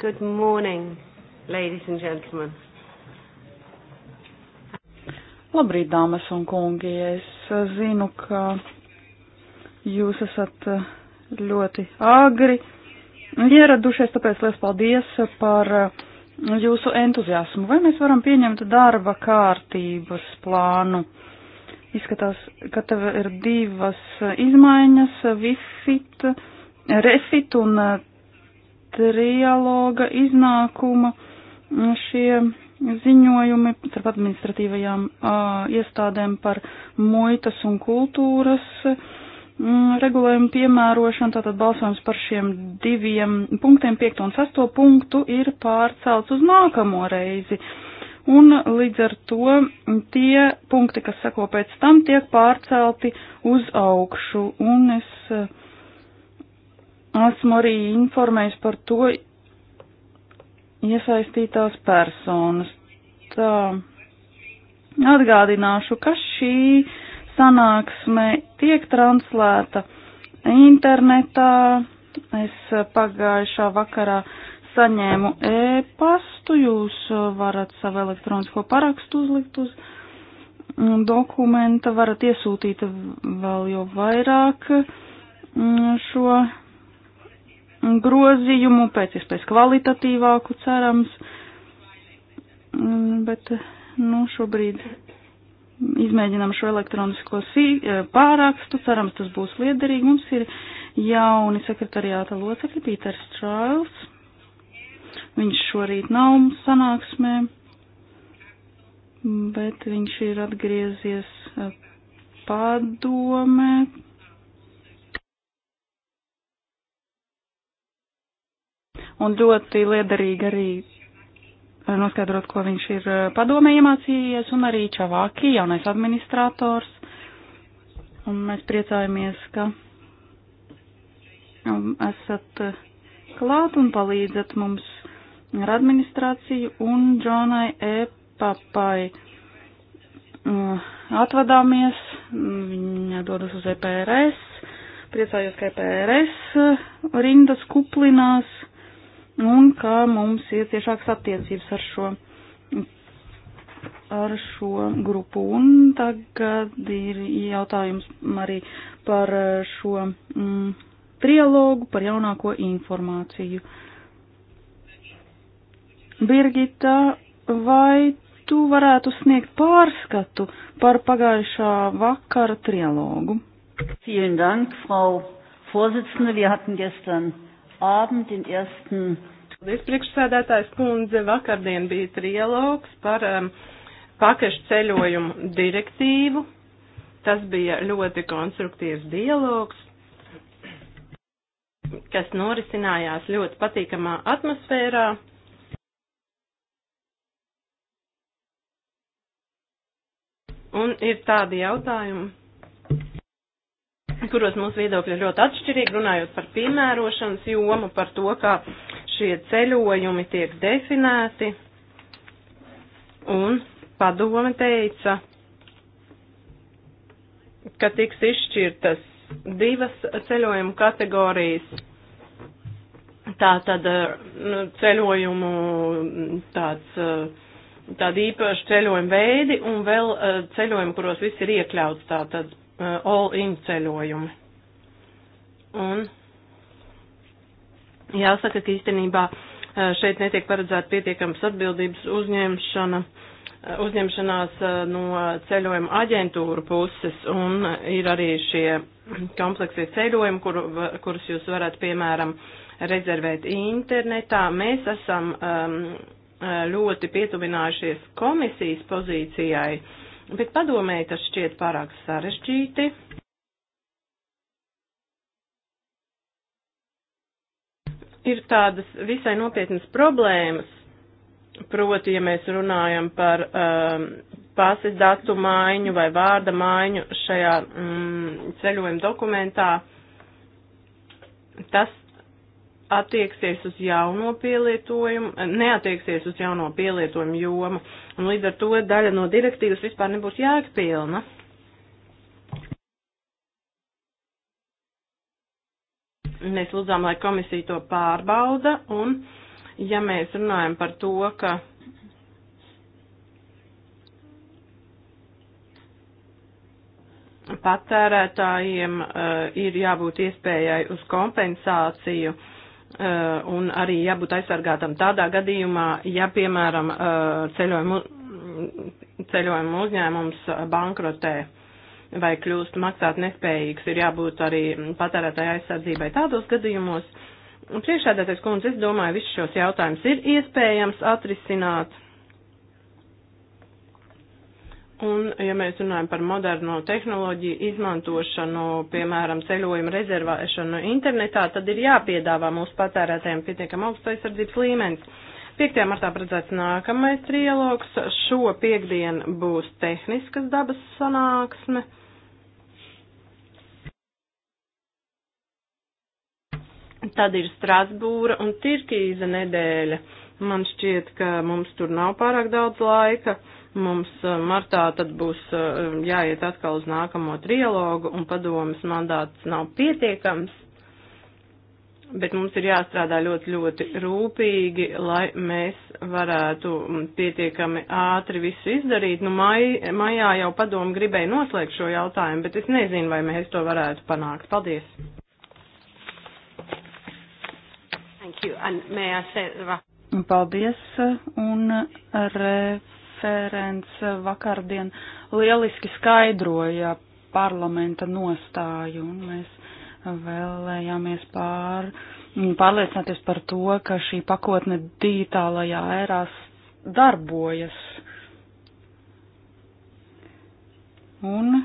Good morning, ladies and gentlemen. Labrīt, dāmas un kungi. Es eh, zinu, ka jūs esat eh, ļoti agri ieradušies, tāpēc liels paldies eh, par jūsu entuziasmu. Vai mēs varam pieņemt darba kārtības plānu? Izskatās, ka tev ir divas izmaiņas, Wi-Fi, refit un trialoga iznākuma mm, šie ziņojumi starp administratīvajām uh, iestādēm par muitas un kultūras mm, regulējumu piemērošanu. Tātad balsojums par šiem diviem punktiem, 5 un 6 punktu, ir pārcelts uz nākamo reizi. Un līdz ar to tie punkti, kas sako pēc tam, tiek pārcelti uz augšu. Un es uh, esmu arī informējis par to iesaistītās personas. Tā atgādināšu, ka šī sanāksme tiek translēta internetā. Es pagājušā vakarā saņēmu e-pastu, jūs varat savu elektronisko parakstu uzlikt uz dokumenta, varat iesūtīt vēl jau vairāk mm, šo grozījumu, pēc iespējas kvalitatīvāku cerams, mm, bet, nu, šobrīd izmēģinām šo elektronisko e, pārakstu, cerams, tas būs liederīgi. Mums ir jauni sekretariāta locekļi, Pīters Čāls, viņš šorīt nav sanāksmē, bet viņš ir atgriezies e, padomē un ļoti liederīgi arī eh, noskaidrot, ko viņš ir eh, padomē iemācījies, un arī Čavāki, jaunais administrators. Un mēs priecājamies, ka um, esat eh, klāt un palīdzat mums ar administrāciju un Džonai Epapai. Uh, atvadāmies, viņa dodas uz EPRS, priecājos, ka EPRS rindas kuplinās un ka mums ir ciešākas attiecības ar šo, ar šo grupu. Un tagad ir jautājums arī par šo mm, trialogu, par jaunāko informāciju. Birgita, vai tu varētu sniegt pārskatu par pagājušā vakara trialogu? Vielen Dank, Frau Vorsitzende. Wir hatten gestern Abend den ersten. Paldies, priekšsēdētājs kundze. Vakardien bija trialogs par um, pakašu ceļojumu direktīvu. Tas bija ļoti konstruktīvs dialogs, kas norisinājās ļoti patīkamā atmosfērā. Un ir tādi jautājumi, kuros mūsu viedokļi ir ļoti atšķirīgi, runājot par piemērošanas jomu, par to, kā šie ceļojumi tiek definēti. Un padome teica, ka tiks izšķirtas divas ceļojumu kategorijas. Tā tad nu, ceļojumu tāds. Uh, tādi īpaši ceļojuma veidi un vēl uh, eh, ceļojumi, kuros viss ir iekļauts, tātad Uh, all-in ceļojumi. Un jāsaka, ka īstenībā uh, šeit netiek paredzēta pietiekams atbildības uzņemšana, uh, uzņemšanās no ceļojuma aģentūra puses, un ir arī šie kompleksie ceļojumi, kur, kurus jūs varat, piemēram, rezervēt internetā. Mēs esam um, ļoti pietuvinājušies komisijas pozīcijai. Uh, bet padomēji tas šķiet pārāk sarežģīti. Ir tādas visai nopietnas problēmas, proti, ja mēs runājam par um, pases datu maiņu vai vārda maiņu šajā mm, ceļojuma dokumentā, tas attieksies uz jauno pielietojumu, neatieksies uz jauno pielietojumu jomu, un līdz ar to daļa no direktīvas vispār nebūs jēgpilna. Mēs lūdzām, lai komisija to pārbauda, un ja mēs runājam par to, ka patērētājiem uh, ir jābūt iespējai uz kompensāciju uh, Eh, un arī jābūt aizsargātam tādā gadījumā, ja, piemēram, eh, ceļojumu, ceļojumu uzņēmums bankrotē vai kļūst maksāt nespējīgs, ir jābūt arī patērētāja aizsardzībai tādos gadījumos. Priekšādātais kundze, es domāju, visus šos jautājumus ir iespējams atrisināt. Un, ja mēs runājam par moderno tehnoloģiju izmantošanu, piemēram, ceļojuma rezervēšanu internetā, tad ir jāpiedāvā mūsu patērētājiem pietiekam augsts aizsardzības līmenis. 5. martā paredzēts nākamais trialogs. Šo piekdienu būs tehniskas dabas sanāksme. Tad ir Strasbūra un Tirkīza nedēļa. Man šķiet, ka mums tur nav pārāk daudz laika. Uh, Mums eh, martā tad būs eh, jāiet atkal uz nākamo trilogu, un padomas mandāts nav pietiekams, bet mums ir jāstrādā ļoti, ļoti rūpīgi, lai mēs varētu mm, pietiekami ātri visu izdarīt. Nu, mai, maijā jau padomu gribēja noslēgt šo jautājumu, bet es nezinu, vai mēs to varētu panākt. Paldies! Paldies, un re, referents vakardien lieliski skaidroja parlamenta nostāju, un mēs vēlējāmies pār, pārliecināties par to, ka šī pakotne digitālajā ērā darbojas. Un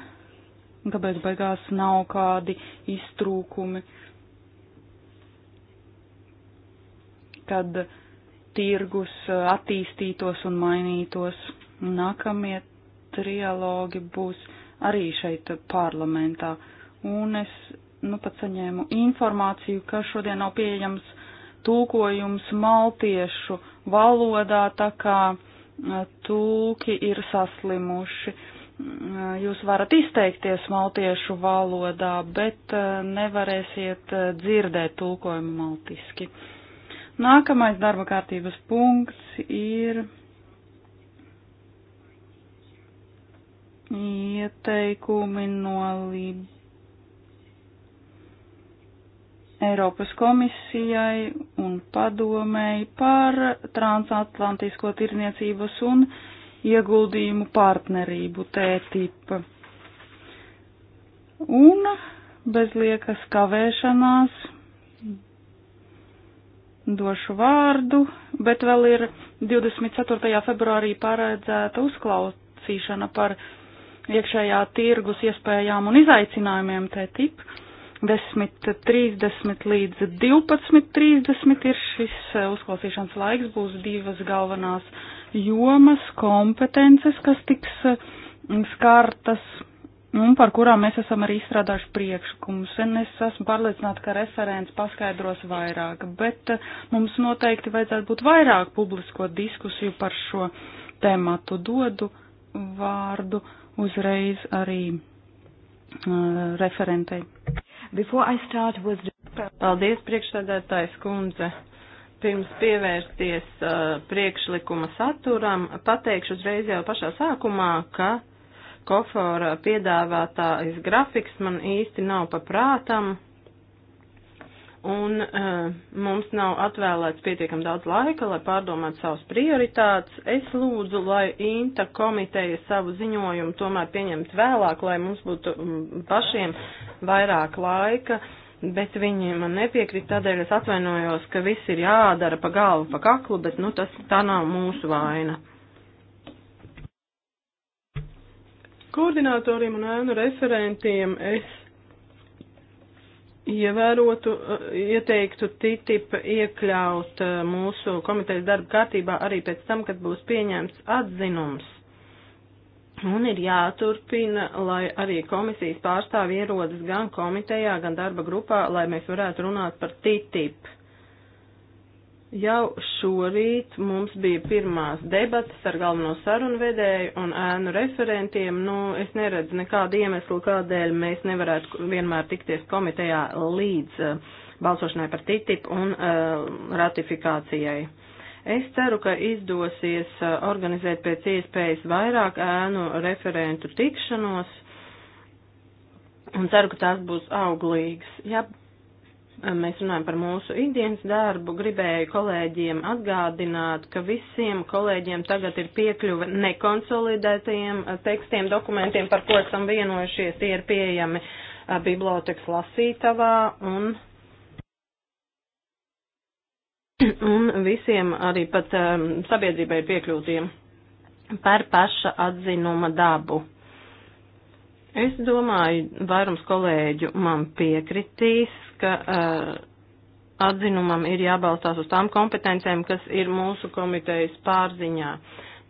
kāpēc beigās nav kādi iztrūkumi, kad uh, tirgus eh, attīstītos un mainītos. Nākamie trialogi būs arī šeit parlamentā. Un es nu pat saņēmu informāciju, ka šodien nav pieejams tulkojums maltiešu valodā, tā kā eh, tulki ir saslimuši. Mm, jūs varat izteikties maltiešu valodā, bet eh, nevarēsiet dzirdēt tulkojumu maltiski. Nākamais darba kārtības punkts ir ieteikumi no Lib Eiropas komisijai un padomēji par transatlantisko tirniecības un ieguldījumu partnerību tētipa. Un bez liekas kavēšanās došu vārdu, bet vēl ir 24. februārī paredzēta uzklausīšana par iekšējā tirgus iespējām un izaicinājumiem TTIP. 10.30 līdz 12.30 ir šis eh, uzklausīšanas laiks, būs divas galvenās jomas, kompetences, kas tiks eh, skārtas Nu, un par kurām mēs esam arī izstrādājuši priekšlikumus. Es esmu pārliecināta, ka referents paskaidros vairāk, bet eh, mums noteikti vajadzētu būt vairāk publisko diskusiju par šo tēmatu. Dodu vārdu uzreiz arī uh, referentei. With... Paldies, priekšsēdētājs kundze. Pirms pievērsties uh, priekšlikuma saturam, pateikšu uzreiz jau pašā sākumā, ka uh, kofora piedāvātājs grafiks man īsti nav paprātam, un uh, mums nav atvēlēts pietiekam daudz laika, lai pārdomātu savus prioritātes. Es lūdzu, lai INTA komiteja savu ziņojumu tomēr pieņemt vēlāk, lai mums būtu mm, pašiem vairāk laika, bet viņi man nepiekrīt, tādēļ es atvainojos, ka viss ir jādara pa galvu, pa kaklu, bet nu tas tā nav mūsu vaina. koordinatoriem un ēnu referentiem es ievērotu, ieteiktu TTIP iekļaut eh, mūsu komitejas darba kārtībā arī pēc tam, kad būs pieņemts atzinums. Un ir jāturpina, lai arī komisijas pārstāvi ierodas gan komitejā, gan darba grupā, lai mēs varētu runāt par TTIP. Jau šorīt mums bija pirmās debatas ar galveno sarunvedēju un ēnu referentiem. Nu, es neredzu nekādu iemeslu, kādēļ mēs nevarētu vienmēr tikties komitejā līdz uh, balsošanai par TTIP un uh, ratifikācijai. Es ceru, ka izdosies uh, organizēt pēc iespējas vairāk ēnu referentu tikšanos un ceru, ka tās būs auglīgas. Ja mēs runājam par mūsu ikdienas darbu, gribēju kolēģiem atgādināt, ka visiem kolēģiem tagad ir piekļuve nekonsolidētajiem eh, tekstiem, dokumentiem, par ko esam vienojušies, tie ir pieejami eh, bibliotekas lasītavā un. Un visiem arī pat um, sabiedrībai piekļūtiem par paša atzinuma dabu. Es domāju, vairums kolēģu man piekritīs, ka uh, atzinumam ir jābalstās uz tām kompetencijām, kas ir mūsu komitejas pārziņā.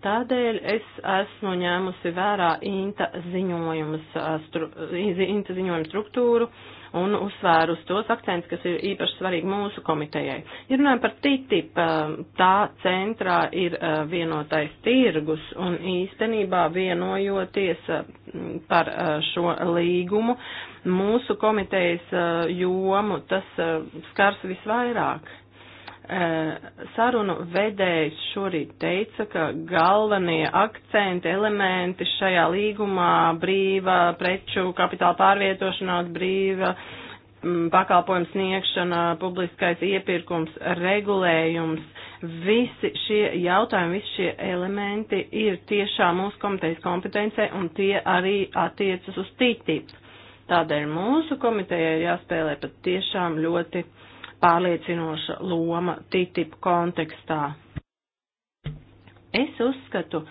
Tādēļ es esmu ņēmusi vērā INTA, eh, stru, INTA ziņojumu struktūru un uzsvēru uz tos akcentus, kas ir īpaši svarīgi mūsu komitejai. Ja runājam par TTIP, eh, tā centrā ir vienotais tirgus un īstenībā vienojoties par šo līgumu, mūsu komitejas uh, jomu tas uh, skars visvairāk. Uh, sarunu vedējs šorīt teica, ka galvenie akcenti, elementi šajā līgumā - brīva preču kapitāla pārvietošanās, brīva mm, pakalpojums sniegšana, publiskais iepirkums, regulējums. Visi šie jautājumi, visi šie elementi ir tiešām mūsu komitejas kompetencē un tie arī attiecas uz TTIP. Tādēļ mūsu komitejai ir jāspēlē pat tiešām ļoti pārliecinoša loma TTIP kontekstā. Es uzskatu,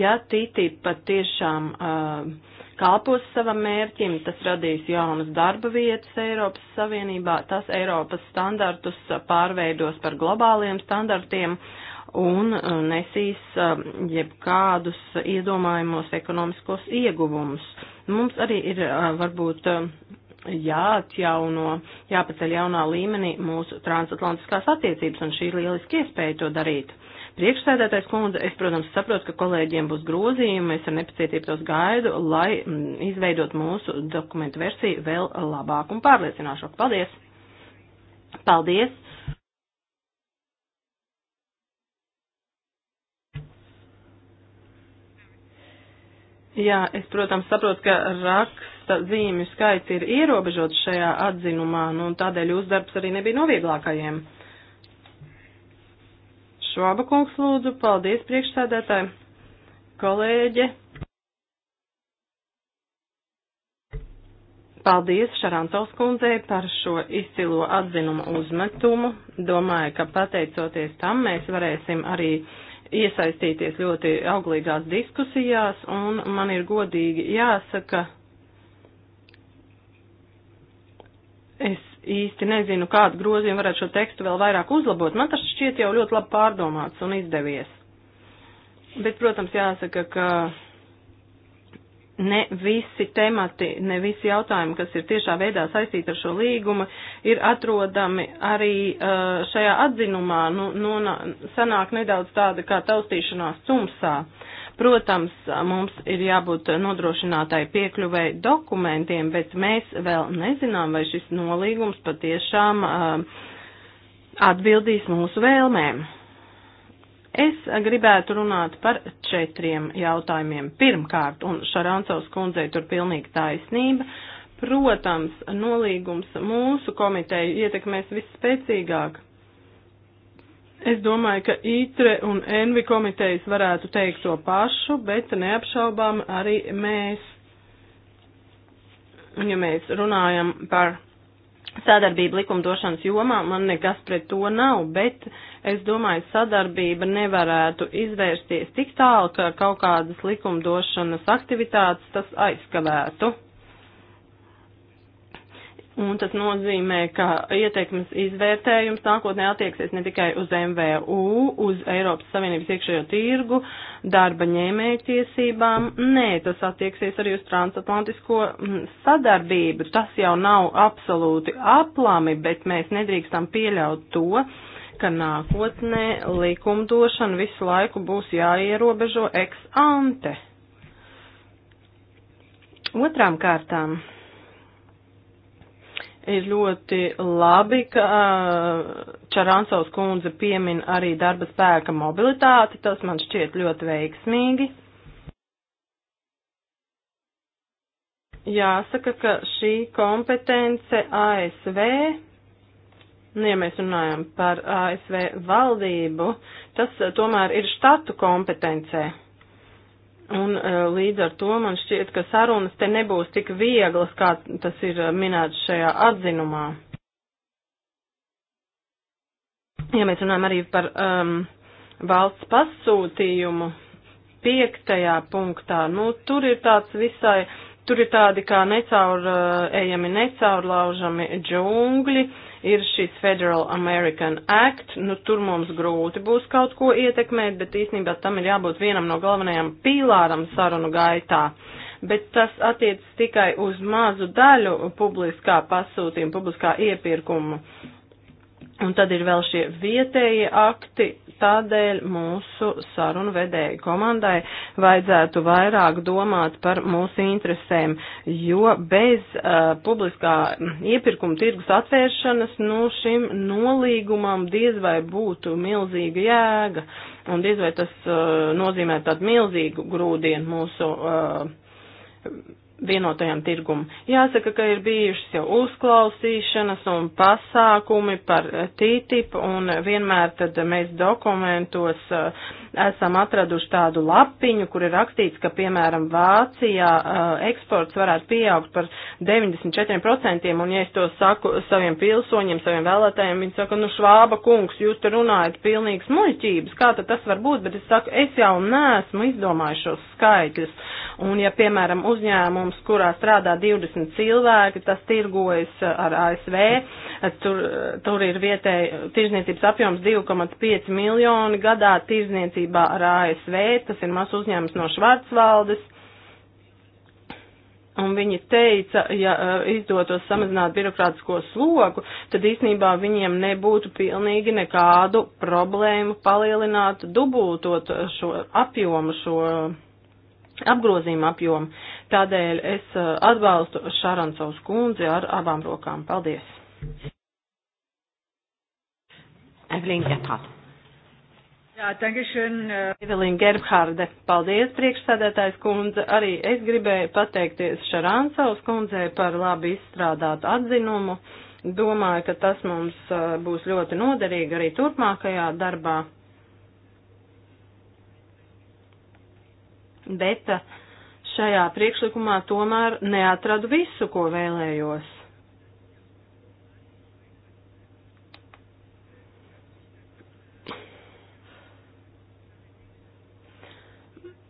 ja TTIP pat tiešām uh, kalpos savam mērķim, tas radīs jaunas darba vietas Eiropas Savienībā, tas Eiropas standartus pārveidos par globāliem standartiem un uh, nesīs uh, jebkādus iedomājumos ekonomiskos ieguvumus. Mums arī ir uh, varbūt jāatjauno, jāpaceļ jaunā līmenī mūsu transatlantiskās attiecības, un šī ir lieliski iespēja to darīt. Priekšsēdētais kundze, es, protams, saprotu, ka kolēģiem būs grozījumi, es ar nepacietību tos gaidu, lai mm, izveidot mūsu dokumentu versiju vēl labāku un pārliecināšāku. Paldies! Paldies! Jā, es, protams, saprotu, ka raksta zīmju skaits ir ierobežots šajā atzinumā, nu, un tādēļ jūsu darbs arī nebija no vieglākajiem. Švaba kungs lūdzu, paldies priekšsēdētāji, kolēģe. Paldies Šarantovs kundzei par šo izcilo atzinumu uzmetumu. Domāju, ka pateicoties tam mēs varēsim arī uh, iesaistīties ļoti auglīgās diskusijās, un man ir godīgi jāsaka, es īsti nezinu, kādu grozījumu varētu šo tekstu vēl vairāk uzlabot. Man tas šķiet jau ļoti labi pārdomāts un izdevies. Bet, protams, jāsaka, ka ne visi temati, ne visi jautājumi, kas ir tiešā veidā saistīti ar šo līgumu, ir atrodami arī uh, šajā atzinumā. Nu, nu, sanāk nedaudz tāda kā taustīšanās tumsā. Protams, mums ir jābūt nodrošinātai piekļuvēji dokumentiem, bet mēs vēl nezinām, vai šis nolīgums patiešām uh, atbildīs mūsu vēlmēm. Es gribētu runāt par četriem jautājumiem. Pirmkārt, un Šarāncovs kundzei tur pilnīgi taisnība, protams, nolīgums mūsu komiteju ietekmēs visspēcīgāk. Es domāju, ka ITRE un ENVI komitejas varētu teikt to pašu, bet neapšaubām arī mēs, ja mēs runājam par sadarbība likumdošanas jomā, man nekas pret to nav, bet es domāju, sadarbība nevarētu izvērsties tik tālu, ka kaut kādas likumdošanas aktivitātes tas aizskavētu. Un tas nozīmē, ka ieteikums izvērtējums nākotnē attieksies ne tikai uz MVU, uz Eiropas Savienības iekšējo tirgu, darba ņēmēju tiesībām, nē, tas attieksies arī uz transatlantisko mm, sadarbību. Tas jau nav absolūti aplami, bet mēs nedrīkstam pieļaut to, ka nākotnē likumdošana visu laiku būs jāierobežo ex ante. Otrām kārtām Ir ļoti labi, ka Čarānsaus kundze piemin arī darba spēka mobilitāti, tas man šķiet ļoti veiksmīgi. Jāsaka, ka šī kompetence ASV nu, ja mēs runājam par ASV valdību, tas tomēr ir štatu kompetencē. Un e, līdz ar to man šķiet, ka sarunas te nebūs tik vieglas, kā tas ir e, minēts šajā atzinumā. Ja mēs runājam arī par um, valsts pasūtījumu piektajā punktā, nu tur ir tāds visai, tur ir tādi kā necaur, e, ejami necaurlaužami džungļi. Uh, ir šis Federal American Act, nu tur mums grūti būs kaut ko ietekmēt, bet īstenībā tam ir jābūt vienam no galvenajām pīlāram sarunu gaitā. Bet tas attiec tikai uz mazu daļu publiskā pasūtījuma, publiskā iepirkuma. Uh, Un tad ir vēl šie vietējie akti, tādēļ mūsu sarunu vedēju komandai vajadzētu vairāk domāt par mūsu interesēm, jo bez uh, publiskā mm, iepirkuma tirgus atvēršanas no nu, šim nolīgumam diez vai būtu milzīga jēga, un diez vai tas uh, nozīmē tādu milzīgu grūdienu mūsu. Uh, vienotajam tirgum. Jāsaka, ka ir bijušas jau uzklausīšanas un pasākumi par TTIP, un vienmēr tad mēs dokumentos eh, esam atraduši tādu lapiņu, kur ir rakstīts, ka, piemēram, Vācijā eh, eksports varētu pieaugt par 94%, un ja es to saku saviem pilsoņiem, saviem vēlētājiem, viņi saka, nu švāba kungs, jūs te runājat pilnīgi smuļķības, kā tad tas var būt, bet es saku, es jau neesmu izdomājis šos skaitļus, un ja, piemēram, uzņēmumu uzņēmums, kurā strādā 20 cilvēki, tas tirgojas uh, ar ASV, uh, tur, uh, tur ir vietēji tirzniecības apjoms 2,5 miljoni gadā tirzniecībā ar ASV, tas ir mazs uzņēmums no Švarcvaldes. Un viņi teica, ja izdotos samazināt birokrātisko slogu, tad īsnībā viņiem nebūtu pilnīgi nekādu problēmu palielināt, dubultot šo apjomu, šo apgrozījumu apjomu. Tādēļ es uh, atbalstu Šarancovs kundzi ar abām rokām. Paldies! Evelīna Gephardt. Jā, tagašan. Uh, Evelīna Gerbharde, paldies priekšsēdētājs kundze. Arī es gribēju pateikties Šarancovs kundzei par labi izstrādātu atzinumu. Domāju, ka tas mums uh, būs ļoti noderīgi arī turpmākajā darbā. Bet uh, šajā priekšlikumā tomēr neatradu visu, ko vēlējos.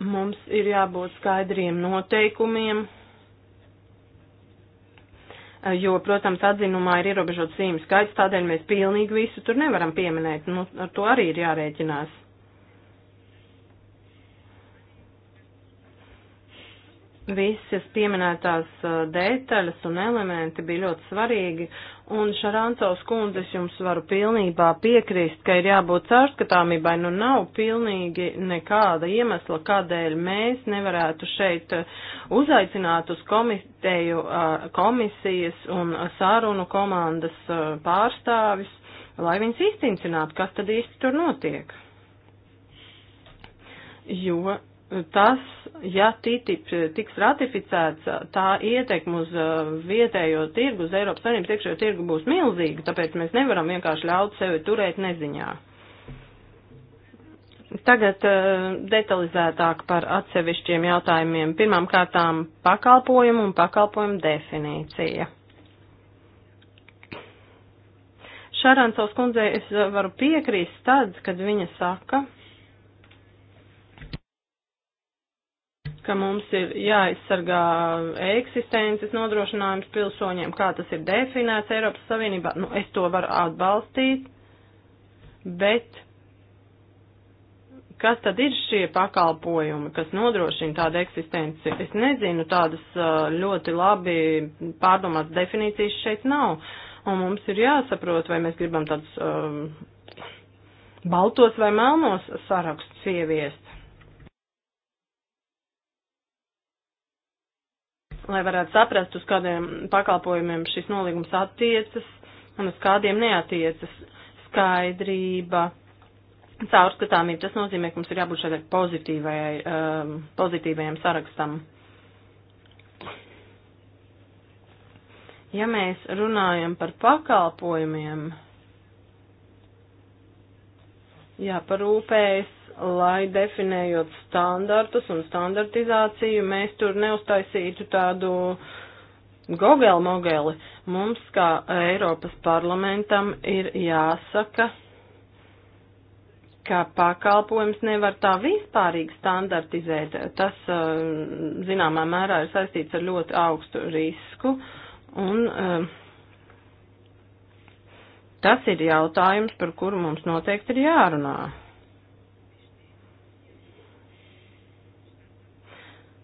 Mums ir jābūt skaidriem noteikumiem, jo, protams, atzinumā ir ierobežots zīmju skaits, tādēļ mēs pilnīgi visu tur nevaram pieminēt. Nu, ar to arī ir jārēķinās. visas pieminētās detaļas un elementi bija ļoti svarīgi, un Šarāncaus kundzes jums varu pilnībā piekrist, ka ir jābūt caurskatāmībai, nu nav pilnīgi nekāda iemesla, kādēļ mēs nevarētu šeit uzaicināt uz komiteju komisijas un sārunu komandas pārstāvis, lai viņas izcīncinātu, kas tad īsti tur notiek. Jo tas, ja TTIP tiks ratificēts, tā ietekme uz uh, vietējo tirgu, uz Eiropas Savienības iekšējo tirgu būs milzīga, tāpēc mēs nevaram vienkārši ļaut sevi turēt neziņā. Tagad uh, detalizētāk par atsevišķiem jautājumiem. Pirmām kārtām pakalpojumu un pakalpojumu definīcija. Šarāncovs kundzei es varu piekrīst tad, kad viņa saka, ka mums ir jāaizsargā eksistences nodrošinājums pilsoņiem, kā tas ir definēts Eiropas Savienībā. Nu, es to varu atbalstīt, bet kas tad ir šie pakalpojumi, kas nodrošina tādu eksistenci? Es nezinu, tādas uh, ļoti labi pārdomātas definīcijas šeit nav. Un mums ir jāsaprot, vai mēs gribam tādus um, baltos vai melnos sarakstus ieviest. lai varētu saprast, uz kādiem pakalpojumiem šis nolīgums attiecas un uz kādiem neatiecas. Skaidrība, caurskatāmība, tas nozīmē, ka mums ir jābūt šādai pozitīvajai, um, pozitīvajam sarakstam. Ja mēs runājam par pakalpojumiem, jāparūpējas lai definējot standartus un standartizāciju, mēs tur neuztaisītu tādu gogeli mogeli. Mums, kā Eiropas parlamentam, ir jāsaka, ka pakalpojums nevar tā vispārīgi standartizēt. Tas, eh, zināmā mērā, ir saistīts ar ļoti augstu risku un eh, tas ir jautājums, par kuru mums noteikti ir jārunā.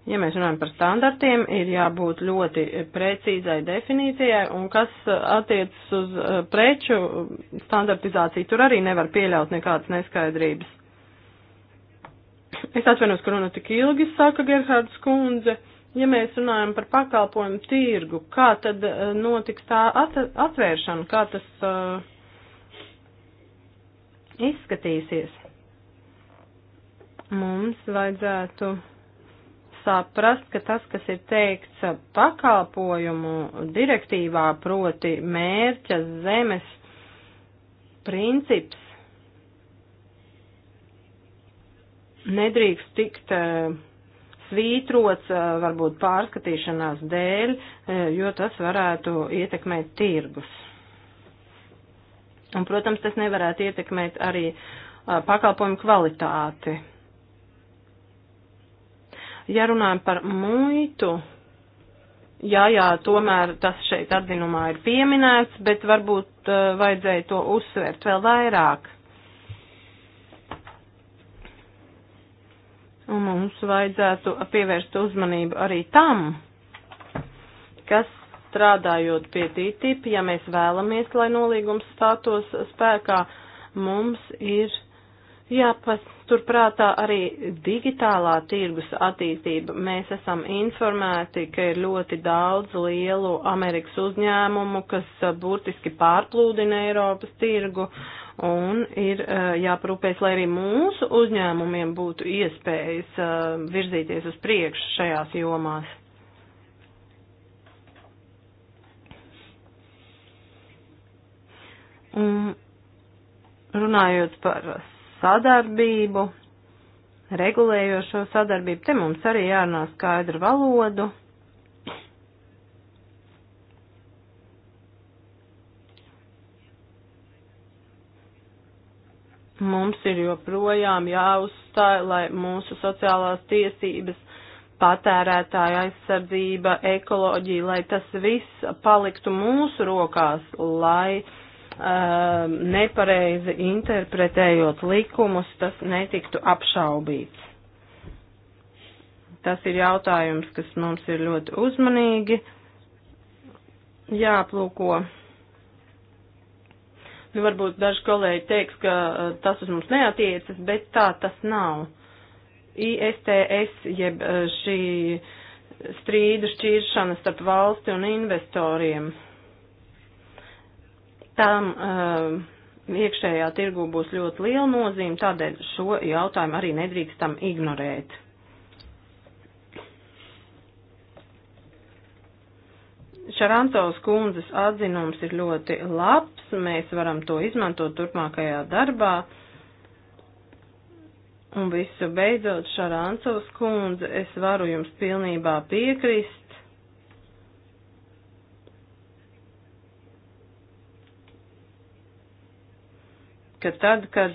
Ja mēs runājam par standartiem, ir jābūt ļoti precīzai definīcijai, un kas uh, attiecas uz uh, preču standartizāciju, tur arī nevar pieļaut nekādas neskaidrības. Es atvainojos, ka runa tik ilgi, saka Gerhards Kundze. Ja mēs runājam par pakalpojumu tirgu, kā tad uh, notiks tā at atvēršana, kā tas uh, izskatīsies? Mums vajadzētu saprast, ka tas, kas ir teikts pakalpojumu direktīvā, proti mērķa zemes princips, nedrīkst tikt eh, svītrots eh, varbūt pārskatīšanās dēļ, eh, jo tas varētu ietekmēt tirgus. Un, protams, tas nevarētu ietekmēt arī pakalpojumu kvalitāti. Ja runājam par muitu, jā, jā, tomēr tas šeit atzinumā ir pieminēts, bet varbūt uh, vajadzēja to uzsvērt vēl vairāk. Un mums vajadzētu pievērst uzmanību arī tam, kas strādājot pie TTIP, ja mēs vēlamies, lai nolīgums stātos spēkā, mums ir Jāpaturprātā arī digitālā tirgus attīstība. Mēs esam informēti, ka ir ļoti daudz lielu Amerikas uzņēmumu, kas uh, burtiski pārplūdina Eiropas tirgu, un ir uh, jāprūpēs, lai arī mūsu uzņēmumiem būtu iespējas uh, virzīties uz priekšu šajās jomās. Un runājot par sadarbību, regulējošo sadarbību. Te mums arī jārunā skaidru valodu. Mums ir joprojām jāuzstāj, lai mūsu sociālās tiesības, patērētāja aizsardzība, ekoloģija, lai tas viss paliktu mūsu rokās, lai uh, Um, nepareizi interpretējot likumus, tas netiktu apšaubīts. Tas ir jautājums, kas mums ir ļoti uzmanīgi jāaplūko. Nu, varbūt daži kolēģi teiks, ka uh, tas uz mums neatiecas, bet tā tas nav. ISTS, jeb uh, šī strīdu šķiršana starp valsti un investoriem tam uh, iekšējā tirgu būs ļoti liela nozīme, tādēļ šo jautājumu arī nedrīkstam ignorēt. Šarantovas kundzes atzinums ir ļoti labs, mēs varam to izmantot turpmākajā darbā. Un visu beidzot, Šarantovas kundze, es varu jums pilnībā piekrist ka tad, kad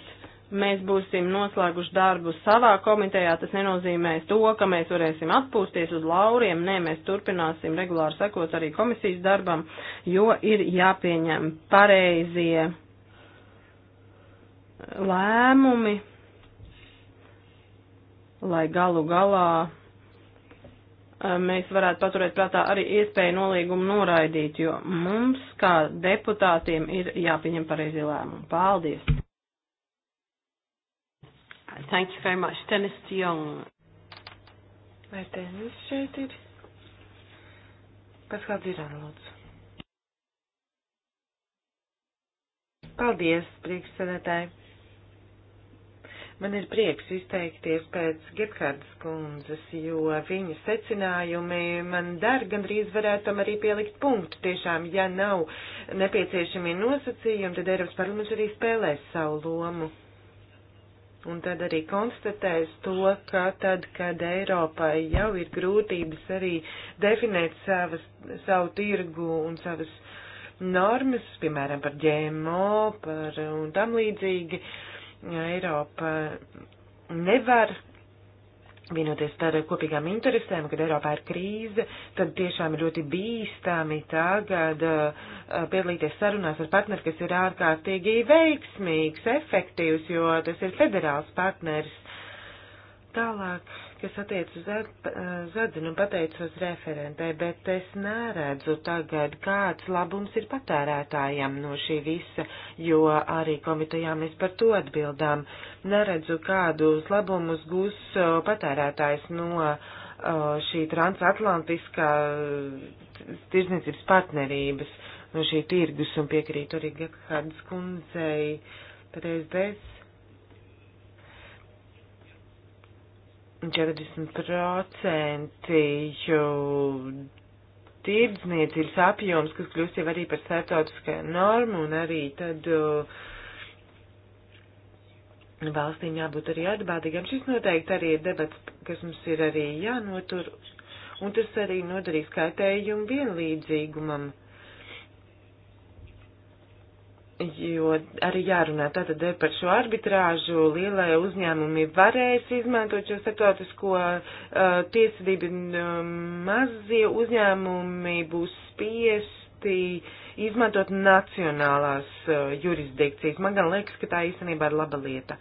mēs būsim noslēguši darbu savā komitejā, tas nenozīmēs to, ka mēs varēsim atpūsties uz lauriem. Nē, mēs turpināsim regulāri sekot arī komisijas darbam, jo ir jāpieņem pareizie lēmumi, lai galu galā Eh, mēs varētu paturēt prātā arī iespēju nolīgumu noraidīt, jo mums, kā deputātiem, ir jāpieņem pareizi lēmumi. Paldies! Thank you very much, Dennis de Jong. Vai Dennis šeit ir? Kas kāds ir analogs? Paldies, priekšsēdētāji! Man ir prieks izteikties pēc Gebhardas kundzes, jo viņa secinājumi man dar gandrīz varētu tam arī pielikt punktu. Tiešām, ja nav nepieciešamie nosacījumi, tad Eiropas parlaments arī spēlēs savu lomu. Un tad arī konstatēs to, ka tad, kad Eiropai jau ir grūtības arī definēt savas, savu tirgu un savas normas, piemēram, par ģēmo, par un tam līdzīgi, uh, Eiropa nevar vienoties par kopīgām interesēm, kad Eiropā ir krīze, tad tiešām ir ļoti bīstami tagad uh, piedalīties sarunās ar partneri, kas ir ārkārtīgi veiksmīgs, efektīvs, jo tas ir federāls partneris Tālāk, kas attiec uz eh, zadzinu, pateicos referentai, bet es neredzu tagad, kāds labums ir patērētājiem no šī visa, jo arī komitejā mēs par to atbildām. Neredzu, kādus labumus gūs eh, patērētājs no eh, šī transatlantiskā tirzniecības partnerības, no šī tirgus un piekrītu arī Gekhardas kundzei. Pateiz bez 40% tirdzniecības apjoms, kas kļūst jau arī par starptautiskā normu un arī tad uh, valstīm jābūt arī atbādīgam. Šis noteikti arī ir debats, kas mums ir arī jānotur, un tas arī nodarīs kaitējumu vienlīdzīgumam jo arī jārunā tātad par šo arbitrāžu lielie uzņēmumi varēs izmantot šo starptautisko uh, tiesvedību, um, mazie uzņēmumi būs spiesti izmantot nacionālās uh, jurisdikcijas. Man gan liekas, ka tā īstenībā ir laba lieta.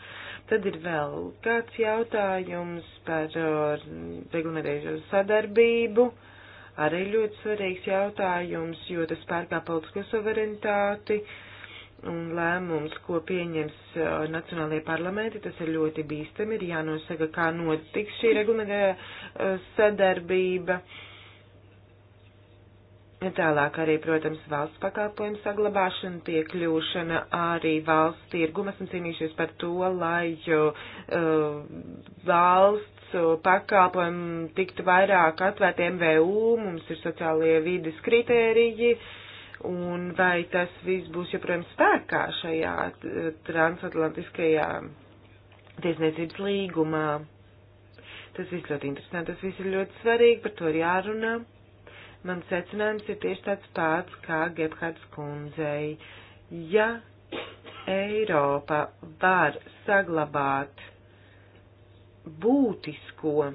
Tad ir vēl kāds jautājums par uh, reglamentējušo sadarbību. Uh, arī ļoti svarīgs jautājums, jo tas pārkāp politisko suverenitāti, un lēmums, ko pieņems uh, nacionālajie parlamenti, tas ir ļoti bīstami, ir jānosaka, kā notiks šī regulārā uh, sadarbība. Tālāk arī, protams, valsts pakalpojumu saglabāšana, piekļūšana arī valsts tirgumu. Esam cīnījušies par to, lai jo, uh, valsts pakalpojumi tiktu vairāk atvērti MVU, mums ir sociālie vides kritēriji, uh, un vai tas viss būs joprojām spēkā šajā eh, transatlantiskajā tiesniecības līgumā. Tas viss ļoti interesanti, tas viss ir ļoti svarīgi, par to ir jārunā. Mans secinājums ir tieši tāds pats kā Gebhards kundzei. Ja Eiropa var saglabāt būtisko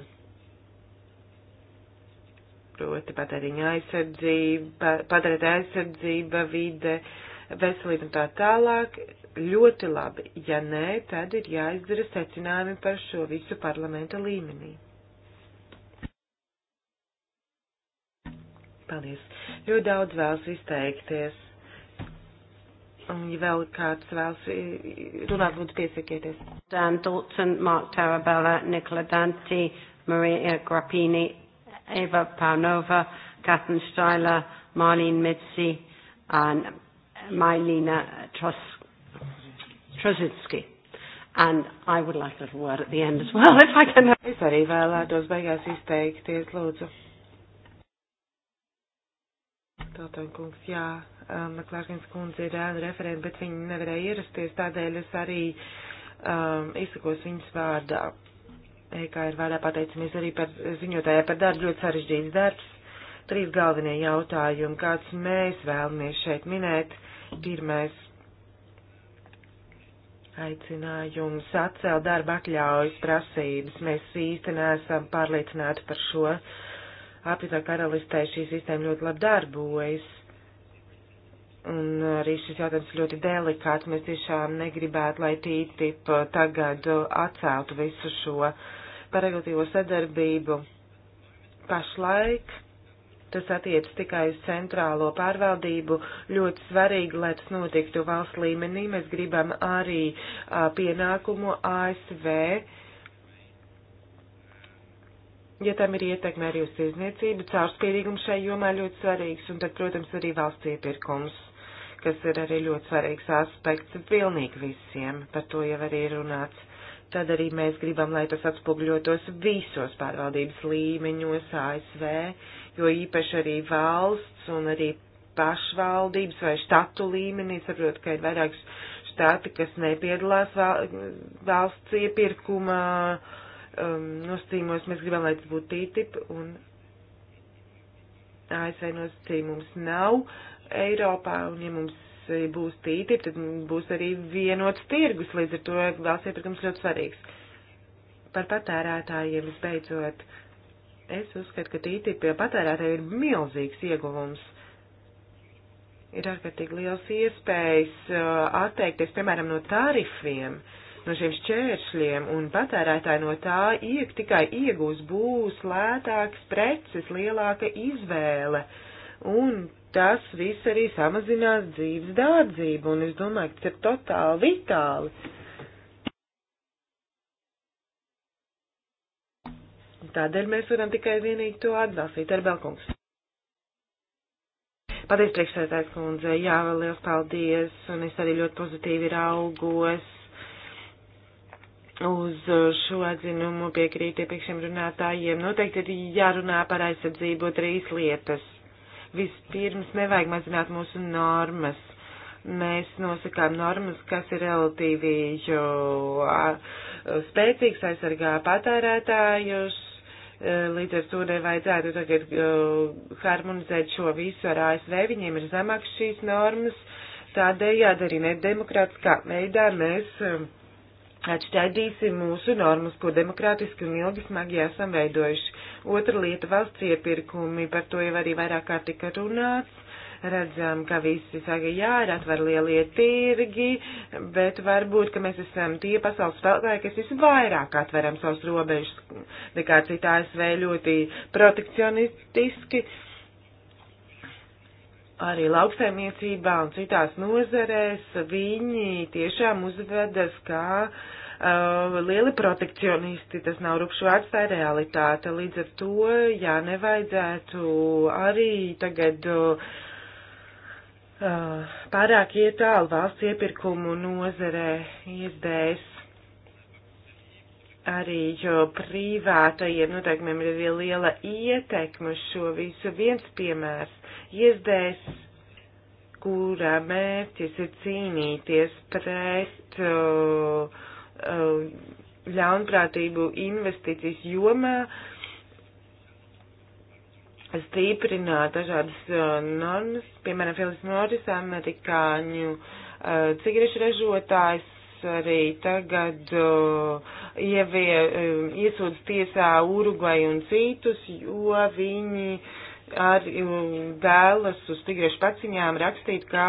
proti patēriņa aizsardzība, patērēta aizsardzība, vide, veselība un tā tālāk. Ļoti labi. Ja nē, tad ir jāizdara secinājumi par šo visu parlamenta līmenī. Paldies. Ļoti daudz vēlas izteikties. Un, ja vēl kāds vēlas runāt, lūdzu piesakieties. Dan Dalton, Mark Tarabella, Nicola Danti, Maria Grappini, Eva Paunova, Catherine Styler, Marlene Mitzi, and Mylena Tros- Trozitsky. And I would like a little word at the end as well, if I can. Es arī vēlētos beigās izteikties, lūdzu. Tātad, kungs, jā, Maklārkins um, kundze ir ēna referenta, bet viņa nevarēja ierasties, tādēļ es arī um, izsakos viņas vārdā. Teikā ir vērā pateicamies arī par ziņotājai par darbu, ļoti sarežģīts darbs. Trīs galvenie jautājumi, kāds mēs vēlamies šeit minēt. Pirmais aicinājums atcelt darba atļaujas prasības. Mēs īsti neesam pārliecināti par šo. Apvienotā karalistē šī sistēma ļoti labi darbojas. Un arī šis jautājums ļoti delikāts. Mēs tiešām negribētu, lai TTIP tagad atceltu visu šo par regulatīvo sadarbību pašlaik. Tas attiec tikai uz centrālo pārvaldību. Ļoti svarīgi, lai tas notiktu valsts līmenī. Mēs gribam arī a, pienākumu ASV, ja tam ir ietekme arī uz izniecību. Caurspīdīgums šai jomā ļoti svarīgs, un tad, protams, arī valsts iepirkums kas ir arī ļoti svarīgs aspekts pilnīgi visiem, par to jau arī runāts tad arī mēs gribam, lai tas atspogļotos visos pārvaldības līmeņos ASV, jo īpaši arī valsts un arī pašvaldības vai štatu līmenī, saprot, ka ir vairākas štati, kas nepiedalās valsts iepirkuma um, nostīmos, mēs gribam, lai tas būtu TTIP, un ASV nostīmums nav Eiropā, un ja mums būs tītip, tad būs arī vienots tirgus, līdz ar to valsts iepirkums ļoti svarīgs. Par patērētājiem visbeidzot, es uzskatu, ka tītip pie patērētājiem ir milzīgs ieguvums. Ir ārkārtīgi liels iespējas uh, atteikties, piemēram, no tarifiem, no šiem šķēršļiem, un patērētāji no tā iek tikai iegūs būs lētāks preces, lielāka izvēle. Un tas viss arī samazinās dzīves dārdzību, un es domāju, ka tas ir totāli vitāli. Tādēļ mēs varam tikai vienīgi to atbalstīt ar Belkungs. Paldies, priekšsētājs kundze, jā, vēl liels paldies, un es arī ļoti pozitīvi raugos uz šo atzinumu piekrīt iepriekšiem runātājiem. Noteikti ir jārunā par aizsardzību trīs lietas Vispirms nevajag mazināt mūsu normas. Mēs nosakām normas, kas ir relatīvi jo, spēcīgs aizsargā patērētājus, e, līdz ar to nevajadzētu tagad harmonizēt šo visu ar ASV, viņiem ir zemāks šīs normas, tādējādi arī nedemokrātiskā veidā mēs. Uh, atšķaidīsim mūsu normas, ko demokrātiski un ilgi smagi esam veidojuši. Otra lieta - valsts iepirkumi, par to jau arī vairāk kā tika runāts. Redzam, ka visi saka, jā, ir atver lielie tirgi, bet varbūt, ka mēs esam tie pasaules spēlētāji, kas visvairāk atveram savus robežus nekā citā SV ļoti protekcionistiski arī lauksaimniecībā un citās nozerēs, viņi tiešām uzvedas kā uh, lieli protekcionisti. Tas nav rupšs vārds, tā ir realitāte. Līdz ar to, jā, nevajadzētu arī tagad. Uh, pārāk iet tālu valsts iepirkumu nozerē izdējas arī, jo privātajiem noteikumiem ir liela ietekme uz šo visu. Viens piemērs iezdēs, kurā mērķis ir cīnīties pret uh, uh, ļaunprātību investīcijas jomā, stiprināt dažādas uh, normas, piemēram, Filips Norris, amerikāņu uh, cigarešu ražotājs, arī tagad uh, ievie, uh, iesūdz tiesā Urugvai un citus, jo viņi uh, ar, mm, vēlas uz tigriešu paciņām rakstīt, ka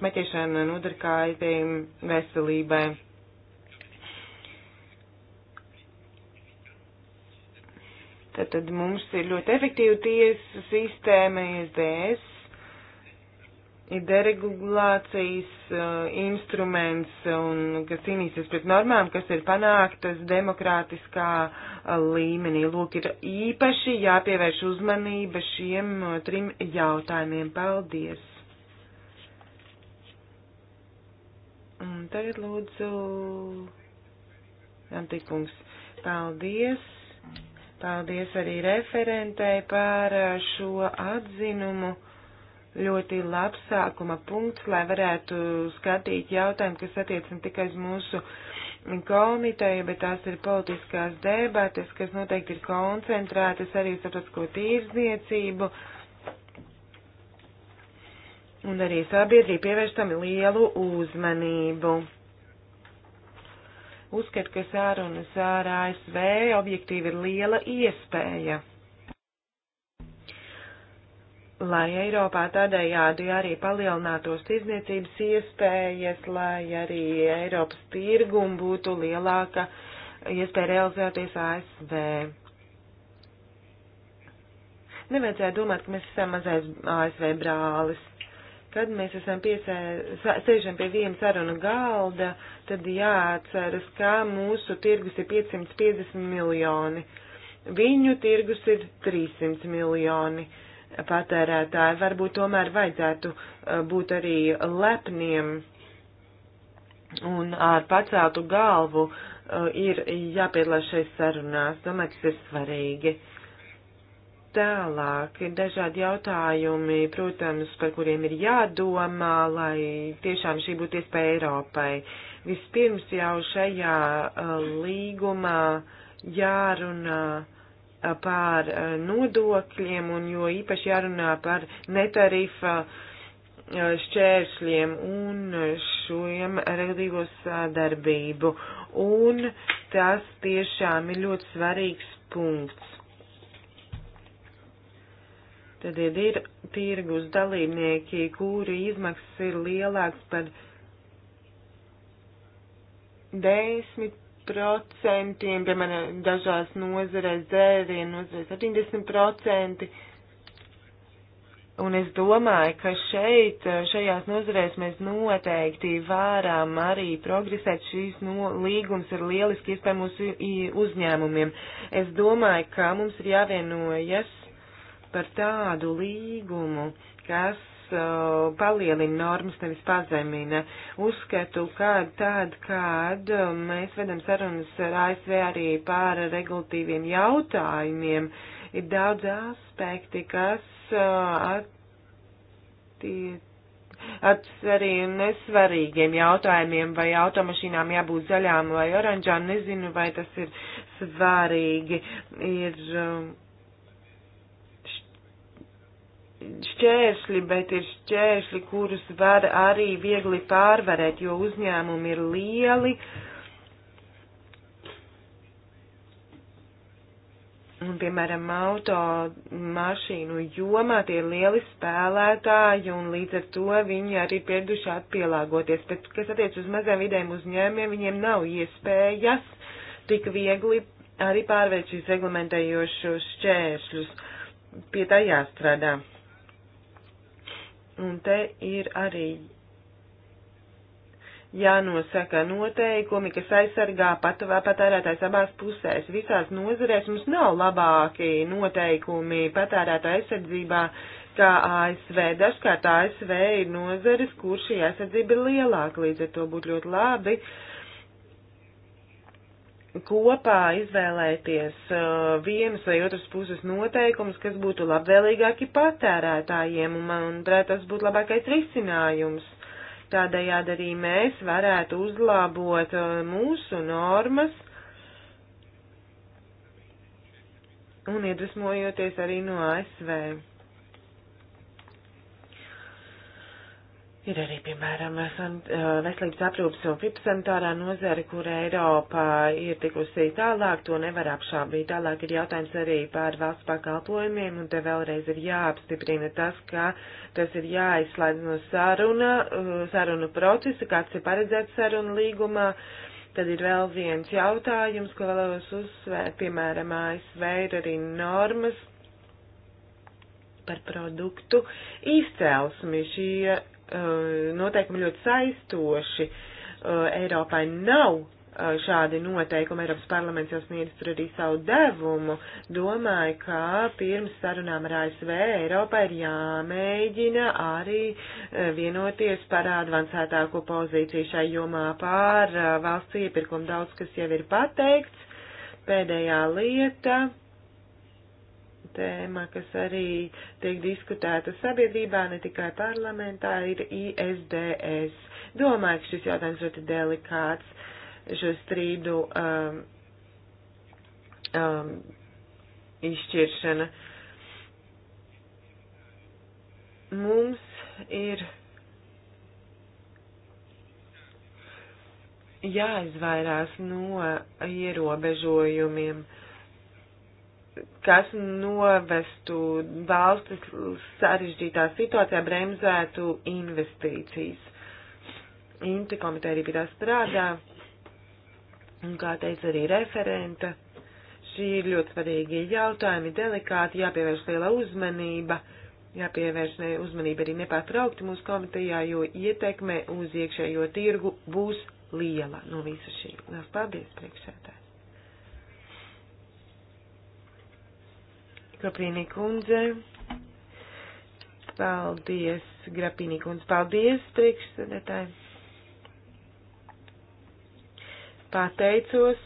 smetiešana nodara kaitējumu veselībai. Tātad mums ir ļoti efektīva tiesa sistēma, ISDS, ir deregulācijas uh, instruments, un, kas cīnīsies pret normām, kas ir panāktas demokrātiskā uh, līmenī. Lūk, ir īpaši jāpievērš uzmanība šiem uh, trim jautājumiem. Paldies! Un tagad lūdzu, Antikungs, paldies! Paldies arī referentei par uh, šo atzinumu ļoti labs sākuma punkts, lai varētu skatīt jautājumu, kas attiec ne tikai uz mūsu komiteju, bet tās ir politiskās debates, kas noteikti ir koncentrētas arī starptautisko tīrzniecību. Un arī sabiedrība pievērstam lielu uzmanību. Uzskat, ka sārunas ar ASV objektīvi ir liela iespēja lai Eiropā tādējādi arī palielinātos tirdzniecības iespējas, lai arī Eiropas tirgum būtu lielāka iespēja realizēties ASV. Nevajadzēja domāt, ka mēs esam mazais ASV brālis. Kad mēs esam piesē, sēžam pie viena saruna galda, tad jāatceras, ka mūsu tirgus ir 550 miljoni, viņu tirgus ir 300 miljoni. Uh, patērētāji. Varbūt tomēr vajadzētu eh, būt arī lepniem un ar paceltu galvu eh, ir jāpiedalās šais sarunās. Domāju, tas ir svarīgi. Tālāk ir dažādi jautājumi, protams, par kuriem ir jādomā, lai tiešām šī būtu iespēja Eiropai. Vispirms jau šajā eh, līgumā jārunā pār nodokļiem un jo īpaši jārunā par netarifa šķēršļiem un šiem relatīvo sadarbību. Un tas tiešām ir ļoti svarīgs punkts. Tad ir tirgus dalībnieki, kuri izmaksas ir lielāks par 10 procentiem, piemēram, dažās nozarēs dzērienu nozarē 70 procenti. Un es domāju, ka šeit, šajās nozarēs mēs noteikti varam arī progresēt. Šīs no, līgums ir lieliski iespēja mūsu uzņēmumiem. Es domāju, ka mums ir jāvienojas par tādu līgumu, kas uh, palielina normas, nevis pazemina. Uzskatu, ka tad, kad mēs vedam sarunas ar ASV arī par regulatīviem jautājumiem, ir daudz aspekti, kas uh, attiec arī nesvarīgiem jautājumiem, vai automašīnām jābūt zaļām vai oranžām, nezinu, vai tas ir svarīgi. Ir, uh, šķēršļi, bet ir šķēršļi, kurus var arī viegli pārvarēt, jo uzņēmumi ir lieli. Un, piemēram, auto mašīnu jomā tie ir lieli spēlētāji, un līdz ar to viņi arī pieraduši atpielāgoties. Bet, kas attiec uz maziem vidējiem uzņēmiem, viņiem nav iespējas tik viegli arī pārvērt šīs reglamentējošos šķēršļus. Pie tā jāstrādā. Un te ir arī jānosaka noteikumi, kas aizsargā pat, patērētājs abās pusēs. Visās nozarēs mums nav labāki noteikumi patērētāja aizsardzībā kā ASV. Dažkārt ASV ir nozares, kur šī aizsardzība ir lielāka, līdz ar to būtu ļoti labi. Uh, kopā izvēlēties uh, vienas vai otras puses noteikumus, kas būtu labvēlīgāki patērētājiem, un, manuprāt, tas būtu labākais risinājums. Tādējādi arī mēs varētu uzlabot uh, mūsu normas un iedvesmojoties arī no ASV. Ir arī, piemēram, eh, veselības aprūpas un fitosanitārā nozara, kur Eiropā ir tikusi tālāk, to nevar apšābīt. Tālāk ir jautājums arī par valsts pakalpojumiem, un te vēlreiz ir jāapstiprina tas, ka tas ir jāizslēdz no saruna, eh, saruna procesa, kāds ir paredzēts saruna līgumā. Tad ir vēl viens jautājums, ko vēlos uzsvērt, piemēram, ASV ir arī normas par produktu izcelsmi. Šie Eh, noteikumi ļoti saistoši. Eh, Eiropai nav eh, šādi noteikumi. Eiropas parlaments jau sniedz tur arī savu devumu. Domāju, ka pirms sarunām ar ASV Eiropai ir jāmēģina arī vienoties par advancētāko pozīciju šai jomā pār valsts iepirkumu daudz, kas jau ir pateikts. Pēdējā lieta tēma, kas arī tiek diskutēta sabiedrībā, ne tikai parlamentā, ir ISDS. Domāju, ka šis jautājums ļoti delikāts, šo strīdu um, um, izšķiršana. Mums ir jāizvairās no ierobežojumiem kas novestu valstis sarežģītā situācijā, bremzētu investīcijas. Inti komiteja arī pie tā strādā, un kā teica arī referenta, šī ir ļoti svarīgi jautājumi, delikāti, jāpievērš liela uzmanība, jāpievērš uzmanība arī nepārtraukti mūsu komitejā, jo ietekme uz iekšējo tirgu būs liela no visa šī. Lielas paldies, priekšsētā! Grapīnī kundze. Paldies, Grapīnī kundze. Paldies, priekšsēdētāji. Pateicos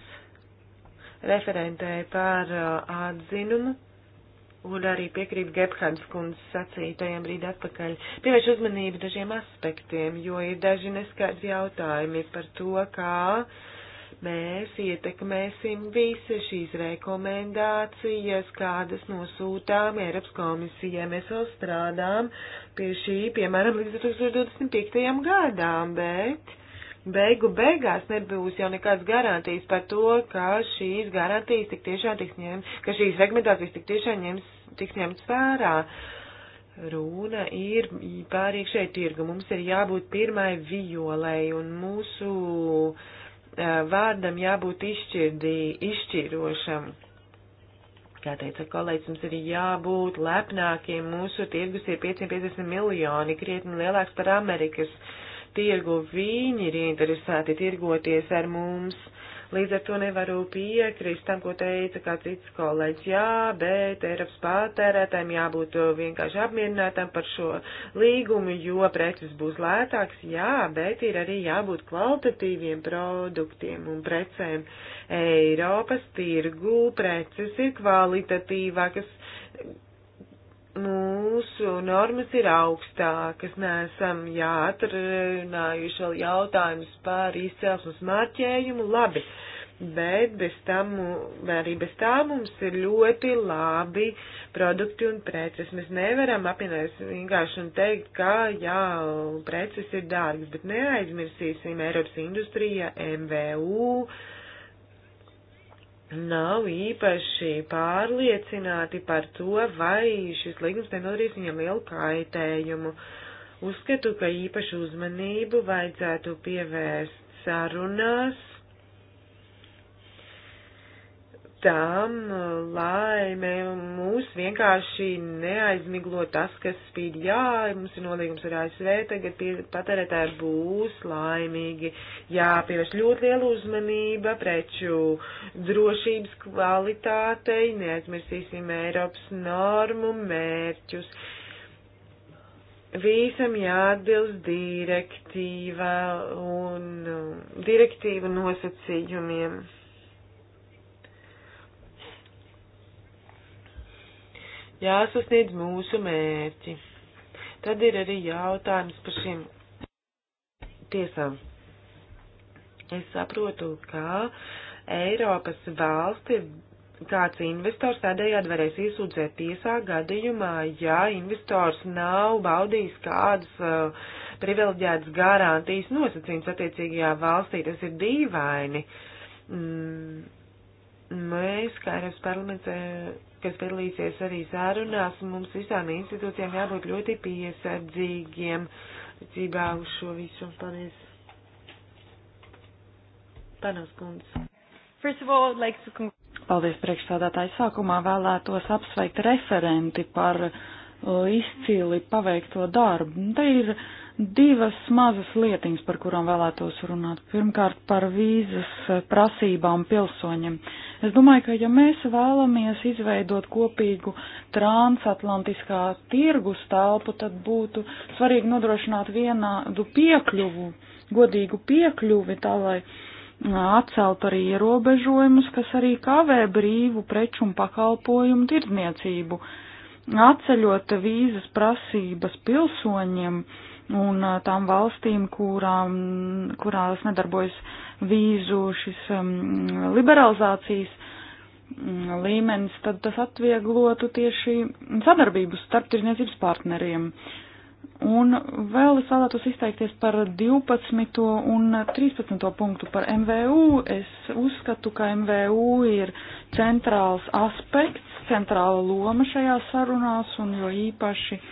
referentēji par uh, atzinumu un arī piekrīt Gebhards kundzes sacītajiem brīdi atpakaļ. Pievērš uzmanību dažiem aspektiem, jo ir daži neskaidri jautājumi par to, kā uh, mēs ietekmēsim visas šīs rekomendācijas, kādas nosūtām Eiropas komisijai. Mēs vēl strādām pie šī, piemēram, līdz 2025. gadām, bet beigu beigās nebūs jau nekāds garantijas par to, ka šīs garantijas tik tiešām tiks ņemts, ka šīs rekomendācijas tik tiešām ņems, tiks ņemts vērā. Runa ir par iekšēju tirgu. Mums ir jābūt pirmai violei un mūsu uh, Eh, vārdam jābūt izšķirdī, izšķirošam. Kā teica kolēģis, mums ir jābūt lepnākiem. Mūsu tirgus ir 550 miljoni, krietni lielāks par Amerikas tirgu. Viņi ir interesēti tirgoties ar mums. Uh, Līdz ar to nevaru piekrist tam, ko teica kā cits kolēģis. Jā, bet Eiropas patērētājiem jābūt vienkārši apmierinātam par šo līgumu, jo preces būs lētāks. Jā, bet ir arī jābūt kvalitatīviem produktiem un precēm. Eiropas tirgu preces ir kvalitatīvākas mūsu normas ir augstākas, neesam jāatrunājuši vēl jautājumus par izcelsmes marķējumu, labi, bet bez tam, arī bez tā mums ir ļoti labi produkti un preces. Mēs nevaram apvienoties vienkārši un teikt, ka jā, preces ir dārgas, bet neaizmirsīsim Eiropas industrijā, MVU, uh, nav īpaši pārliecināti par to, vai šis līgums nenodarīs viņam lielu kaitējumu. Uzskatu, ka īpašu uzmanību vajadzētu pievērst sarunās tam, eh, lai mē, mūs vienkārši neaizmiglo tas, kas spīd, jā, mums ir nolīgums ar ASV, tagad patērētāji būs laimīgi, jā, pievērš ļoti lielu uzmanību preču drošības kvalitātei, neaizmirsīsim Eiropas normu mērķus. Visam jāatbilst direktīva un eh, direktīva nosacījumiem. jāsasniedz mūsu mērķi. Tad ir arī jautājums par šīm tiesām. Es saprotu, ka Eiropas valsti kāds investors tādējādi varēs iesūdzēt tiesā gadījumā, ja investors nav baudījis kādas uh, privileģētas garantijas nosacījums attiecīgajā valstī. Tas ir dīvaini. Mm, mēs, kā Eiropas parlaments, eh, kas piedalīsies arī sārunās, un mums visām institūcijām jābūt ļoti piesardzīgiem cībā uz šo visu. Paldies. Panos kundze. First of all, I'd like to conclude. Paldies priekšstādātāji. Sākumā vēlētos apsveikt referenti par uh, izcīli paveikto darbu. Te ir divas mazas lietiņas, par kurām vēlētos runāt. Pirmkārt, par vīzas uh, prasībām pilsoņiem. Uh, Es domāju, ka ja mēs vēlamies izveidot kopīgu transatlantiskā tirgus telpu, tad būtu svarīgi nodrošināt vienādu piekļuvu, godīgu piekļuvi, tā lai atcelt arī ierobežojumus, kas arī kavē brīvu preču un pakalpojumu tirdzniecību, atceļot vīzas prasības pilsoņiem, uh, un uh, tām valstīm, kurām, kurās nedarbojas vīzu šis um, liberalizācijas mm, līmenis, tad tas atvieglotu tieši sadarbību starp tirzniecības partneriem. Un vēl es vēlētos izteikties par 12. un 13. punktu par MVU. Es uzskatu, ka MVU ir centrāls aspekts, centrāla loma šajās sarunās un jo īpaši uh,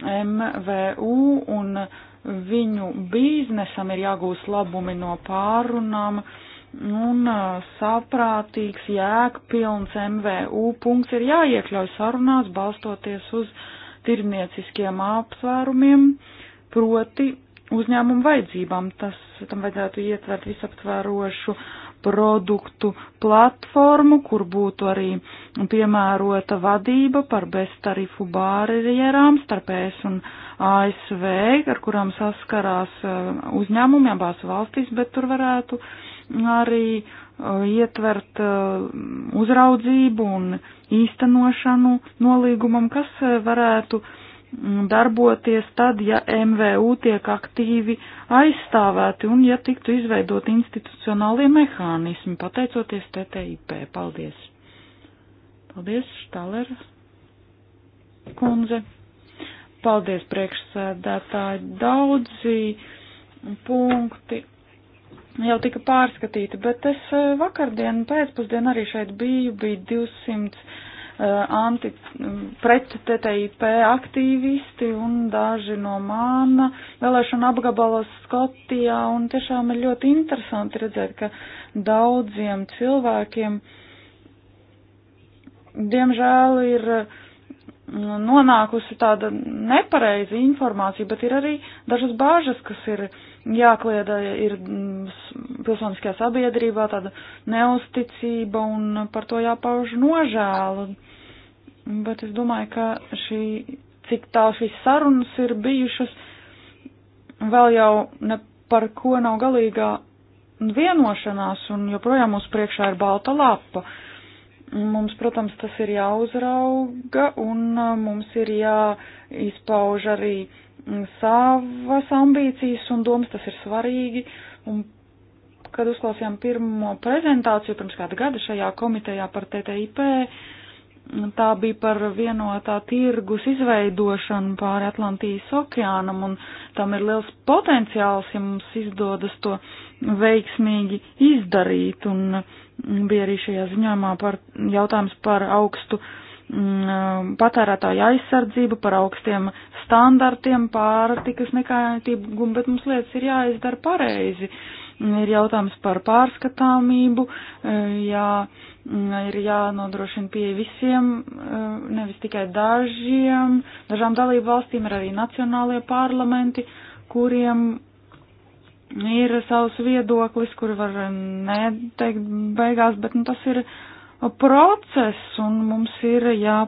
MVU un viņu biznesam ir jāgūst labumi no pārunām un uh, saprātīgs, jēgpilns MVU punkts ir jāiekļauj sarunās balstoties uz tirnieciskiem apsvērumiem, proti uzņēmumu vajadzībām. Tas tam vajadzētu ietvert visaptvērošu produktu platformu, kur būtu arī piemērota vadība par beztarifu bārierām starp ES un ASV, ar kurām saskarās eh, uzņēmumi abās valstīs, bet tur varētu arī eh, ietvert eh, uzraudzību un īstenošanu nolīgumam, kas varētu uh, darboties tad, ja MVU tiek aktīvi aizstāvēti un ja tiktu izveidot institucionālie mehānismi, pateicoties TTIP. Paldies! Paldies, Štaler kundze! Paldies, priekšsēdētāji! Daudzi punkti jau tika pārskatīti, bet es eh, vakardien pēcpusdien arī šeit biju, bija 200 Uh, anti, mm, pret TTIP aktīvisti un daži no mana vēlēšana apgabalos Skotijā. Un tiešām ir ļoti interesanti redzēt, ka daudziem cilvēkiem, diemžēl, ir mm, nonākusi tāda nepareiza informācija, bet ir arī dažas bāžas, kas ir jākliedē, ir mm, pilsoniskajā sabiedrībā tāda neusticība un par to jāpauž nožēlu. Un Bet es domāju, ka šī, cik tālu šīs sarunas ir bijušas, vēl jau ne par ko nav galīgā vienošanās, un joprojām mums priekšā ir balta lapa. Mums, protams, tas ir jāuzrauga, un uh, mums ir jāizpauž arī savas ambīcijas un domas, tas ir svarīgi. Un, kad uzklausījām pirmo prezentāciju pirms kāda gada šajā komitejā par TTIP, uh, tā bija par vienotā tirgus izveidošanu pāri Atlantijas okeānam, un tam ir liels potenciāls, ja mums izdodas to veiksmīgi izdarīt, un mm, bija arī šajā ziņojumā par jautājums par augstu mm, patērētāju aizsardzību, par augstiem standartiem pārtikas nekaitīgumu, bet mums lietas ir jāizdara pareizi. Uh, Mm, ir jautājums par pārskatāmību, e, jā, mm, ir jānodrošina pie visiem, e, nevis tikai dažiem, dažām dalību valstīm ir arī nacionālie parlamenti, kuriem ir savs viedoklis, kur var neteikt beigās, bet nu, tas ir process un mums ir jā,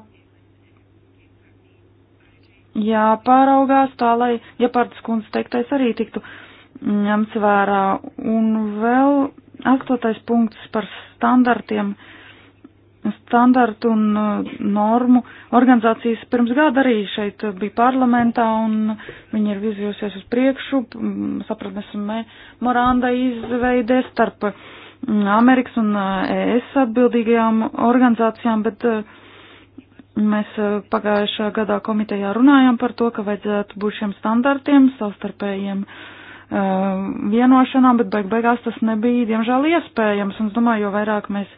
jāpāraugās tā, lai, ja pārtas kundze teiktais arī tiktu ņemts vērā. Un vēl astotais punkts par standartiem, standartu un uh, normu organizācijas pirms gada arī šeit uh, bija parlamentā un viņi ir virzījusies uz priekšu, mm, sapratnes un memoranda izveidē starp mm, Amerikas un uh, ES atbildīgajām organizācijām, bet Mēs pagājušā gadā komitejā runājām par to, ka vajadzētu būt šiem standartiem, savstarpējiem Um, vienošanām, bet beig beigās tas nebija, diemžēl, iespējams. Un es domāju, jo vairāk mēs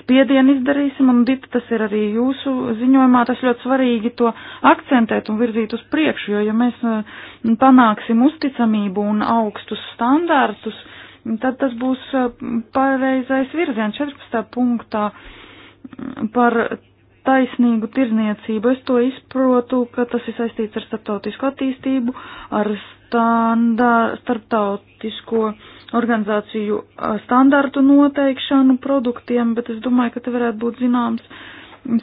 spiedienu izdarīsim, un Dita, tas ir arī jūsu ziņojumā, tas ļoti svarīgi to akcentēt un virzīt uz priekšu, jo ja mēs uh, panāksim uzticamību un augstus standārtus, tad tas būs uh, pareizais virziens 14. punktā mm, par taisnīgu tirzniecību. Es to izprotu, ka tas ir saistīts ar starptautisku attīstību, ar standār, starptautisko organizāciju standartu noteikšanu produktiem, bet es domāju, ka te varētu būt zināms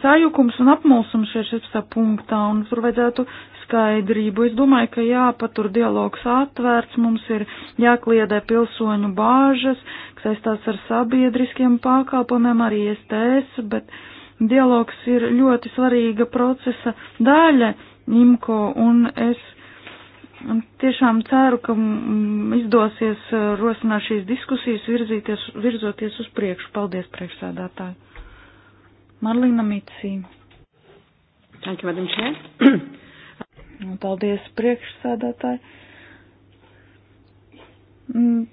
sajukums un apmulsums šajā 16. punktā, un tur vajadzētu skaidrību. Es domāju, ka jāpatur dialogs atvērts, mums ir jākliedē pilsoņu bāžas, kas aizstās ar sabiedriskiem pakalpojumiem, arī STS, bet dialogs ir ļoti svarīga procesa daļa, IMKO, un es Un tiešām ceru, ka mm, izdosies uh, rosināt šīs diskusijas, virzīties, virzoties uz priekšu. Paldies, priekšsēdētāji. Marlīna Mitsī. Thank you, Madam Chair. Paldies, priekšsēdētāji. Mm,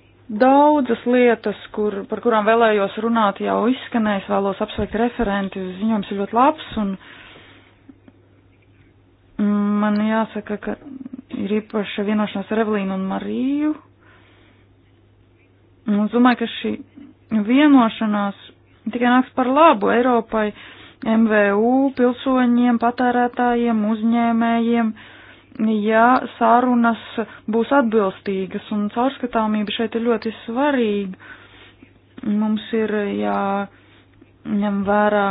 daudzas lietas, kur, par kurām vēlējos runāt, jau izskanējas, vēlos apsveikt referenti, ziņojums ir ļoti labs, un mm, man jāsaka, ka ir īpaša vienošanās ar Evelīnu un Mariju. Un es domāju, ka šī vienošanās tikai nāks par labu Eiropai, MVU, pilsoņiem, patērētājiem, uzņēmējiem, ja sārunas būs atbilstīgas, un caurskatāmība šeit ir ļoti svarīga. Mums ir jāņem vērā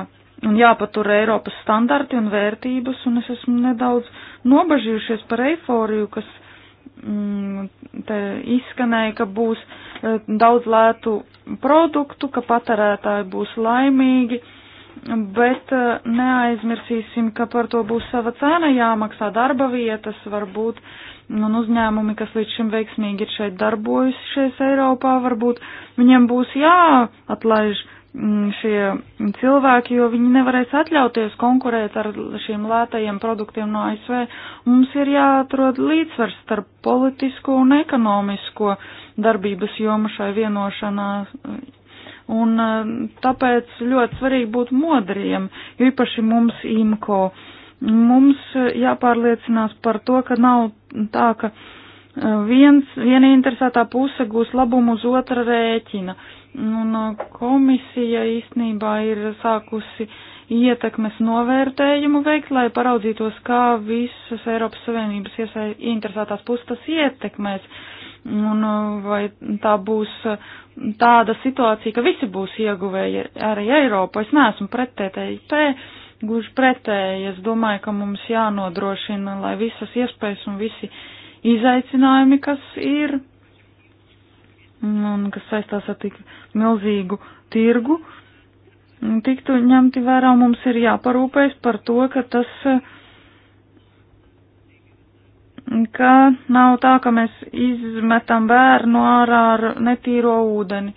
un jāpatur Eiropas standarti un vērtības, un es esmu nedaudz nobažījušies par eiforiju, kas mm, izskanēja, ka būs e, daudz lētu produktu, ka patērētāji būs laimīgi, bet e, neaizmirsīsim, ka par to būs sava cena jāmaksā darba vietas, varbūt un uzņēmumi, kas līdz šim veiksmīgi ir šeit darbojušies Eiropā, varbūt viņiem būs jāatlaiž Mm, šie cilvēki, jo viņi nevarēs atļauties konkurēt ar šiem lētajiem produktiem no ASV. Mums ir jāatrod līdzsvars starp politisko un ekonomisko darbības jomu šai vienošanās. Un eh, tāpēc ļoti svarīgi būt modriem, jo īpaši mums IMCO. Mums eh, jāpārliecinās par to, ka nav tā, ka eh, viens, viena interesētā puse gūs labumu uz otra rēķina. Uh, Un nu, komisija īstenībā ir sākusi ietekmes novērtējumu veikt, lai paraudzītos, kā visas Eiropas Savienības ieinteresētās puses tas ietekmēs. Un uh, vai tā būs uh, tāda situācija, ka visi būs ieguvēji arī Eiropa. Es neesmu pret TTIP, gluži pretēji. Es domāju, ka mums jānodrošina, lai visas iespējas un visi izaicinājumi, kas ir un kas saistās ar tik milzīgu tirgu, tiktu ņemti vērā. Mums ir jāparūpējas par to, ka tas, ka nav tā, ka mēs izmetam bērnu ārā ar netīro ūdeni.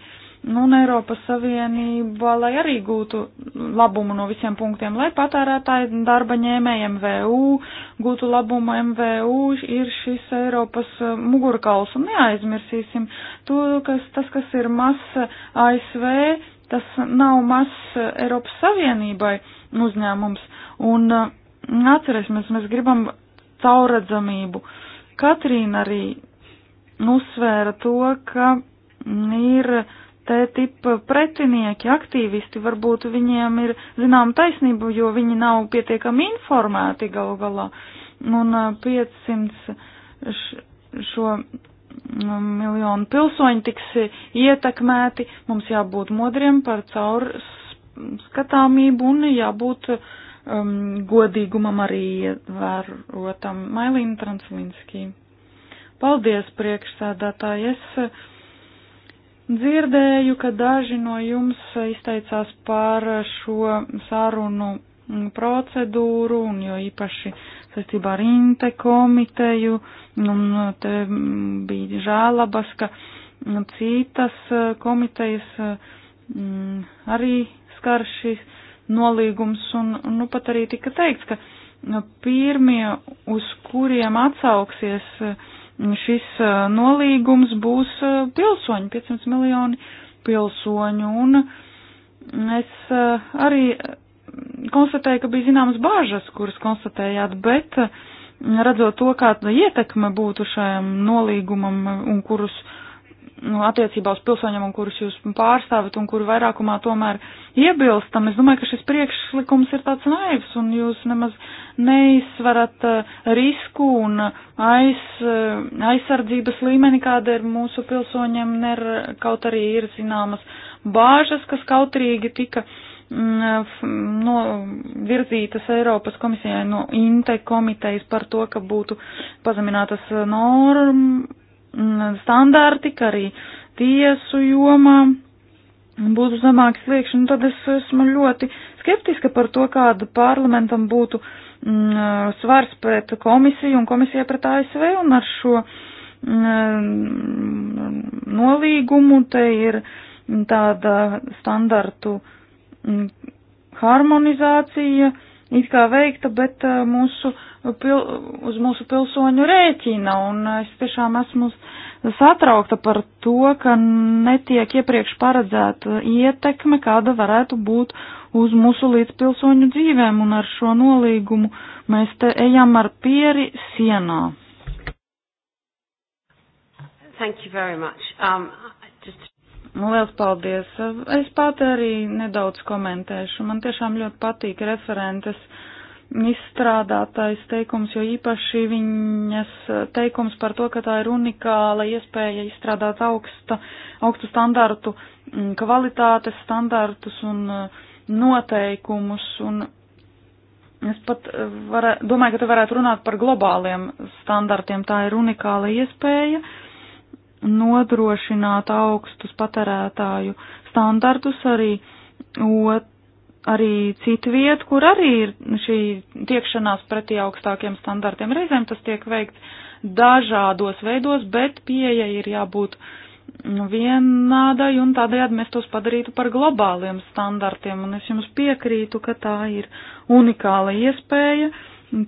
Nu, un Eiropas Savienība, lai arī gūtu labumu no visiem punktiem, lai patērētāji darba ņēmēji MVU gūtu labumu MVU, ir šis Eiropas uh, mugurkauls. Un neaizmirsīsim to, kas, tas, kas ir mazs uh, ASV, tas nav mazs uh, Eiropas Savienībai uzņēmums. Un atcerēsimies, mēs gribam cauradzamību. Katrīna arī uzsvēra to, ka ir te tipa pretinieki, aktīvisti, varbūt viņiem ir zinām taisnība, jo viņi nav pietiekami informēti galu galā. Un 500 šo miljonu pilsoņu tiks ietekmēti, mums jābūt modriem par caur skatāmību un jābūt um, godīgumam arī ievērotam. Mailīna Transvinskī. Paldies, priekšsēdētāji. Es, uh, Dzirdēju, ka daži no jums izteicās par šo sarunu procedūru un jo īpaši saistībā ar Inte komiteju, un nu, te bija žēlabas, ka citas komitejas mm, arī skar šis nolīgums, un nu pat arī tika teikts, ka nu, pirmie, uz kuriem atsauksies uh, šis nolīgums būs pilsoņu, 500 miljoni pilsoņu, un es arī konstatēju, ka bija zināmas bāžas, kuras konstatējāt, bet redzot to, kāda ietekme būtu šajam nolīgumam un kurus uh, nu, attiecībā uz pilsoņiem, un kurus jūs pārstāvat, un kuri vairākumā tomēr iebilstam. Es domāju, ka šis priekšlikums ir tāds naivs, un jūs nemaz neizsverat eh, risku un aiz, eh, aizsardzības līmeni, kāda ir mūsu pilsoņiem, ner, kaut arī ir zināmas bāžas, kas kautrīgi tika mm, no virzītas Eiropas komisijai no INTE komitejas par to, ka būtu pazeminātas normas Mm, standarti, ka arī tiesu jomā būtu zemāks sliekšņi, nu tad es esmu ļoti skeptiska par to, kāda parlamentam būtu mm, svars pret komisiju un komisija pret ASV un ar šo mm, nolīgumu te ir tāda standartu mm, harmonizācija. Mm, it kā veikta, bet uh, mūsu, pil, uz mūsu pilsoņu rēķina, un uh, es tiešām esmu satraukta par to, ka netiek iepriekš paredzēta ietekme, kāda varētu būt uz mūsu līdzpilsoņu dzīvēm, un ar šo nolīgumu mēs te ejam ar pieri sienā. Thank you very much. Um, Nu, liels paldies! Es pat arī nedaudz komentēšu. Man tiešām ļoti patīk referentes izstrādātais teikums, jo īpaši viņas teikums par to, ka tā ir unikāla iespēja izstrādāt augsta, augstu standartu, mm, kvalitātes standartus un mm, noteikumus. Un es pat eh, varē, domāju, ka te varētu runāt par globāliem standartiem. Tā ir unikāla iespēja. Uh, nodrošināt augstus patērētāju standartus arī, ot, arī citu vietu, kur arī ir šī tiekšanās pretī augstākiem standartiem. Reizēm tas tiek veikts dažādos veidos, bet pieeja ir jābūt vienādai un tādējādi mēs tos padarītu par globāliem standartiem. Un es jums piekrītu, ka tā ir unikāla iespēja,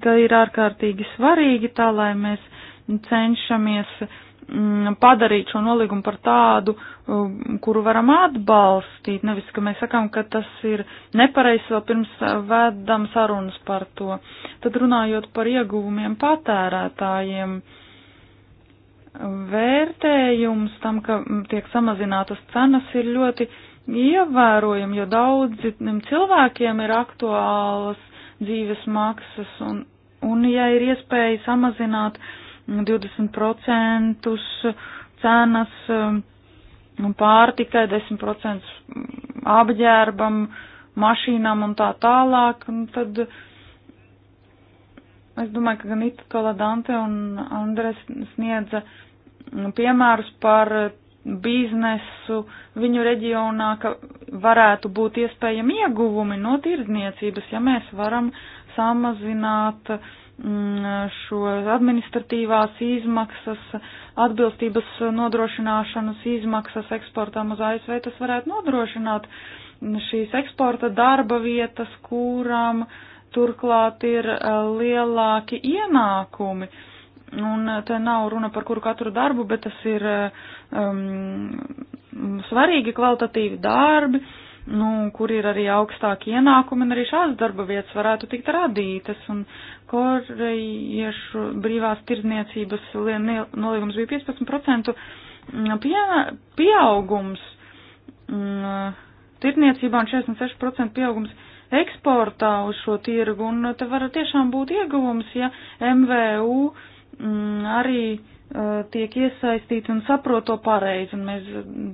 ka ir ārkārtīgi svarīgi tā, lai mēs cenšamies uh, Mm, padarīt šo nolīgumu par tādu, um, kuru varam atbalstīt, nevis, ka mēs sakām, ka tas ir nepareizs vēl pirms uh, vedam sarunas par to. Tad runājot par ieguvumiem patērētājiem, vērtējums tam, ka mm, tiek samazinātas cenas, ir ļoti ievērojami, jo daudziem mm, cilvēkiem ir aktuālas dzīves maksas un, un ja ir iespēja samazināt uh, 20% cenas um, pārtikai, 10% um, apģērbam, mašīnām un tā tālāk. Un tad es domāju, ka gan Itala Dante un Andres sniedza um, piemērus par biznesu viņu reģionā, ka varētu būt iespējami ieguvumi no tirdzniecības, ja mēs varam samazināt uh, Mm, šo administratīvās izmaksas, atbilstības nodrošināšanas izmaksas eksportam uz ASV, tas varētu nodrošināt šīs eksporta darba vietas, kurām turklāt ir e, lielāki ienākumi. Un e, te nav runa par kuru katru darbu, bet tas ir e, um, svarīgi kvalitatīvi darbi, nu, kur ir arī augstāki ienākumi, un arī šādas darba vietas varētu tikt radītas. Un korejiešu brīvās tirdniecības nolīgums bija 15% mm, pie, pieaugums mm, tirdniecībā un 46% pieaugums eksportā uz šo tirgu. Un te var tiešām būt ieguvums, ja MVU mm, arī Eh, tiek iesaistīti un saprot to pareizi. Un mēs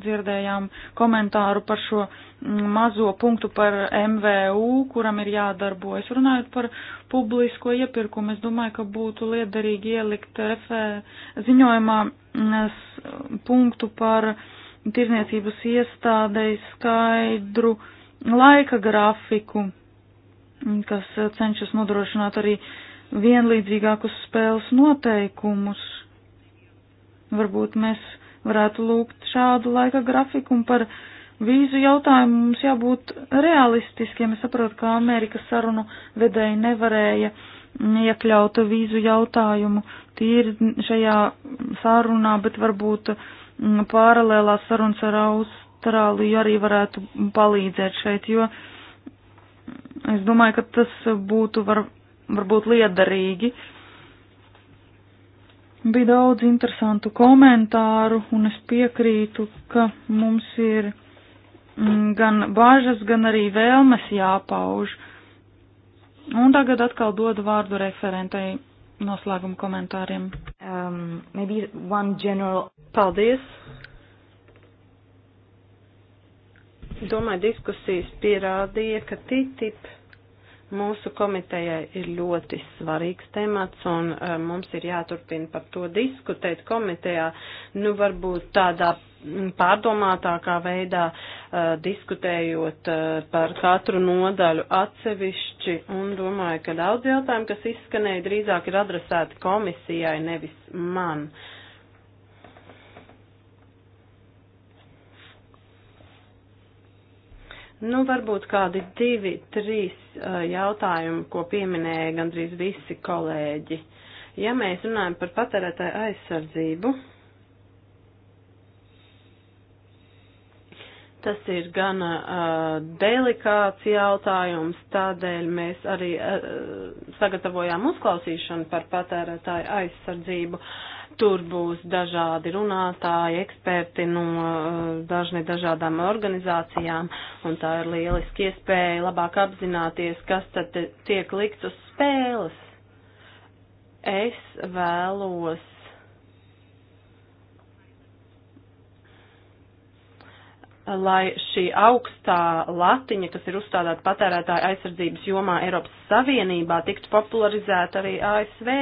dzirdējām komentāru par šo mm, mazo punktu par MVU, kuram ir jādarbojas. Runājot par publisko iepirkumu, es domāju, ka būtu liederīgi ielikt FE ziņojumā mm, punktu par tirzniecības iestādei skaidru laika grafiku, kas cenšas nodrošināt arī vienlīdzīgākus spēles noteikumus Varbūt mēs varētu lūgt šādu laika grafiku un par vīzu jautājumu mums jābūt realistiskiem. Es saprotu, ka Amerikas sarunu vedēji nevarēja iekļaut vīzu jautājumu tīri šajā sarunā, bet varbūt mm, paralēlās sarunas ar Austrāliju arī varētu palīdzēt šeit, jo es domāju, ka tas būtu var, varbūt liederīgi Bija daudz interesantu komentāru, un es piekrītu, ka mums ir mm, gan bažas, gan arī vēlmes jāpauž. Un tagad atkal dodu vārdu referentai noslēguma komentāriem. Um, maybe one general. Paldies. Domāju, diskusijas pierādīja, ka TTIP Mūsu komitejai ir ļoti svarīgs temats, un e, mums ir jāturpina par to diskutēt komitejā. Nu, varbūt tādā pārdomātākā veidā uh, diskutējot uh, par katru nodaļu atsevišķi un domāju, ka daudz jautājumu, kas izskanēja, drīzāk ir adresēti komisijai, nevis man. Uh, Nu, varbūt kādi divi, trīs eh, jautājumi, ko pieminēja gandrīz visi kolēģi. Ja mēs runājam par patērētāju aizsardzību, Tas ir gan uh, delikāts jautājums, tādēļ mēs arī uh, sagatavojām uzklausīšanu par patērētāju aizsardzību. Uh, Tur būs dažādi runātāji, eksperti no eh, dažni dažādām organizācijām, un tā ir lieliski iespēja labāk apzināties, kas tad tiek likts uz spēles. Es vēlos lai šī augstā latiņa, kas ir uzstādāta patērētāja aizsardzības jomā Eiropas Savienībā, tiktu popularizēta arī ASV.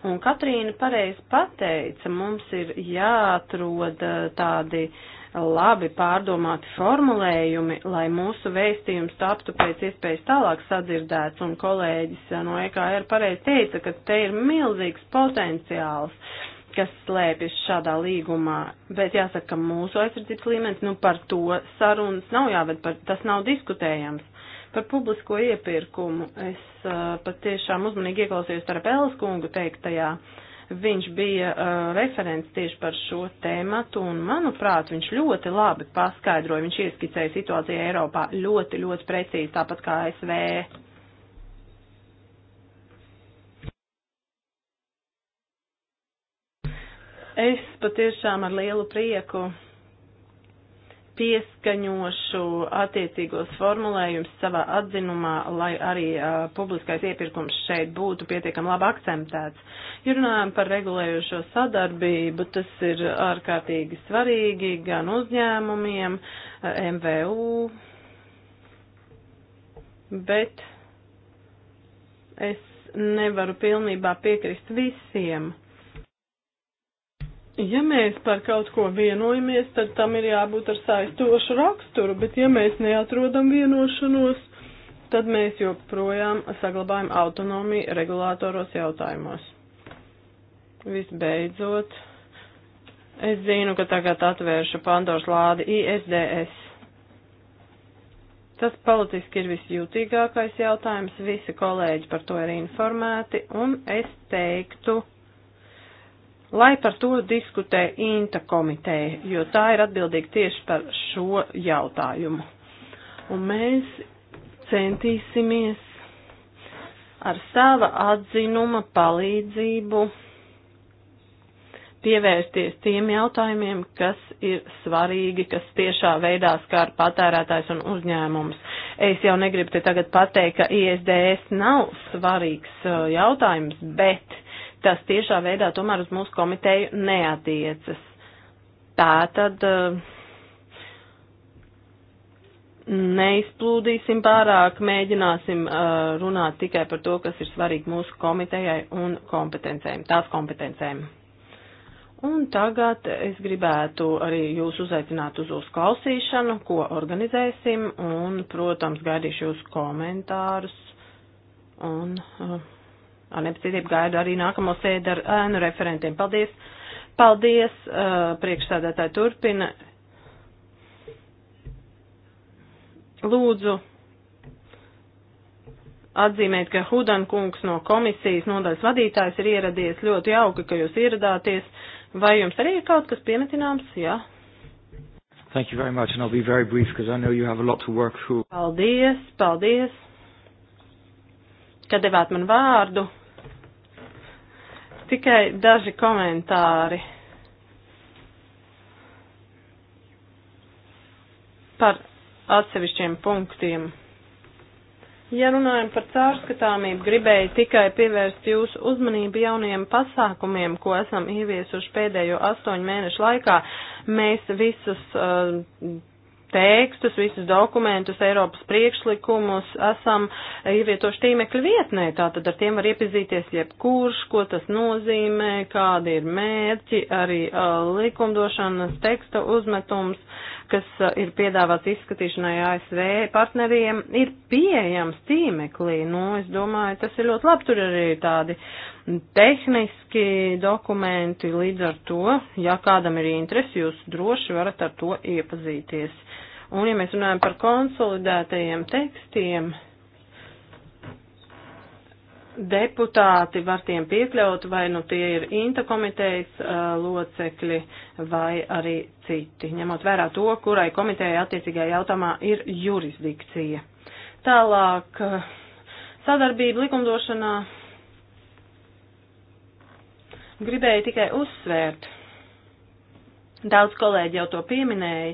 Un Katrīna pareizi pateica, mums ir jāatrod eh, tādi labi pārdomāti formulējumi, lai mūsu vēstījums taptu pēc iespējas tālāk sadzirdēts, un kolēģis eh, no EKR pareizi teica, ka te ir milzīgs potenciāls kas slēpjas šādā līgumā, bet jāsaka, ka mūsu aizsardzības līmenis, nu par to sarunas nav jāved, par, tas nav diskutējams. Par publisko iepirkumu es uh, patiešām uzmanīgi ieklausījos ar Pēleskungu teiktajā. Viņš bija uh, referents tieši par šo tēmatu un, manuprāt, viņš ļoti labi paskaidroja, viņš ieskicēja situāciju Eiropā ļoti, ļoti precīzi, tāpat kā ASV. Es patiešām ar lielu prieku pieskaņošu attiecīgos formulējumus savā atzinumā, lai arī uh, publiskais iepirkums šeit būtu pietiekami labi akcentēts. Ja runājam par regulējušo sadarbību, tas ir ārkārtīgi svarīgi gan uzņēmumiem, MVU, bet es nevaru pilnībā piekrist visiem. Uh, ja mēs par kaut ko vienojamies, tad tam ir jābūt ar saistošu raksturu, bet ja mēs neatrodam vienošanos, tad mēs joprojām saglabājam autonomiju regulātoros jautājumos. Visbeidzot, es zinu, ka tagad atvēršu Pandoras lādi ISDS. Tas politiski ir visjūtīgākais jautājums, visi kolēģi par to ir informēti, un es teiktu, lai par to diskutē INTA komiteja, jo tā ir atbildīga tieši par šo jautājumu. Un mēs centīsimies ar sava atzinuma palīdzību pievērsties tiem jautājumiem, kas ir svarīgi, kas tiešā veidā skar patērētājs un uzņēmums. Es jau negribu te tagad pateikt, ka ISDS nav svarīgs uh, jautājums, bet tas tiešā veidā tomēr uz mūsu komiteju neatiecas. Tā tad eh, neizplūdīsim pārāk, mēģināsim eh, runāt tikai par to, kas ir svarīgi mūsu komitejai un kompetencēm, tās kompetencēm. Un tagad es gribētu arī jūs uzaicināt uz uzklausīšanu, ko organizēsim, un, protams, gaidīšu jūsu komentārus un uh, Ar nepacietību gaidu arī nākamo sēdu ar ēnu referentiem. Paldies! Paldies! Uh, priekšsādātāji turpina. Lūdzu atzīmēt, ka Hudan kungs no komisijas nodaļas vadītājs ir ieradies. Ļoti jauki, ka jūs ieradāties. Vai jums arī ir kaut kas piemetināms? Jā. Thank you very much, and I'll be very brief because I know you have a lot to work through. Paldies, paldies, ka devāt man vārdu tikai daži komentāri par atsevišķiem punktiem. Ja runājam par caurskatāmību, gribēju tikai pievērst jūsu uzmanību jaunajiem pasākumiem, ko esam ieviesuši pēdējo astoņu mēnešu laikā. Mēs visus uh, tekstus, visus dokumentus, Eiropas priekšlikumus esam ievietoši tīmekļa vietnē, tātad ar tiem var iepazīties jebkurš, ko tas nozīmē, kādi ir mērķi, arī uh, likumdošanas teksta uzmetums, kas uh, ir piedāvāts izskatīšanai ASV partneriem, ir pieejams tīmeklī. Nu, es domāju, tas ir ļoti labi, tur arī ir tādi tehniski dokumenti līdz ar to, ja kādam ir interesi, jūs droši varat ar to iepazīties. Un ja mēs runājam par konsolidētajiem tekstiem, deputāti var tiem piekļaut, vai nu tie ir Inta komitejas uh, locekļi vai arī citi, ņemot vērā to, kurai komitejai attiecīgajā jautājumā ir jurisdikcija. Tālāk, uh, sadarbība likumdošanā Gribēju tikai uzsvērt. Daudz kolēģi jau to pieminēja,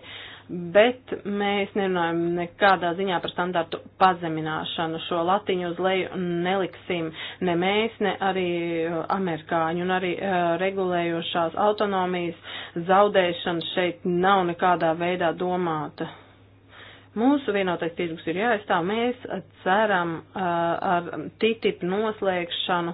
bet mēs nerunājam nekādā ziņā par standartu pazemināšanu. Šo latiņu uz leju neliksim ne mēs, ne arī uh, amerikāņi, un arī uh, regulējošās autonomijas zaudēšana šeit nav nekādā veidā domāta. Mūsu vienotais tirgus ir jāaizstāv. Mēs ceram ar TTIP noslēgšanu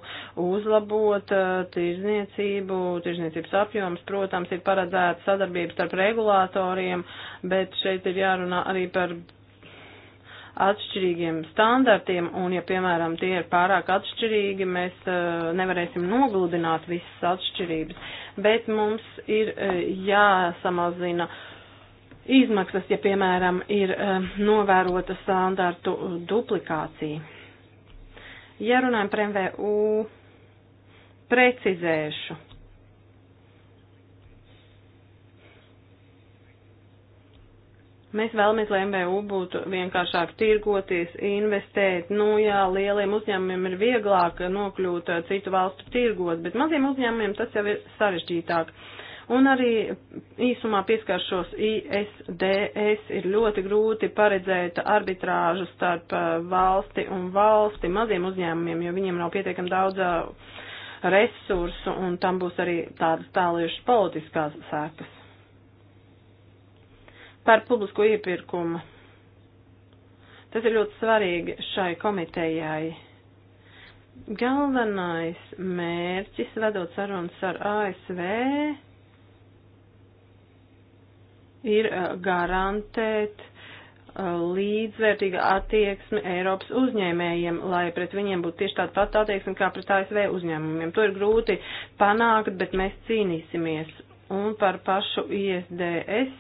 uzlabot tirzniecību. Tirzniecības apjoms, protams, ir paredzēta sadarbības starp regulātoriem, bet šeit ir jārunā arī par atšķirīgiem standartiem, un ja, piemēram, tie ir pārāk atšķirīgi, mēs uh, nevarēsim nogludināt visas atšķirības, bet mums ir uh, jāsamazina uh, izmaksas, ja, piemēram, ir eh, novērota standartu duplikācija. Ja runājam par MVU precizēšu. Mēs vēlamies, lai MVU būtu vienkāršāk tirgoties, investēt. Nu jā, lieliem uzņēmumiem ir vieglāk nokļūt eh, citu valstu tirgot, bet maziem uzņēmumiem tas jau ir sarežģītāk. Uh, Un arī īsumā pieskaršos ISDS ir ļoti grūti paredzēt arbitrāžu starp uh, valsti un valsti maziem uzņēmumiem, jo viņiem nav pietiekami daudz uh, resursu un tam būs arī tādas tāliešas politiskās sēkas. Par publisko iepirkumu. Tas ir ļoti svarīgi šai komitejai. Galvenais mērķis, vedot sarunas ar ASV, ir uh, garantēt uh, līdzvērtīga attieksme Eiropas uzņēmējiem, lai pret viņiem būtu tieši tāda pati attieksme kā pret ASV uzņēmumiem. To ir grūti panākt, bet mēs cīnīsimies. Un par pašu ISDS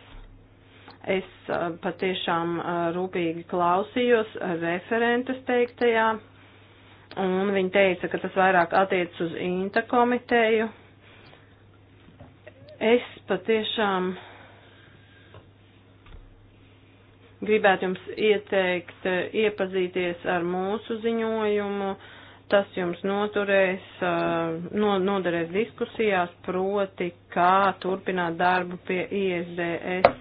es uh, patiešām rūpīgi klausījos referentes teiktajā, un viņa teica, ka tas vairāk attiec uz INTA komiteju. Es patiešām Gribētu jums ieteikt eh, iepazīties ar mūsu ziņojumu. Tas jums noturēs, eh, no, noderēs diskusijās, proti, kā turpināt darbu pie ISDS.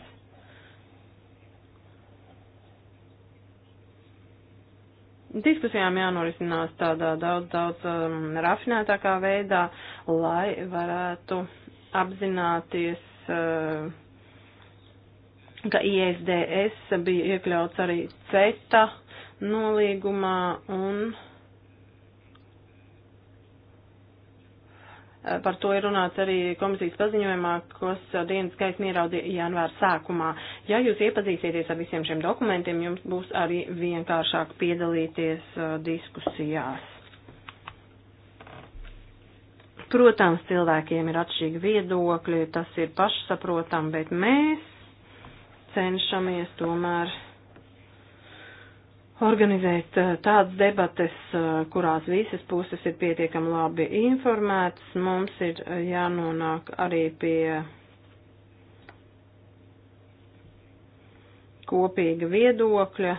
diskusijām jānorisinās tādā daudz, daudz um, rafinētākā veidā, lai varētu apzināties uh, ka ISDS bija iekļauts arī CETA nolīgumā un eh, Par to ir runāts arī komisijas paziņojumā, kas dienas gaismu ieraudzīja janvāra sākumā. Ja jūs iepazīsieties ar visiem šiem dokumentiem, jums būs arī vienkāršāk piedalīties eh, diskusijās. Protams, cilvēkiem ir atšķirīgi viedokļi, tas ir pašsaprotam, bet mēs cenšamies tomēr organizēt eh, tādas debates, eh, kurās visas puses ir pietiekami labi informētas. Mums ir eh, jānonāk arī pie kopīga viedokļa.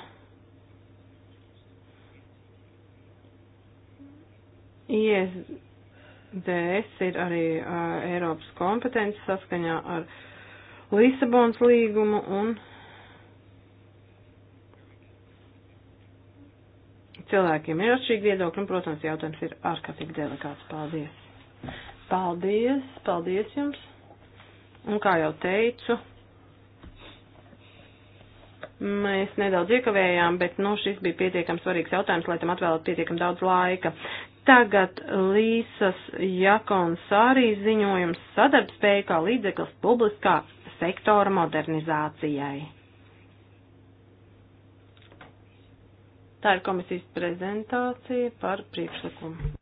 ISDS ir arī uh, Eiropas kompetence saskaņā ar uh, Lisabons līgumu un cilvēkiem ir atšķirīgi viedokļi, un, protams, jautājums ir ārkārtīgi delikāts. Paldies! Paldies! Paldies jums! Un kā jau teicu, mēs nedaudz iekavējām, bet, nu, šis bija pietiekami svarīgs jautājums, lai tam atvēlētu pietiekami daudz laika. Tagad Līsas Jakonsārī ziņojums sadarbspēja kā līdzeklis publiskā sektora modernizācijai. Tā ir komisijas prezentācija par priekšlikumu.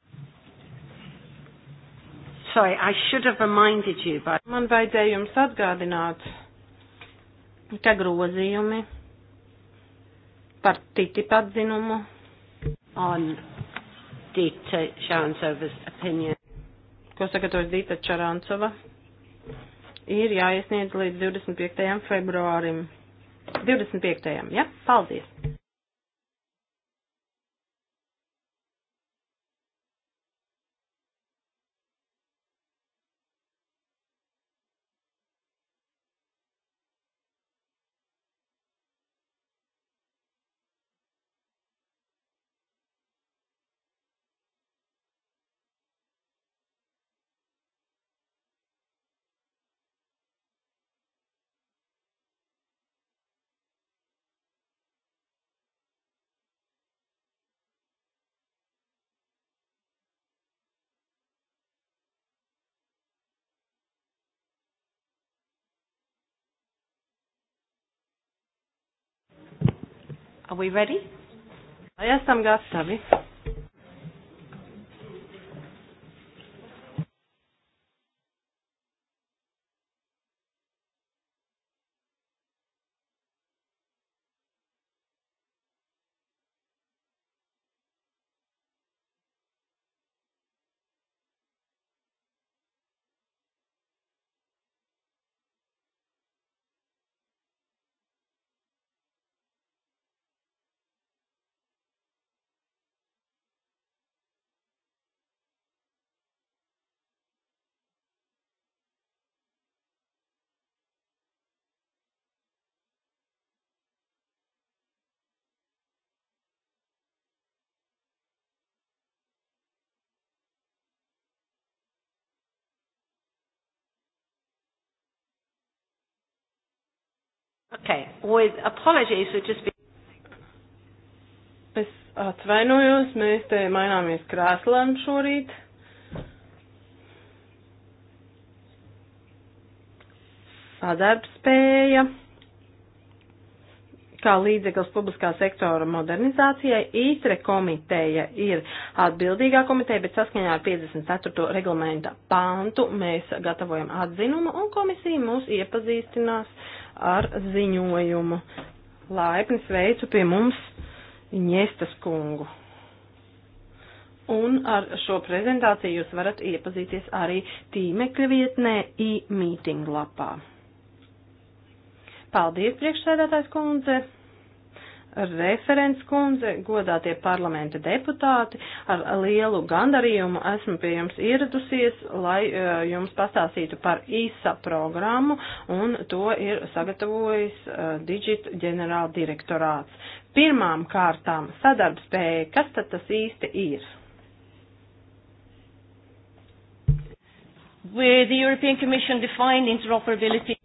Sorry, I should have reminded you, but... Man vajadzēja jums atgādināt, ka grozījumi par TTIP atzinumu on Dita Šāncovas opinion. Ko sagatavojas Dita Čarāncova ir jāiesniedz līdz 25. februārim. 25. ja? Paldies! Are we ready? Vai esam gatavi? Okay. With apologies for just being... Es atvainojos, mēs te maināmies krēslām šorīt. Sadarbspēja kā līdzeklis publiskā sektora modernizācijai, ITRE komiteja ir atbildīgā komiteja, bet saskaņā ar 54. reglamenta pāntu mēs gatavojam atzinumu un komisija mūs iepazīstinās ar ziņojumu. Laipni sveicu pie mums Ņestas kungu. Un ar šo prezentāciju jūs varat iepazīties arī tīmekļa vietnē e-meeting lapā. Paldies, priekšsēdētājs kundze! referents kundze, godātie parlamenta deputāti, ar lielu gandarījumu esmu pie jums ieradusies, lai e, jums pastāstītu par ISA programmu, un to ir sagatavojis e, Digit ģenerāla direktorāts. Pirmām kārtām sadarbspēja, kas tad tas īsti ir? Where the European Commission defined interoperability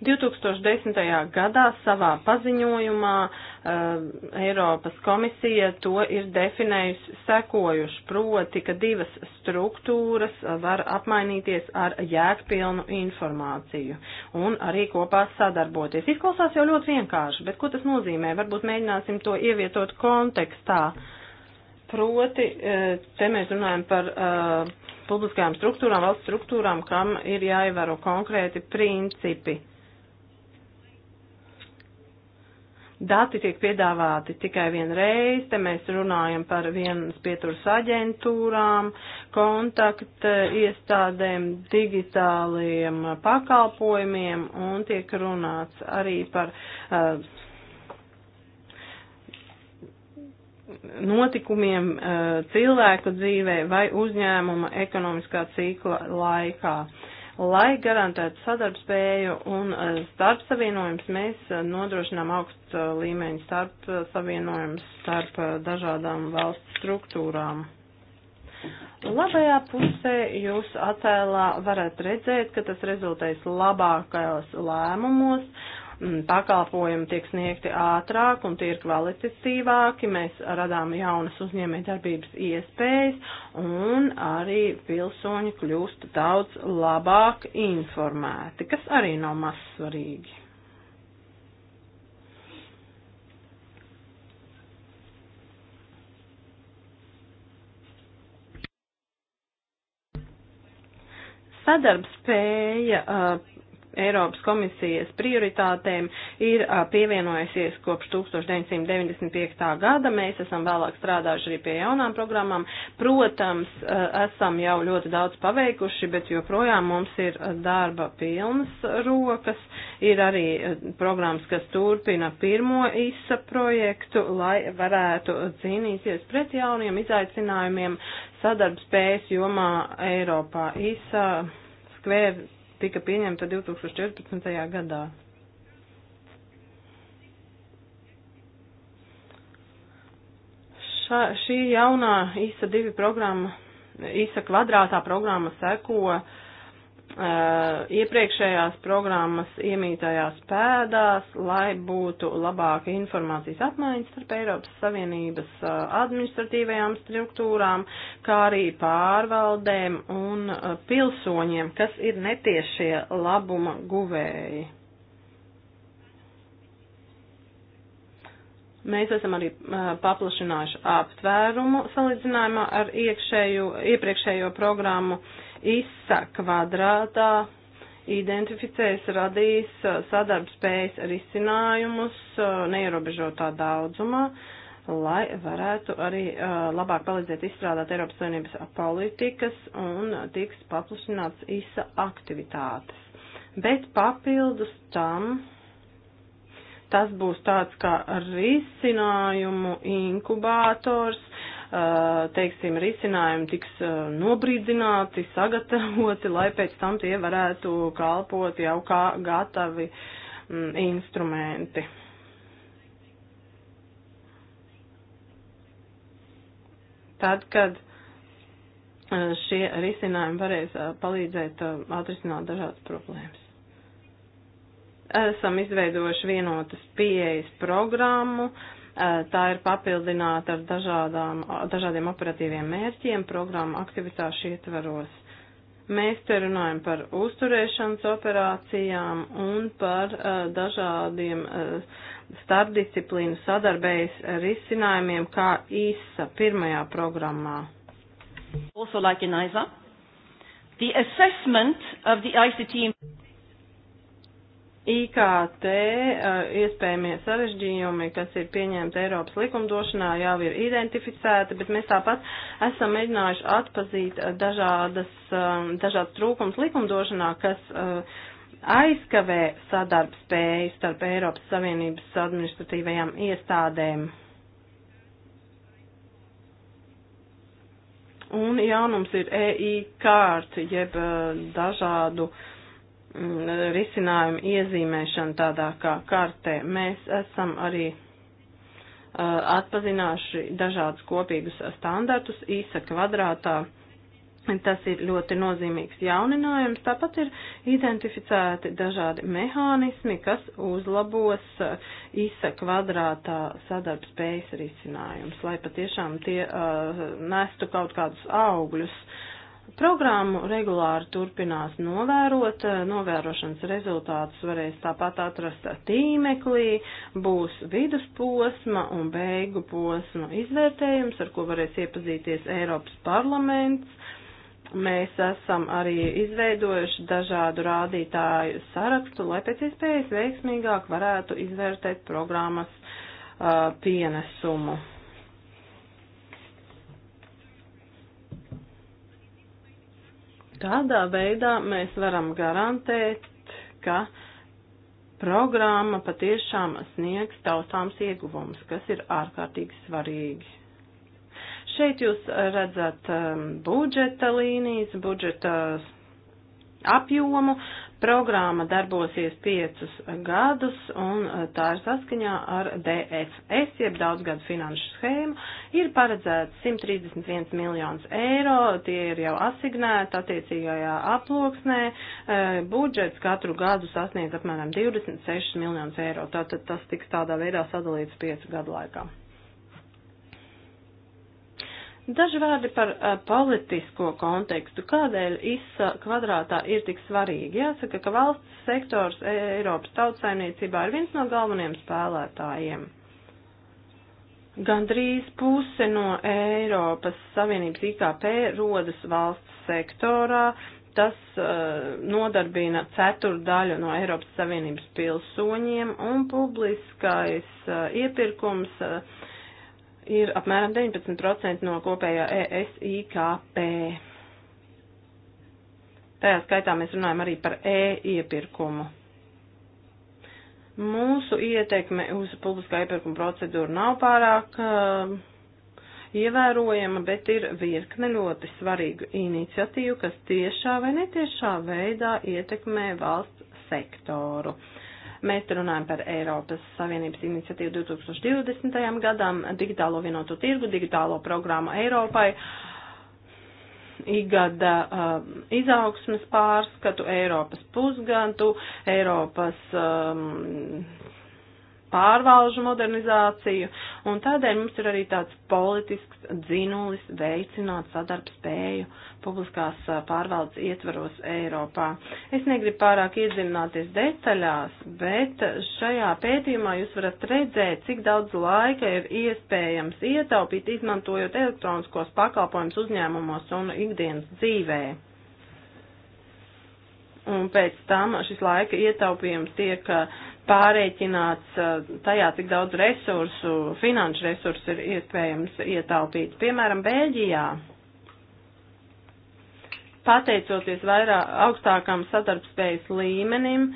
2010. gadā savā paziņojumā uh, Eiropas komisija to ir definējusi sekojuši, proti, ka divas struktūras eh, var apmainīties ar jēgpilnu informāciju un arī kopā sadarboties. Izklausās jau ļoti vienkārši, bet ko tas nozīmē? Varbūt mēģināsim to ievietot kontekstā. Proti, eh, te mēs runājam par uh, publiskajām struktūrām, valsts struktūrām, kam ir jāievēro konkrēti principi. Dati tiek piedāvāti tikai vienreiz, te mēs runājam par vienas pieturas aģentūrām, kontakt iestādēm, digitāliem pakalpojumiem un tiek runāts arī par uh, notikumiem eh, cilvēku dzīvē vai uzņēmuma ekonomiskā cikla laikā. Lai garantētu sadarbspēju un eh, starp savienojums, mēs eh, nodrošinām augsts eh, līmeņu starp savienojums starp dažādām valsts struktūrām. Labajā pusē jūs attēlā varat redzēt, ka tas rezultēs labākajos lēmumos, Mm, pakalpojumi tiek sniegti ātrāk un tie ir kvalitatīvāki, mēs radām jaunas uzņēmē darbības iespējas un arī pilsoņi kļūst daudz labāk informēti, kas arī nav maz svarīgi. sadarbspēja uh, Eiropas komisijas prioritātēm ir pievienojusies kopš 1995. gada. Mēs esam vēlāk strādājuši arī pie jaunām programmām. Protams, esam jau ļoti daudz paveikuši, bet joprojām mums ir darba pilnas rokas. Ir arī programmas, kas turpina pirmo ISA projektu, lai varētu cīnīties pret jauniem izaicinājumiem sadarbspējas jomā Eiropā. ISA skvēr tika pieņemta 2014. gadā. Šā, šī jaunā ISA 2 programma, ISA kvadrātā programma seko uh, Eh, iepriekšējās programmas iemītajās pēdās, lai būtu labāka informācijas apmaiņas starp Eiropas Savienības eh, administratīvajām struktūrām, kā arī pārvaldēm un eh, pilsoņiem, kas ir netiešie labuma guvēji. Mēs esam arī paplašinājuši aptvērumu salīdzinājumā ar iekšēju, iepriekšējo programmu. Uh, ISA kvadrātā identificēs, radīs uh, sadarbspējas risinājumus uh, neierobežotā daudzumā, lai varētu arī uh, labāk palīdzēt izstrādāt Eiropas Savienības politikas un tiks paplašināts ISA aktivitātes. Bet papildus tam tas būs tāds kā risinājumu inkubātors, Eh, teiksim, risinājumi tiks eh, nobrīdzināti, sagatavoti, lai pēc tam tie varētu kalpot jau kā gatavi mm, instrumenti. Tad, kad eh, šie risinājumi varēs palīdzēt atrisināt dažādas problēmas. Esam izveidojuši vienotas pieejas programmu, uh, Tā ir papildināta ar dažādām, dažādiem operatīviem mērķiem programmu aktivitāšu ietvaros. Mēs te runājam par uzturēšanas operācijām un par uh, dažādiem uh, starpdisciplīnu sadarbējas risinājumiem, kā īsa pirmajā programmā. Also like in ISA, the assessment of the ICT IKT eh, iespējamie sarežģījumi, kas ir pieņemti Eiropas likumdošanā, jau ir identificēti, bet mēs tāpat esam mēģinājuši atpazīt eh, dažādas, eh, dažādas trūkums likumdošanā, kas aizkavē sadarbspēju starp Eiropas Savienības administratīvajām iestādēm. Un jaunums ir EI kārta, jeb dažādu uh, Mm, risinājumu iezīmēšanu tādā kā kartē. Mēs esam arī uh, atpazinājuši dažādus kopīgus standartus īsa kvadrātā. Tas ir ļoti nozīmīgs jauninājums. Tāpat ir identificēti dažādi mehānismi, kas uzlabos uh, īsa kvadrātā sadarbspējas risinājums, lai patiešām tie uh, nestu kaut kādus augļus. Uh, Programmu regulāri turpinās novērot, eh, novērošanas rezultātus varēs tāpat atrast tīmeklī, būs vidusposma un beigu posma izvērtējums, ar ko varēs iepazīties Eiropas parlaments. Mēs esam arī izveidojuši dažādu rādītāju sarakstu, lai pēc iespējas veiksmīgāk varētu izvērtēt programmas uh, pienesumu. Kādā veidā mēs varam garantēt, ka programma patiešām sniegs taustāms ieguvums, kas ir ārkārtīgi svarīgi. Šeit jūs redzat um, budžeta līnijas, budžeta apjomu, Programma darbosies piecus gadus un eh, tā ir saskaņā ar DFS, jeb daudzgadu finanšu schēmu. Ir paredzēts 131 miljonus eiro, tie ir jau asignēti attiecīgajā aploksnē. Eh, budžets katru gadu sasniedz apmēram 26 miljonus eiro, tātad tas tiks tādā veidā sadalīts piecu gadu laikā. Daži vārdi par uh, politisko kontekstu. Kādēļ ISA kvadrātā ir tik svarīgi? Jāsaka, ka valsts sektors e, Eiropas tautsaimniecībā ir viens no galvenajiem spēlētājiem. Gandrīz puse no Eiropas Savienības IKP rodas valsts sektorā. Tas uh, nodarbina ceturdaļu no Eiropas Savienības pilsoņiem un publiskais uh, iepirkums. Uh, ir apmēram 19% no kopējā ESIKP. Tajā skaitā mēs runājam arī par e-iepirkumu. Mūsu ietekme uz publiskā iepirkuma procedūru nav pārāk uh, ievērojama, bet ir virkne ļoti svarīgu iniciatīvu, kas tiešā vai netiešā veidā ietekmē valsts sektoru. Uh, Mēs runājam par Eiropas Savienības iniciatīvu 2020. gadam, digitālo vienoto tirgu, digitālo programmu Eiropai, igada uh, izaugsmes pārskatu, Eiropas pusgadu, Eiropas um, pārvalžu modernizāciju, un tādēļ mums ir arī tāds politisks dzinulis veicināt sadarbspēju publiskās pārvaldes ietvaros Eiropā. Es negribu pārāk iedzināties detaļās, bet šajā pētījumā jūs varat redzēt, cik daudz laika ir iespējams ietaupīt, izmantojot elektroniskos pakalpojumus uzņēmumos un ikdienas dzīvē un pēc tam šis laika ietaupījums tiek uh, pārēķināts eh, tajā, cik daudz resursu, finanšu resursu ir iespējams ietaupīt. Piemēram, Bēļģijā, pateicoties vairāk augstākam sadarbspējas līmenim,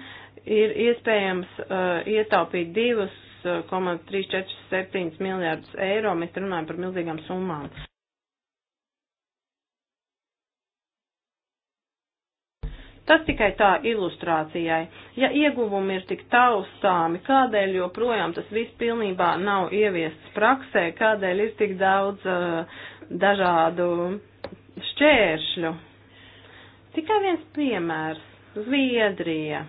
ir iespējams uh, ietaupīt 2,347 eh, miljārdus eiro. Mēs runājam par milzīgām summām. Tas tikai tā ilustrācijai. Ja ieguvumi ir tik taustāmi, kādēļ joprojām tas viss pilnībā nav ieviests praksē, kādēļ ir tik daudz uh, dažādu šķēršļu? Tikai viens piemērs - Zviedrija.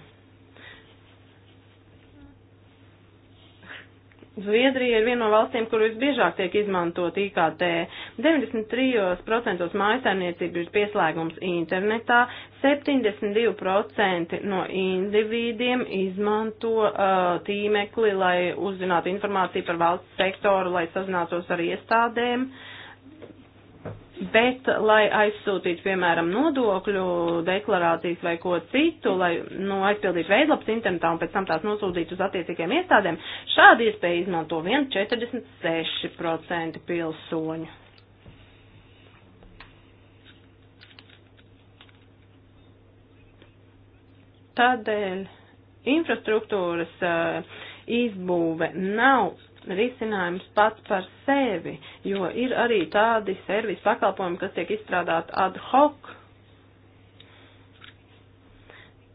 Zviedrija ir viena no valstīm, kur visbiežāk tiek izmantot IKT. 93% mājasēmniecību ir pieslēgums internetā, 72% no individiem izmanto uh, tīmekli, lai uzzinātu informāciju par valsts sektoru, lai sazinātos ar iestādēm. Uh, Bet, lai aizsūtītu, piemēram, nodokļu deklarācijas vai ko citu, lai nu, aizpildītu veidlapas internetā un pēc tam tās nosūtītu uz attiecīgiem iestādēm, šādu iespēju izmanto 1,46% pilsoņu. Tādēļ infrastruktūras uh, izbūve nav risinājums pats par sevi, jo ir arī tādi servis pakalpojumi, kas tiek izstrādāti ad hoc.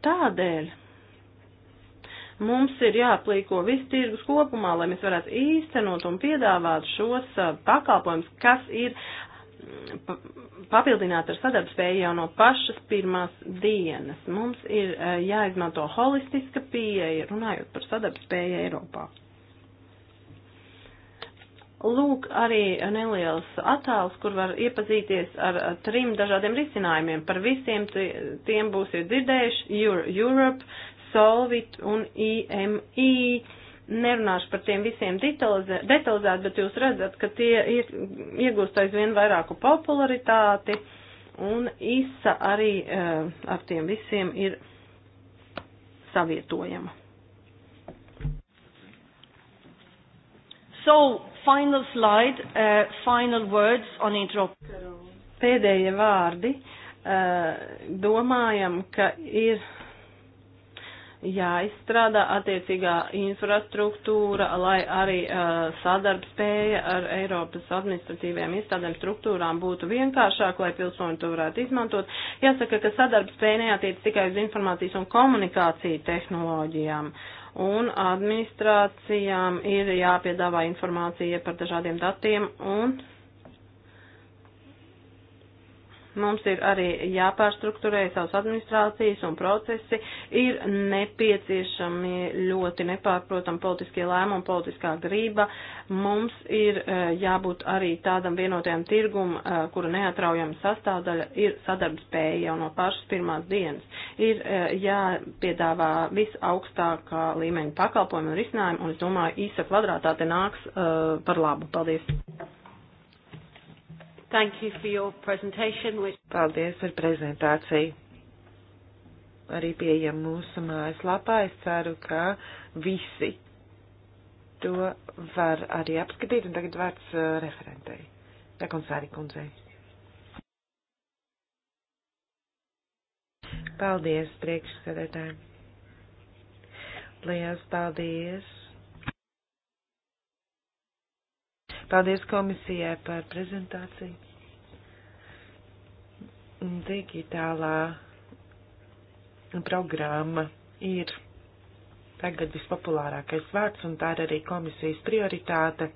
Tādēļ mums ir jāplīko viss tirgus kopumā, lai mēs varētu īstenot un piedāvāt šos pakalpojumus, kas ir mm, papildināti ar sadarbspēju jau no pašas pirmās dienas. Mums ir jāizmanto holistiska pieeja, runājot par sadarbspēju Eiropā. Lūk, arī neliels attēls, kur var iepazīties ar trim dažādiem risinājumiem. Par visiem tiem būsiet dzirdējuši Europe, Solvit un IMI. E e. Nerunāšu par tiem visiem detalizē, detalizēt, bet jūs redzat, ka tie iegūst aizvien vairāku popularitāti un ISA arī uh, ar tiem visiem ir savietojama. So, final slide, uh, final words on interoperability. Pēdējie vārdi. Uh, domājam, ka ir jāizstrādā attiecīgā infrastruktūra, lai arī uh, sadarbspēja ar Eiropas administratīvajām iestādēm struktūrām būtu vienkāršāk, lai pilsoņi to varētu izmantot. Jāsaka, ka sadarbspēja neatiec tikai uz informācijas un komunikāciju tehnoloģijām. Uh, un administrācijām ir jāpiedāvā informācija par dažādiem datiem un Mums ir arī jāpārstruktūrē savas administrācijas un procesi, ir nepieciešami ļoti nepārprotam politiskie lēmumi, politiskā grība. Mums ir e, jābūt arī tādam vienotajam tirgum, e, kura neatraujama sastāvdaļa ir sadarbspēja jau no pašas pirmās dienas. Ir e, jāpiedāvā visaugstākā līmeņa pakalpojumu un risinājumu, un es domāju, īsa kvadrātā te nāks par labu. Paldies! Thank you for your presentation. Which... Paldies par prezentāciju. Arī pieejam mūsu mājaslapā. Es ceru, ka visi to var arī apskatīt. Un tagad vārds uh, referentei. Rekonsāri kundzei. Paldies priekšsēdētājiem. Liels paldies Paldies komisijai par prezentāciju. Digitālā programma ir tagad vispopulārākais vārds, un tā ir arī komisijas prioritāte,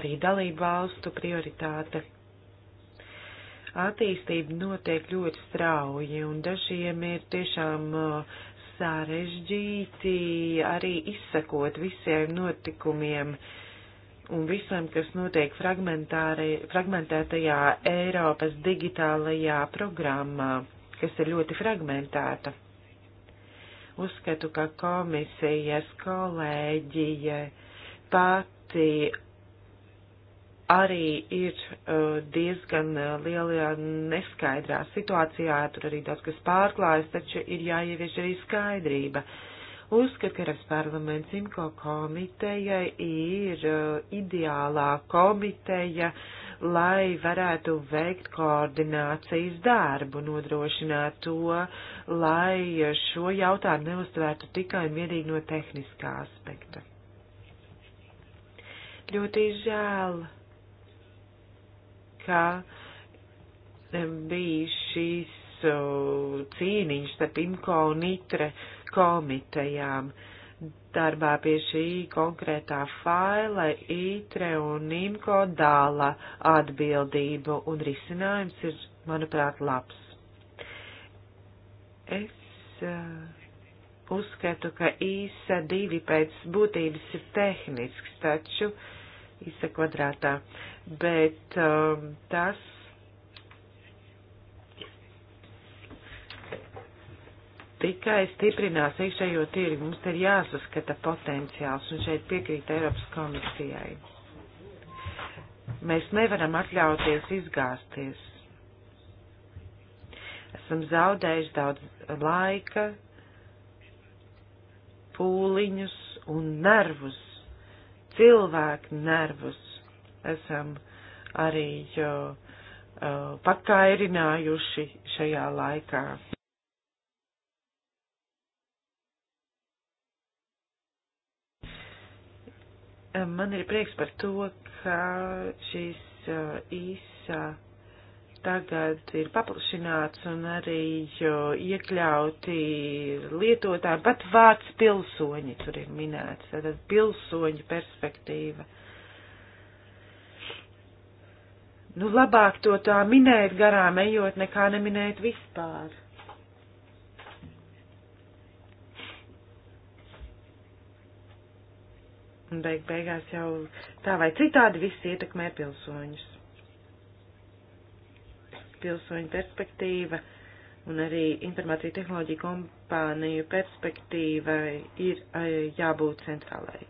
arī dalību valstu prioritāte. Attīstība notiek ļoti strauji, un dažiem ir tiešām uh, sarežģīti arī izsakot visiem notikumiem. Uh, un visam, kas notiek fragmentētajā Eiropas digitālajā programmā, kas ir ļoti fragmentēta. Uzskatu, ka komisijas kolēģija pati arī ir uh, diezgan uh, lielajā neskaidrā situācijā, tur arī daudz kas pārklājas, taču ir jāievieš arī skaidrība. Uh, Uzskat, ka Eiropas parlaments IMCO komitejai ir uh, ideālā komiteja, lai varētu veikt koordinācijas darbu, nodrošināt to, lai šo jautājumu neuztvērtu tikai un vienīgi no tehniskā aspekta. Ļoti žēl, ka um, bija šīs cīniņš starp IMCO un ITRE komitejām. Darbā pie šī konkrētā faila ITRE un IMCO dāla atbildību un risinājums ir, manuprāt, labs. Es uh, uzskatu, ka īsa divi pēc būtības ir tehnisks, taču īsa kvadrātā, bet um, tas tikai stiprinās iekšējo tirgu. Mums ir jāsaskata potenciāls, un šeit piekrīt Eiropas komisijai. Mēs nevaram atļauties izgāzties. Esam zaudējuši daudz laika, pūliņus un nervus, cilvēku nervus. Esam arī jo, uh, pakairinājuši šajā laikā. Eh, man ir prieks par to, ka šis eh, īsa tagad ir paplašināts un arī iekļauti lietotāji, pat vārds pilsoņi tur ir minēts, tātad pilsoņu perspektīva. Nu, labāk to tā minēt garām ejot, nekā neminēt vispār. Un beig beigās jau tā vai citādi viss ietekmē pilsoņus. Pilsoņu perspektīva un arī informācija tehnoloģija kompāniju perspektīvai ir jābūt centrālai.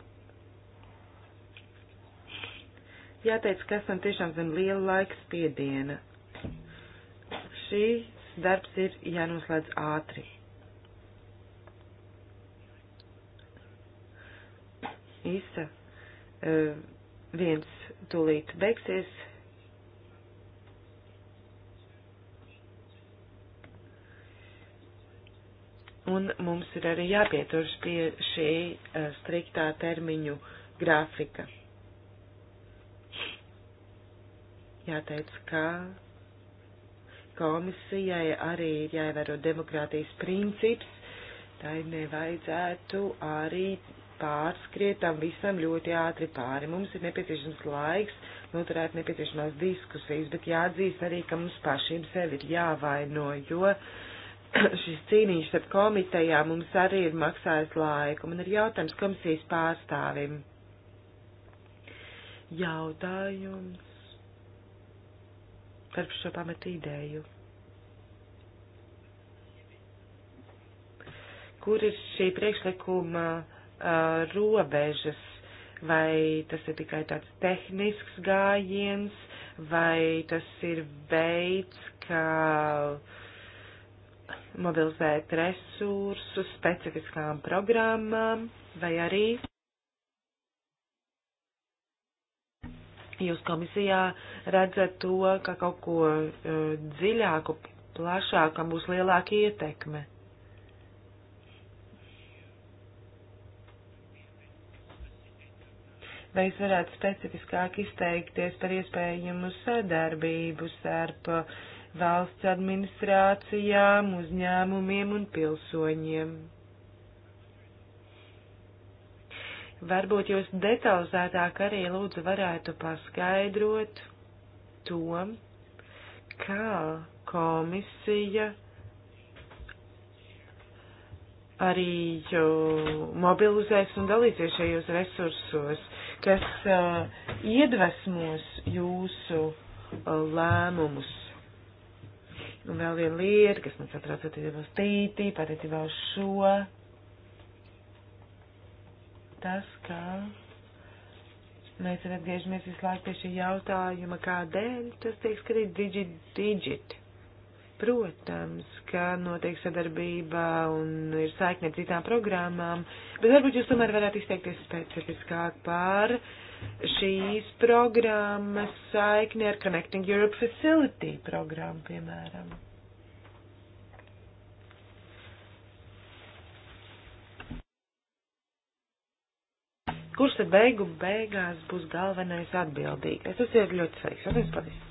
Jāteic, ka esam tiešām zem liela laika spiediena. Šīs darbs ir jānoslēdz ātri. īsa e, viens tūlīt beigsies. Un mums ir arī jāpieturš pie šī e, striktā termiņu grafika. Jāteic, ka komisijai arī ir jāievēro demokrātijas princips, tai nevajadzētu arī pārskrietam visam ļoti ātri pāri. Mums ir nepieciešams laiks noturēt nepieciešamās diskusijas, bet jāatzīst arī, ka mums pašiem sevi ir jāvaino, jo šis cīnīšs ar komitejā mums arī ir maksājis laiku. Man ir jautājums komisijas pārstāvim. Jautājums par šo pamatu ideju. kur ir šī priekšlikuma uh, uh, robežas, vai tas ir tikai tāds tehnisks gājiens, vai tas ir veids, kā mobilizēt resursus specifiskām programmām, vai arī jūs komisijā redzat to, ka kaut ko uh, dziļāku, plašāku, kam būs lielāka ietekme. vai jūs varētu specifiskāk izteikties par iespējamu sadarbību starp valsts administrācijām, uzņēmumiem un pilsoņiem. Varbūt jūs detalizētāk arī lūdzu varētu paskaidrot to, kā komisija arī mobilizēs un dalīsies šajos resursos kas uh, iedvesmos jūsu uh, lēmumus. Un vēl viena lieta, kas man satrauc attiecībā uz tītī, attiecībā uz šo, tas, ka mēs atgriežamies visu laiku pie šī jautājuma, kādēļ tas tiek skatīts digit, digit. Protams, ka notiek sadarbība un ir saikne ar citām programmām, bet varbūt jūs tomēr varētu izteikties specifiskāk par šīs programmas saikni ar Connecting Europe Facility programmu, piemēram. Kurš tad beigu beigās būs galvenais atbildīgais? Tas ir ļoti sveiks. Paldies!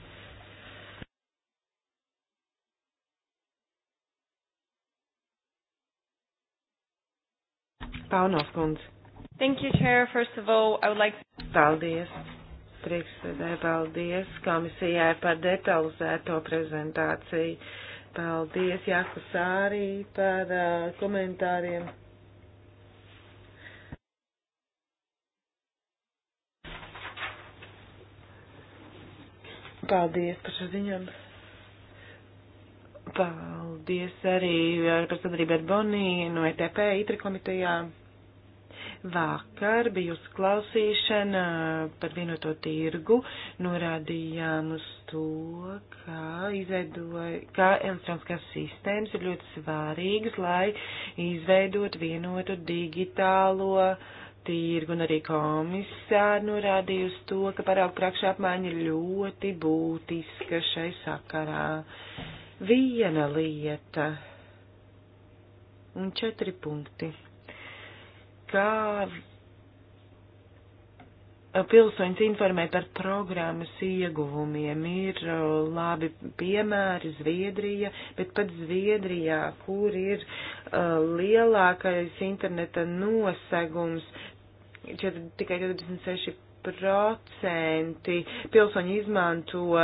Paunovs kundze. Thank you, Chair. First of all, I would like to... Paldies. Priekšsēdē, paldies komisijai par detalizēto prezentāciju. Paldies, Jāku Sārī, par uh, komentāriem. Paldies par šo ziņām. Paldies arī ar, uh, par sadarbību ar Boniju no ETP, ITRI komitejām. Vakar bija uzklausīšana eh, par vienoto tirgu, norādījām uz to, kā, izveidoja, kā elektroniskās sistēmas ir ļoti svārīgas, lai izveidot vienotu digitālo tirgu, un arī komisāri norādīja uz to, ka paraugu prakša apmaiņa ir ļoti būtiska šai sakarā. Viena lieta un četri punkti kā pilsoņus informē par programmas ieguvumiem. Ir uh, labi piemēri Zviedrija, bet pat Zviedrijā, kur ir uh, lielākais interneta nosegums, čet, tikai 46% pilsoņi izmanto uh,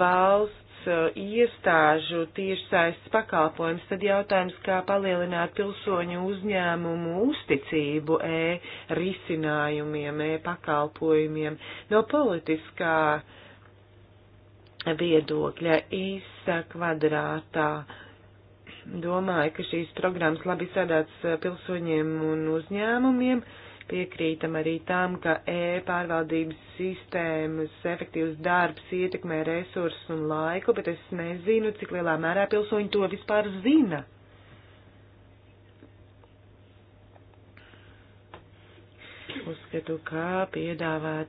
valsts Uh, iestāžu tiešsaistes pakalpojums, tad jautājums, kā palielināt pilsoņu uzņēmumu uzticību e-risinājumiem, e-pakalpojumiem no politiskā viedokļa īsa kvadrātā domāju, ka šīs programmas labi sadāts pilsoņiem un uzņēmumiem, Piekrītam arī tam, ka e-pārvaldības sistēmas efektīvs darbs ietekmē resursus un laiku, bet es nezinu, cik lielā mērā pilsoņi to vispār zina. Uzskatu, kā piedāvātais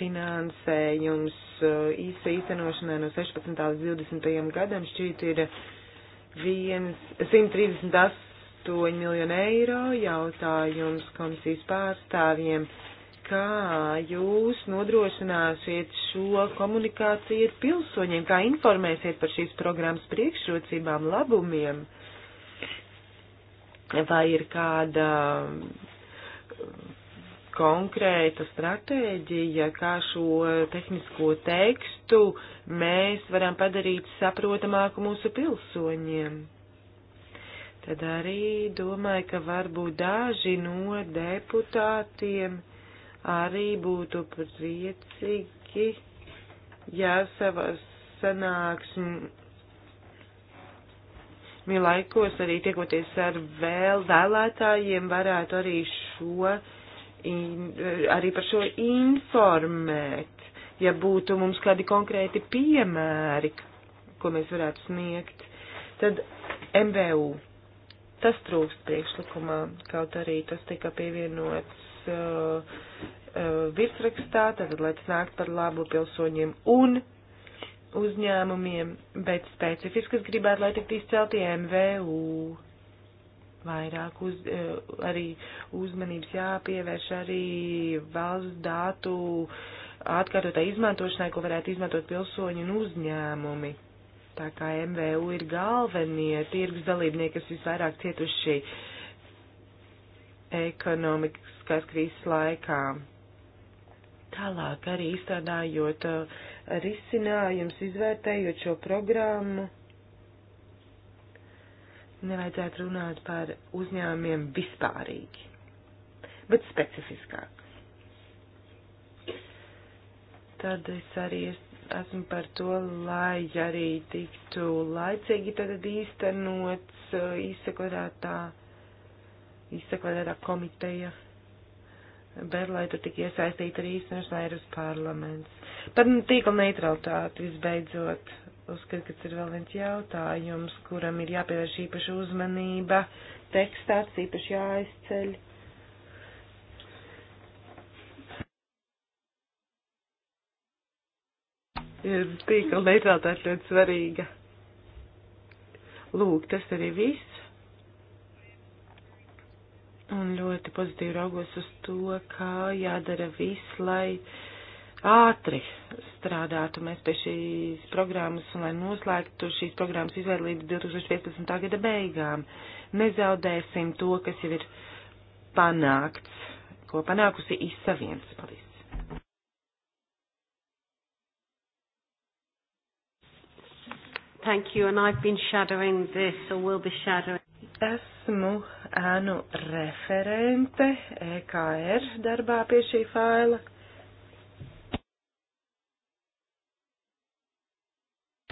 finansējums uh, īsa īstenošanai no 16. līdz 20. gadam šķiet ir 138 8 miljonu eiro jautājums komisijas pārstāvjiem. Kā jūs nodrošināsiet šo komunikāciju ar pilsoņiem, kā informēsiet par šīs programmas priekšrocībām, labumiem? Vai ir kāda um, konkrēta stratēģija, kā šo tehnisko tekstu mēs varam padarīt saprotamāku mūsu pilsoņiem tad arī domāju, ka varbūt daži no deputātiem arī būtu priecīgi, ja savas sanāksmi laikos arī tiekoties ar vēl vēlētājiem varētu arī šo, arī par šo informēt, ja būtu mums kādi konkrēti piemēri, ko mēs varētu sniegt, tad MBU Tas trūkst priekšlikumā, kaut arī tas tika pievienots uh, uh, virsrakstā, tad lai tas nāk par labu pilsoņiem un uzņēmumiem, bet specifiski es gribētu, lai tiktu izcelti MVU. Vairāk uz, uh, arī uzmanības jāpievērš arī valsts dātu atkārtotā izmantošanai, ko varētu izmantot pilsoņi un uzņēmumi tā kā MVU ir galvenie tirgus dalībnieki, kas visvairāk cietuši ekonomikas krīzes laikā. Tālāk arī izstrādājot uh, risinājums, izvērtējot šo programmu, nevajadzētu runāt par uzņēmumiem vispārīgi, bet specifiskāk. Tad es arī es esmu par to, lai arī tiktu laicīgi tad īstenots izsekotā, izsekotā komiteja, bet lai tur tik iesaistīta arī īstenošanā ir uz parlaments. Par nu, tīkla neutralitāti visbeidzot, uzskatu, ka tas ir vēl viens jautājums, kuram ir jāpievērš īpaša uzmanība, tekstāts īpaši jāizceļ. ir tīkla neutralitāte ļoti svarīga. Lūk, tas arī viss. Un ļoti pozitīvi raugos uz to, kā jādara viss, lai ātri strādātu mēs pie šīs programmas un lai noslēgtu šīs programmas izvēli līdz 2015. gada beigām. Nezaudēsim to, kas jau ir panākts, ko panākusi ISA viens. Paldies! Thank you, and I've been shadowing this, or will be shadowing. Esmu ēnu referente EKR darbā pie šī faila.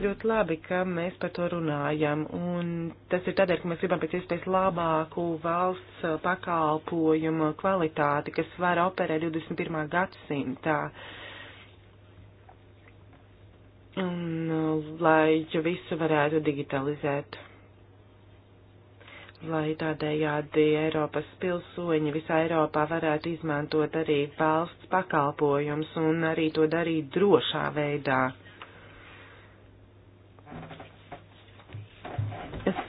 Ļoti labi, ka mēs par to runājam, un tas ir tādēļ, ka mēs gribam pēc iespējas labāku valsts pakalpojumu kvalitāti, kas var operēt 21. gadsimtā. Uh, un uh, lai visu varētu digitalizēt. Lai tādējādi Eiropas pilsoņi visā Eiropā varētu izmantot arī valsts pakalpojums un arī to darīt drošā veidā.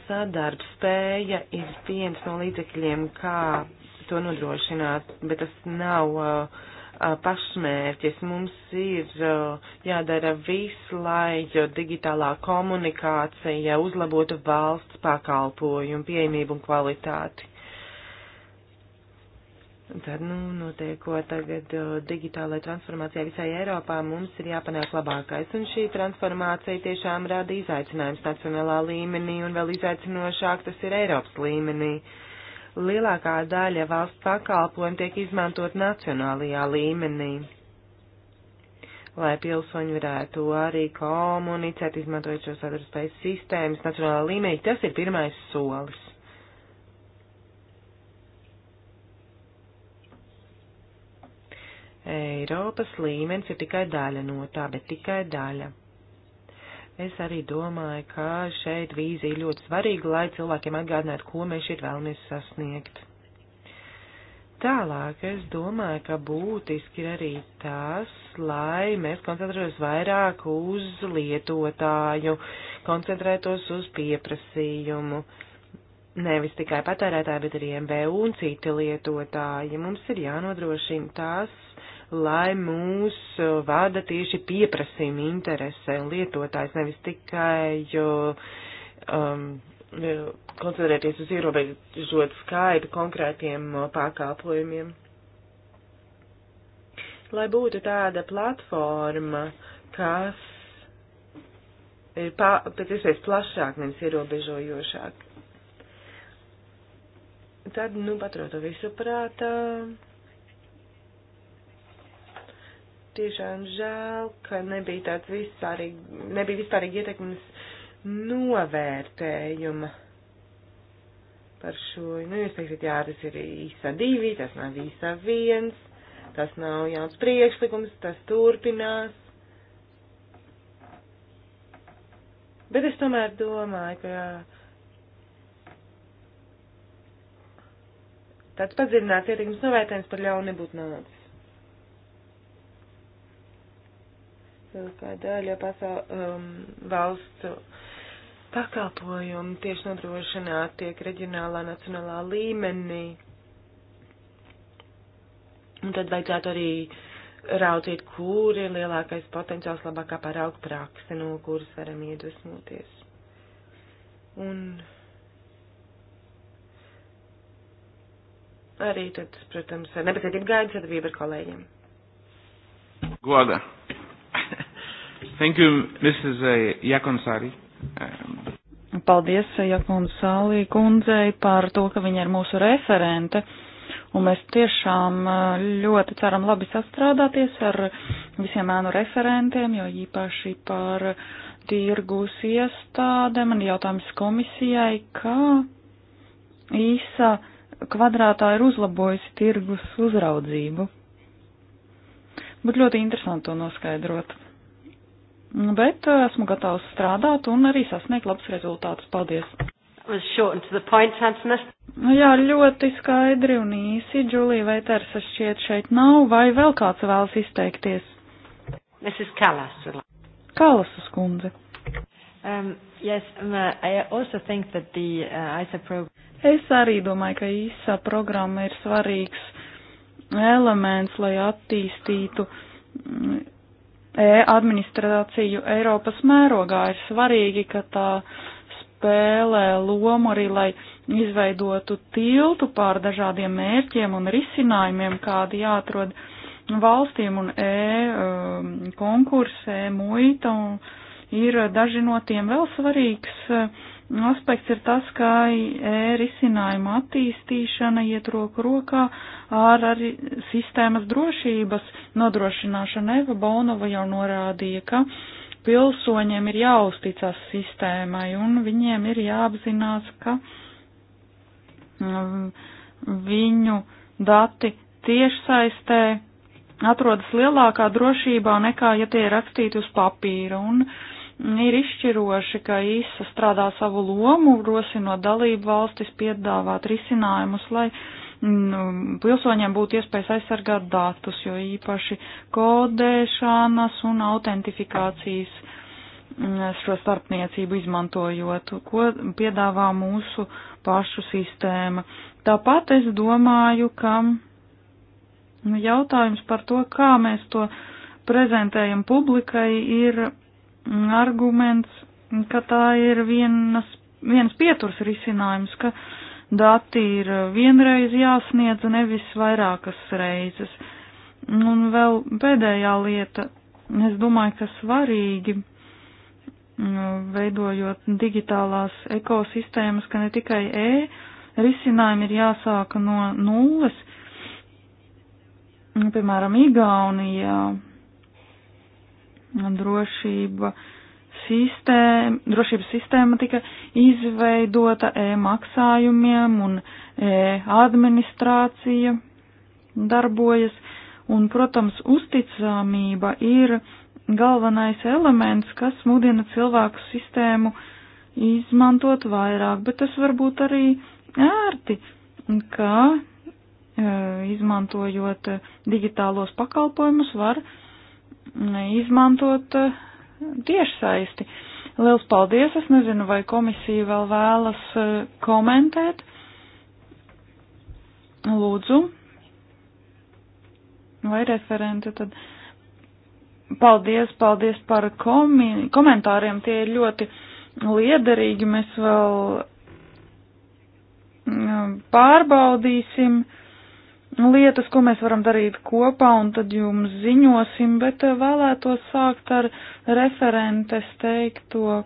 sadarbspēja ir viens no līdzekļiem, kā to nodrošināt, bet tas nav uh, pašmērķis. Mums ir jādara viss, lai digitālā komunikācija uzlabotu valsts pakalpojumu, pieejamību un kvalitāti. Tad, nu, notieko tagad digitālajā transformācijā visai Eiropā, mums ir jāpanāk labākais, un šī transformācija tiešām rada izaicinājums nacionālā līmenī, un vēl izaicinošāk tas ir Eiropas līmenī. Uh, lielākā daļa valsts pakalpojumu tiek izmantot nacionālajā līmenī, lai pilsoņi varētu arī komunicēt, izmantojot šo sadarbspējas sistēmas nacionālā līmenī. Tas ir pirmais solis. Eiropas līmenis ir tikai daļa no tā, bet tikai daļa. Es arī domāju, ka šeit vīzija ļoti svarīga, lai cilvēkiem atgādinātu, ko mēs šeit vēlamies sasniegt. Tālāk es domāju, ka būtiski ir arī tas, lai mēs koncentrētos vairāk uz lietotāju, koncentrētos uz pieprasījumu. Nevis tikai patērētāji, bet arī MBU un citi lietotāji. Mums ir jānodrošina tas, lai mūs uh, vada tieši pieprasījuma interese un lietotājs, nevis tikai jo, uh, um, koncentrēties uz ierobežot skaitu konkrētiem uh, pakalpojumiem. Lai būtu tāda platforma, kas ir pā, pēc iespējas plašāk, nevis ierobežojošāk. Tad, nu, paturot to visu prātā. Uh, tiešām žēl, ka nebija tāds vispārīgi, nebija vispārīgi ietekmes novērtējuma par šo. Nu, jūs teiksiet, jā, tas ir īsa divi, tas nav īsa viens, tas nav jauns priekšlikums, tas turpinās. Bet es tomēr domāju, ka. tāds padziļināts ietekmes novērtējums par ļaunu nebūtu nācis. kā daļa pasaules um, valsts pakalpojumu tieši nodrošināt tiek reģionālā, nacionālā līmenī. Un tad vajadzētu arī raudzīt, kur ir lielākais potenciāls, labākā parauga prakse, no kuras varam iedvesmoties. Un arī tad, protams, ar nepacietību gaidu sadarbību ar kolēģiem. Goda. Thank you, Mrs. Eh, Jakonsāri. Um, Paldies eh, Jakonsālī kundzei par to, ka viņa ir mūsu referente. Un mēs tiešām eh, ļoti ceram labi sastrādāties ar visiem ēnu referentiem, jo īpaši par tirgus iestādēm un jautājums komisijai, kā īsa kvadrātā ir uzlabojusi tirgus uzraudzību. Būtu ļoti interesanti to noskaidrot bet eh, esmu gatavs strādāt un arī sasniegt labus rezultātus. Paldies! Point, nu Jā, ļoti skaidri un īsi. Džulija vai Tersa šķiet šeit nav, vai vēl kāds vēlas izteikties? Mrs. Kalas. Kalas skundze. Um, yes, um, uh, I also think that the uh, ISA program. Es arī domāju, ka ISA programma ir svarīgs elements, lai attīstītu mm, e-administrāciju Eiropas mērogā ir svarīgi, ka tā spēlē lomu arī, lai izveidotu tiltu pār dažādiem mērķiem un risinājumiem, kādi jāatrod valstīm un e-konkurse, e um, muita un ir daži no tiem vēl svarīgs aspekts ir tas, ka e-risinājuma attīstīšana iet roku rokā ar arī sistēmas drošības nodrošināšanu. Eva Bonova jau norādīja, ka pilsoņiem ir jāuzticas sistēmai un viņiem ir jāapzinās, ka mm, viņu dati tiešsaistē atrodas lielākā drošībā nekā, ja tie ir rakstīti uz papīra. Un, uh, ir izšķiroši, ka ISA strādā savu lomu, rosinot dalību valstis piedāvāt risinājumus, lai nu, pilsoņiem būtu iespējas aizsargāt datus, jo īpaši kodēšanas un autentifikācijas mm, šo starpniecību izmantojot, ko piedāvā mūsu pašu sistēma. Tāpat es domāju, ka nu, jautājums par to, kā mēs to prezentējam publikai, ir arguments, ka tā ir vienas, viens pieturs risinājums, ka dati ir vienreiz jāsniedz, nevis vairākas reizes. Un vēl pēdējā lieta, es domāju, ka svarīgi, nu, veidojot digitālās ekosistēmas, ka ne tikai E risinājumi ir jāsāka no nulles, piemēram, Igaunijā drošība sistēma, drošības sistēma tika izveidota e-maksājumiem un e-administrācija darbojas, un, protams, uzticamība ir galvenais elements, kas mudina cilvēku sistēmu izmantot vairāk, bet tas varbūt arī ērti, ka e, izmantojot digitālos pakalpojumus var uh, izmantot eh, tiešsaisti. Liels paldies! Es nezinu, vai komisija vēl vēlas eh, komentēt. Lūdzu. Vai referente tad? Paldies, paldies par komi komentāriem. Tie ir ļoti liederīgi. Mēs vēl mm, pārbaudīsim. Uh, Nu, lietas, ko mēs varam darīt kopā, un tad jums ziņosim, bet eh, vēlētos sākt ar referentes teikto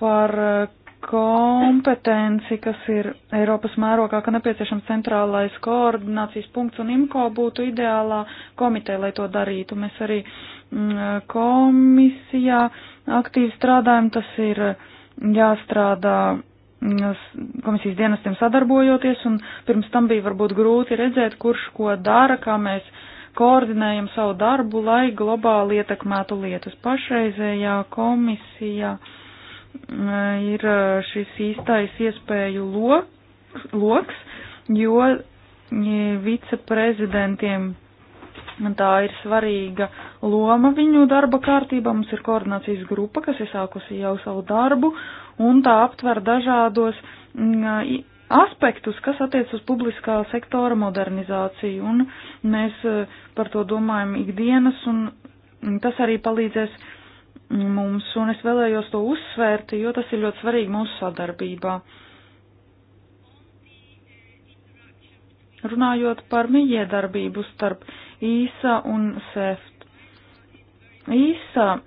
par eh, kompetenci, kas ir Eiropas mērogā, ka nepieciešams centrālais koordinācijas punkts un IMCO būtu ideālā komiteja, lai to darītu. Mēs arī mm, komisijā aktīvi strādājam, tas ir eh, jāstrādā komisijas dienestiem sadarbojoties, un pirms tam bija varbūt grūti redzēt, kurš ko dara, kā mēs koordinējam savu darbu, lai globāli ietekmētu lietas. Pašreizējā komisija mm, ir eh, šis īstais iespēju loks, jo eh, viceprezidentiem tā ir svarīga loma viņu darba kārtībā. Mums ir koordinācijas grupa, kas iesākusi jau savu darbu, un tā aptver dažādos mm, aspektus, kas attiec uz publiskā sektora modernizāciju, un mēs e, par to domājam ikdienas, un tas arī palīdzēs mm, mums, un es vēlējos to uzsvērt, jo tas ir ļoti svarīgi mūsu sadarbībā. Runājot par mijiedarbību starp īsa un seft. Īsa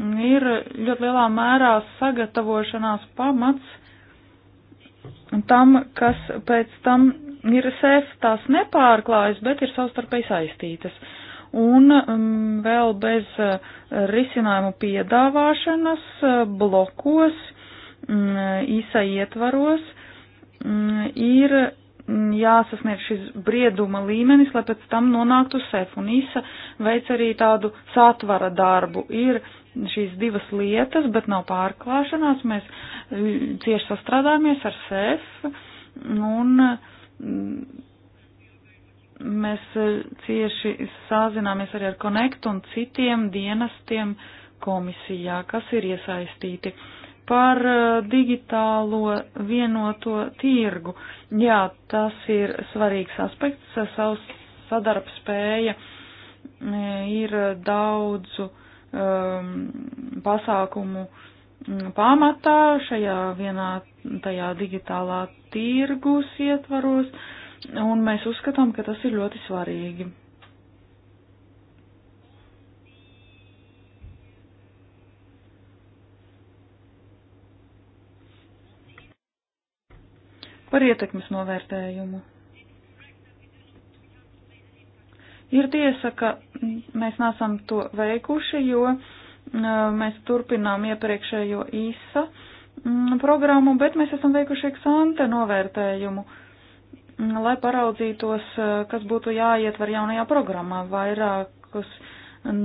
ir ļoti lielā mērā sagatavošanās pamats tam, kas pēc tam ir sēs, e tās nepārklājas, bet ir savstarpēji saistītas. Un um, vēl bez uh, risinājumu piedāvāšanas uh, blokos, um, īsa ietvaros, um, ir um, jāsasniedz šis brieduma līmenis, lai pēc tam nonāktu sef. Un īsa veic arī tādu satvara darbu. Ir šīs divas lietas, bet nav pārklāšanās. Mēs mm, cieši sastrādāmies ar SEF un mm, mēs e, cieši sāzināmies arī ar Connect un citiem dienestiem komisijā, kas ir iesaistīti par e, digitālo vienoto tirgu. Jā, tas ir svarīgs aspekts, savs sadarbspēja e, ir daudzu um, pasākumu mm, pamatā šajā vienā tajā digitālā tirgus ietvaros, un mēs uzskatām, ka tas ir ļoti svarīgi. Par ietekmes novērtējumu. Ir tiesa, ka mēs nesam to veikuši, jo mm, mēs turpinām iepriekšējo īsa mm, programmu, bet mēs esam veikuši eksante novērtējumu, mm, lai paraudzītos, eh, kas būtu jāietver jaunajā programmā. Vairākus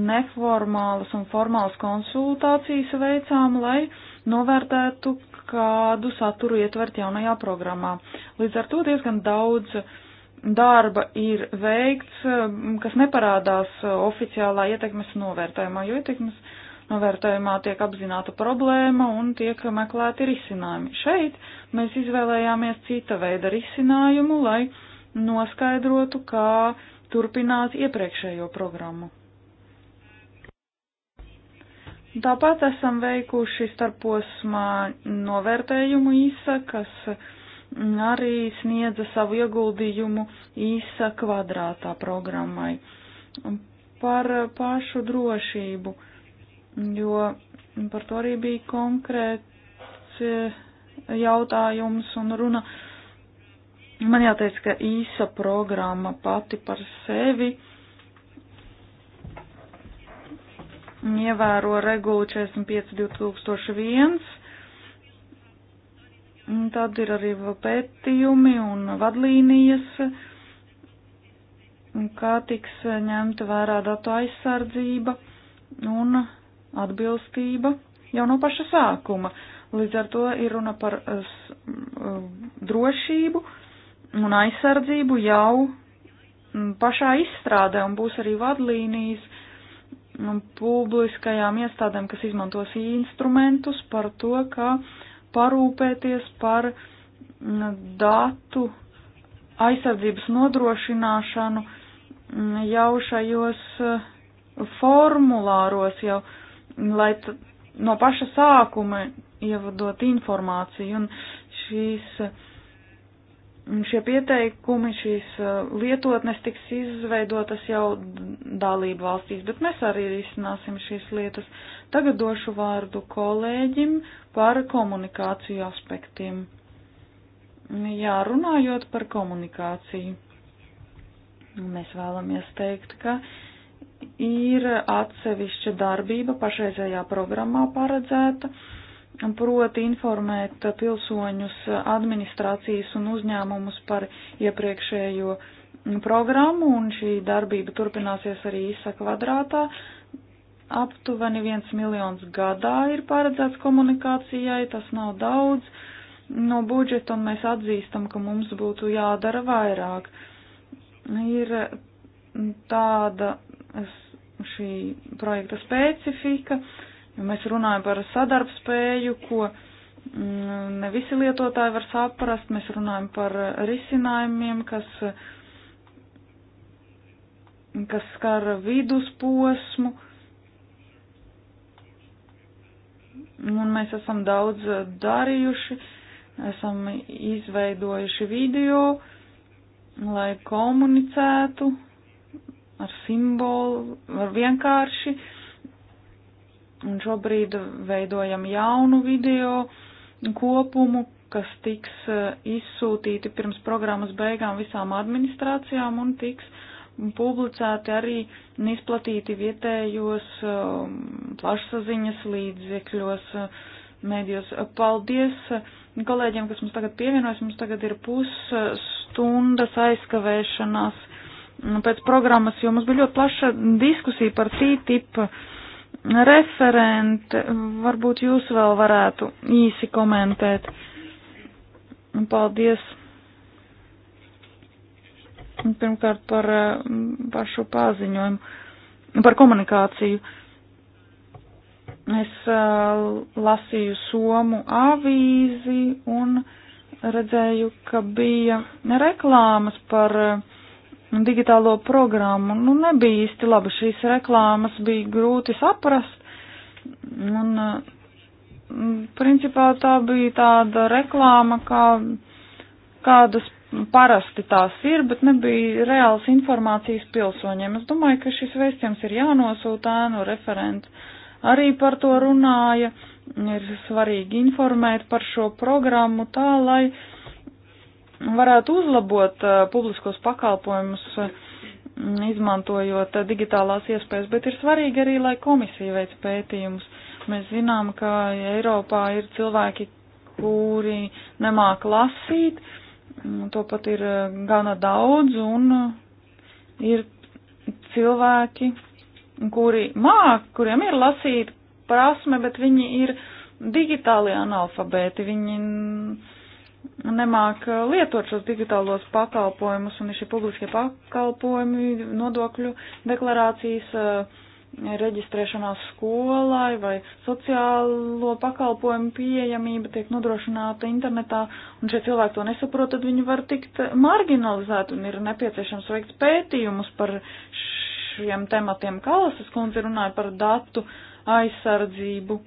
neformālas un formālas konsultācijas veicām, lai novērtētu, kādu saturu ietvert jaunajā programmā. Līdz ar to diezgan daudz uh, darba ir veikts, um, kas neparādās uh, oficiālā ietekmes novērtējumā, jo ietekmes novērtējumā tiek apzināta problēma un tiek meklēti risinājumi. Šeit mēs izvēlējāmies cita veida risinājumu, lai noskaidrotu, kā turpināt iepriekšējo programmu. Tāpat esam veikuši starposmā novērtējumu īsa, kas arī sniedza savu ieguldījumu īsa kvadrātā programmai. Par pašu drošību, jo par to arī bija konkrēts e, jautājums un runa. Man jāteic, ka īsa programma pati par sevi ievēro regulu 45.2001 Un tad ir arī pētījumi un vadlīnijas, kā tiks ņemta vērā datu aizsardzība un atbilstība jau no paša sākuma. Līdz ar to ir runa par es, drošību un aizsardzību jau pašā izstrādē un būs arī vadlīnijas publiskajām iestādēm, kas izmantos instrumentus par to, ka uh, parūpēties par mm, datu aizsardzības nodrošināšanu mm, jau šajos eh, formulāros, jau, mm, lai no paša sākuma ievadot informāciju. Un šīs šie pieteikumi, šīs uh, lietotnes tiks izveidotas jau dalību valstīs, bet mēs arī risināsim šīs lietas. Tagad došu vārdu kolēģim par komunikāciju aspektiem. Jā, runājot par komunikāciju, mēs vēlamies teikt, ka ir atsevišķa darbība pašreizējā programmā paredzēta proti informēt pilsoņus, administrācijas un uzņēmumus par iepriekšējo programmu, un šī darbība turpināsies arī īsa kvadrātā. Aptuveni viens miljons gadā ir paredzēts komunikācijai, tas nav daudz no budžeta, un mēs atzīstam, ka mums būtu jādara vairāk. Ir tāda šī projekta specifika, uh, Mēs runājam par sadarbspēju, ko mm, ne visi lietotāji var saprast. Mēs runājam par risinājumiem, kas, kas skar vidusposmu. Un mēs esam daudz darījuši, esam izveidojuši video, lai komunicētu ar simbolu, ar vienkārši. Uh, Un šobrīd veidojam jaunu video kopumu, kas tiks eh, izsūtīti pirms programmas beigām visām administrācijām un tiks publicēti arī un izplatīti vietējos um, plašsaziņas līdzekļos eh, medijos. Paldies kolēģiem, kas mums tagad pievienojas. Mums tagad ir pusstundas aizkavēšanās mm, pēc programmas, jo mums bija ļoti plaša diskusija par TTIP. Referente, varbūt jūs vēl varētu īsi komentēt. Paldies. Pirmkārt par eh, pašu paziņojumu, par komunikāciju. Es eh, lasīju somu avīzi un redzēju, ka bija reklāmas par uh, digitālo programmu. Nu, nebija īsti labi šīs reklāmas, bija grūti saprast. Eh, un, principā tā bija tāda reklāma, kā, kādas parasti tās ir, bet nebija reāls informācijas pilsoņiem. Es domāju, ka šis vēstījums ir jānosūta ēnu referents. Arī par to runāja, ir svarīgi informēt par šo programmu tā, lai uh, varētu uzlabot uh, publiskos pakalpojumus, mm, izmantojot uh, digitālās iespējas, bet ir svarīgi arī, lai komisija veic pētījumus. Mēs zinām, ka Eiropā ir cilvēki, kuri nemāk lasīt, mm, to pat ir uh, gana daudz, un ir cilvēki, kuri māk, kuriem ir lasīt prasme, bet viņi ir digitāli analfabēti, viņi nemāk eh, lietot šos digitālos pakalpojumus, un šie publiskie pakalpojumi, nodokļu deklarācijas, eh, reģistrēšanās skolai vai sociālo pakalpojumu pieejamība tiek nodrošināta internetā, un šie cilvēki to nesaprot, tad viņi var tikt marginalizēti un ir nepieciešams veikt pētījumus par šiem tematiem. Kalasas kundze runāja par datu aizsardzību.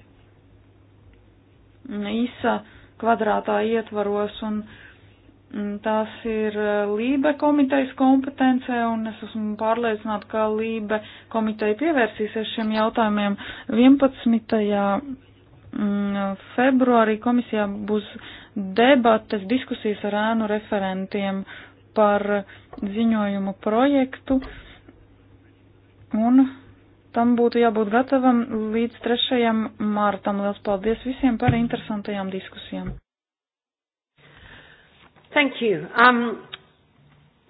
Īsa kvadrātā ietvaros, un mm, tās ir eh, Lībe komitejas kompetencē, un es esmu pārliecināta, ka Lībe komiteja pievērsīsies šiem jautājumiem 11. Mm, februārī komisijā būs debates, diskusijas ar ēnu referentiem par ziņojumu projektu. Un tam būtu jābūt gatavam līdz 3. mārtam. Lielas paldies visiem par interesantajām diskusijām. Thank you. Um,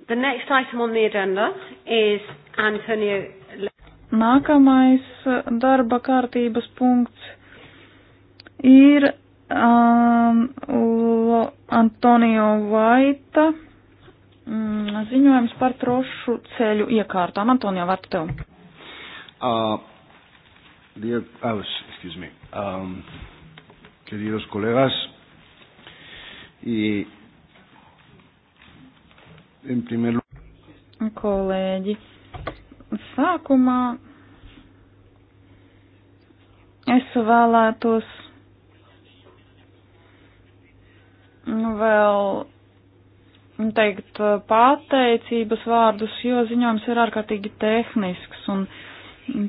the next item on the agenda is Antonio. Nākamais darba kārtības punkts ir um, Antonio Vaita mm, ziņojums par trošu ceļu iekārtām. Antonio, vārds tev. Uh, dear, oh, excuse me. Um, queridos colegas, y en primer lugar. Kolēģi, sākumā es vēlētos vēl teikt pateicības vārdus, jo ziņojums ir ārkārtīgi tehnisks un uh,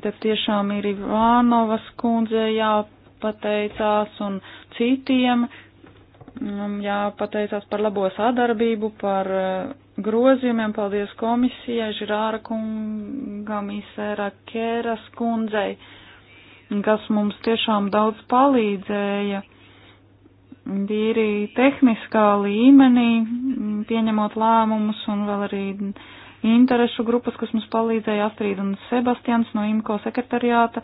Tad tiešām ir Ivānovas kundze jāpateicās un citiem mm, jāpateicās par labo sadarbību, par eh, grozījumiem. Paldies komisijai, Žirāra kungam, Isēra Kēras kundzei, kas mums tiešām daudz palīdzēja. Tīri tehniskā līmenī, mm, pieņemot lēmumus un vēl arī interešu grupas, kas mums palīdzēja, Astrid un Sebastians no IMCO sekretariāta,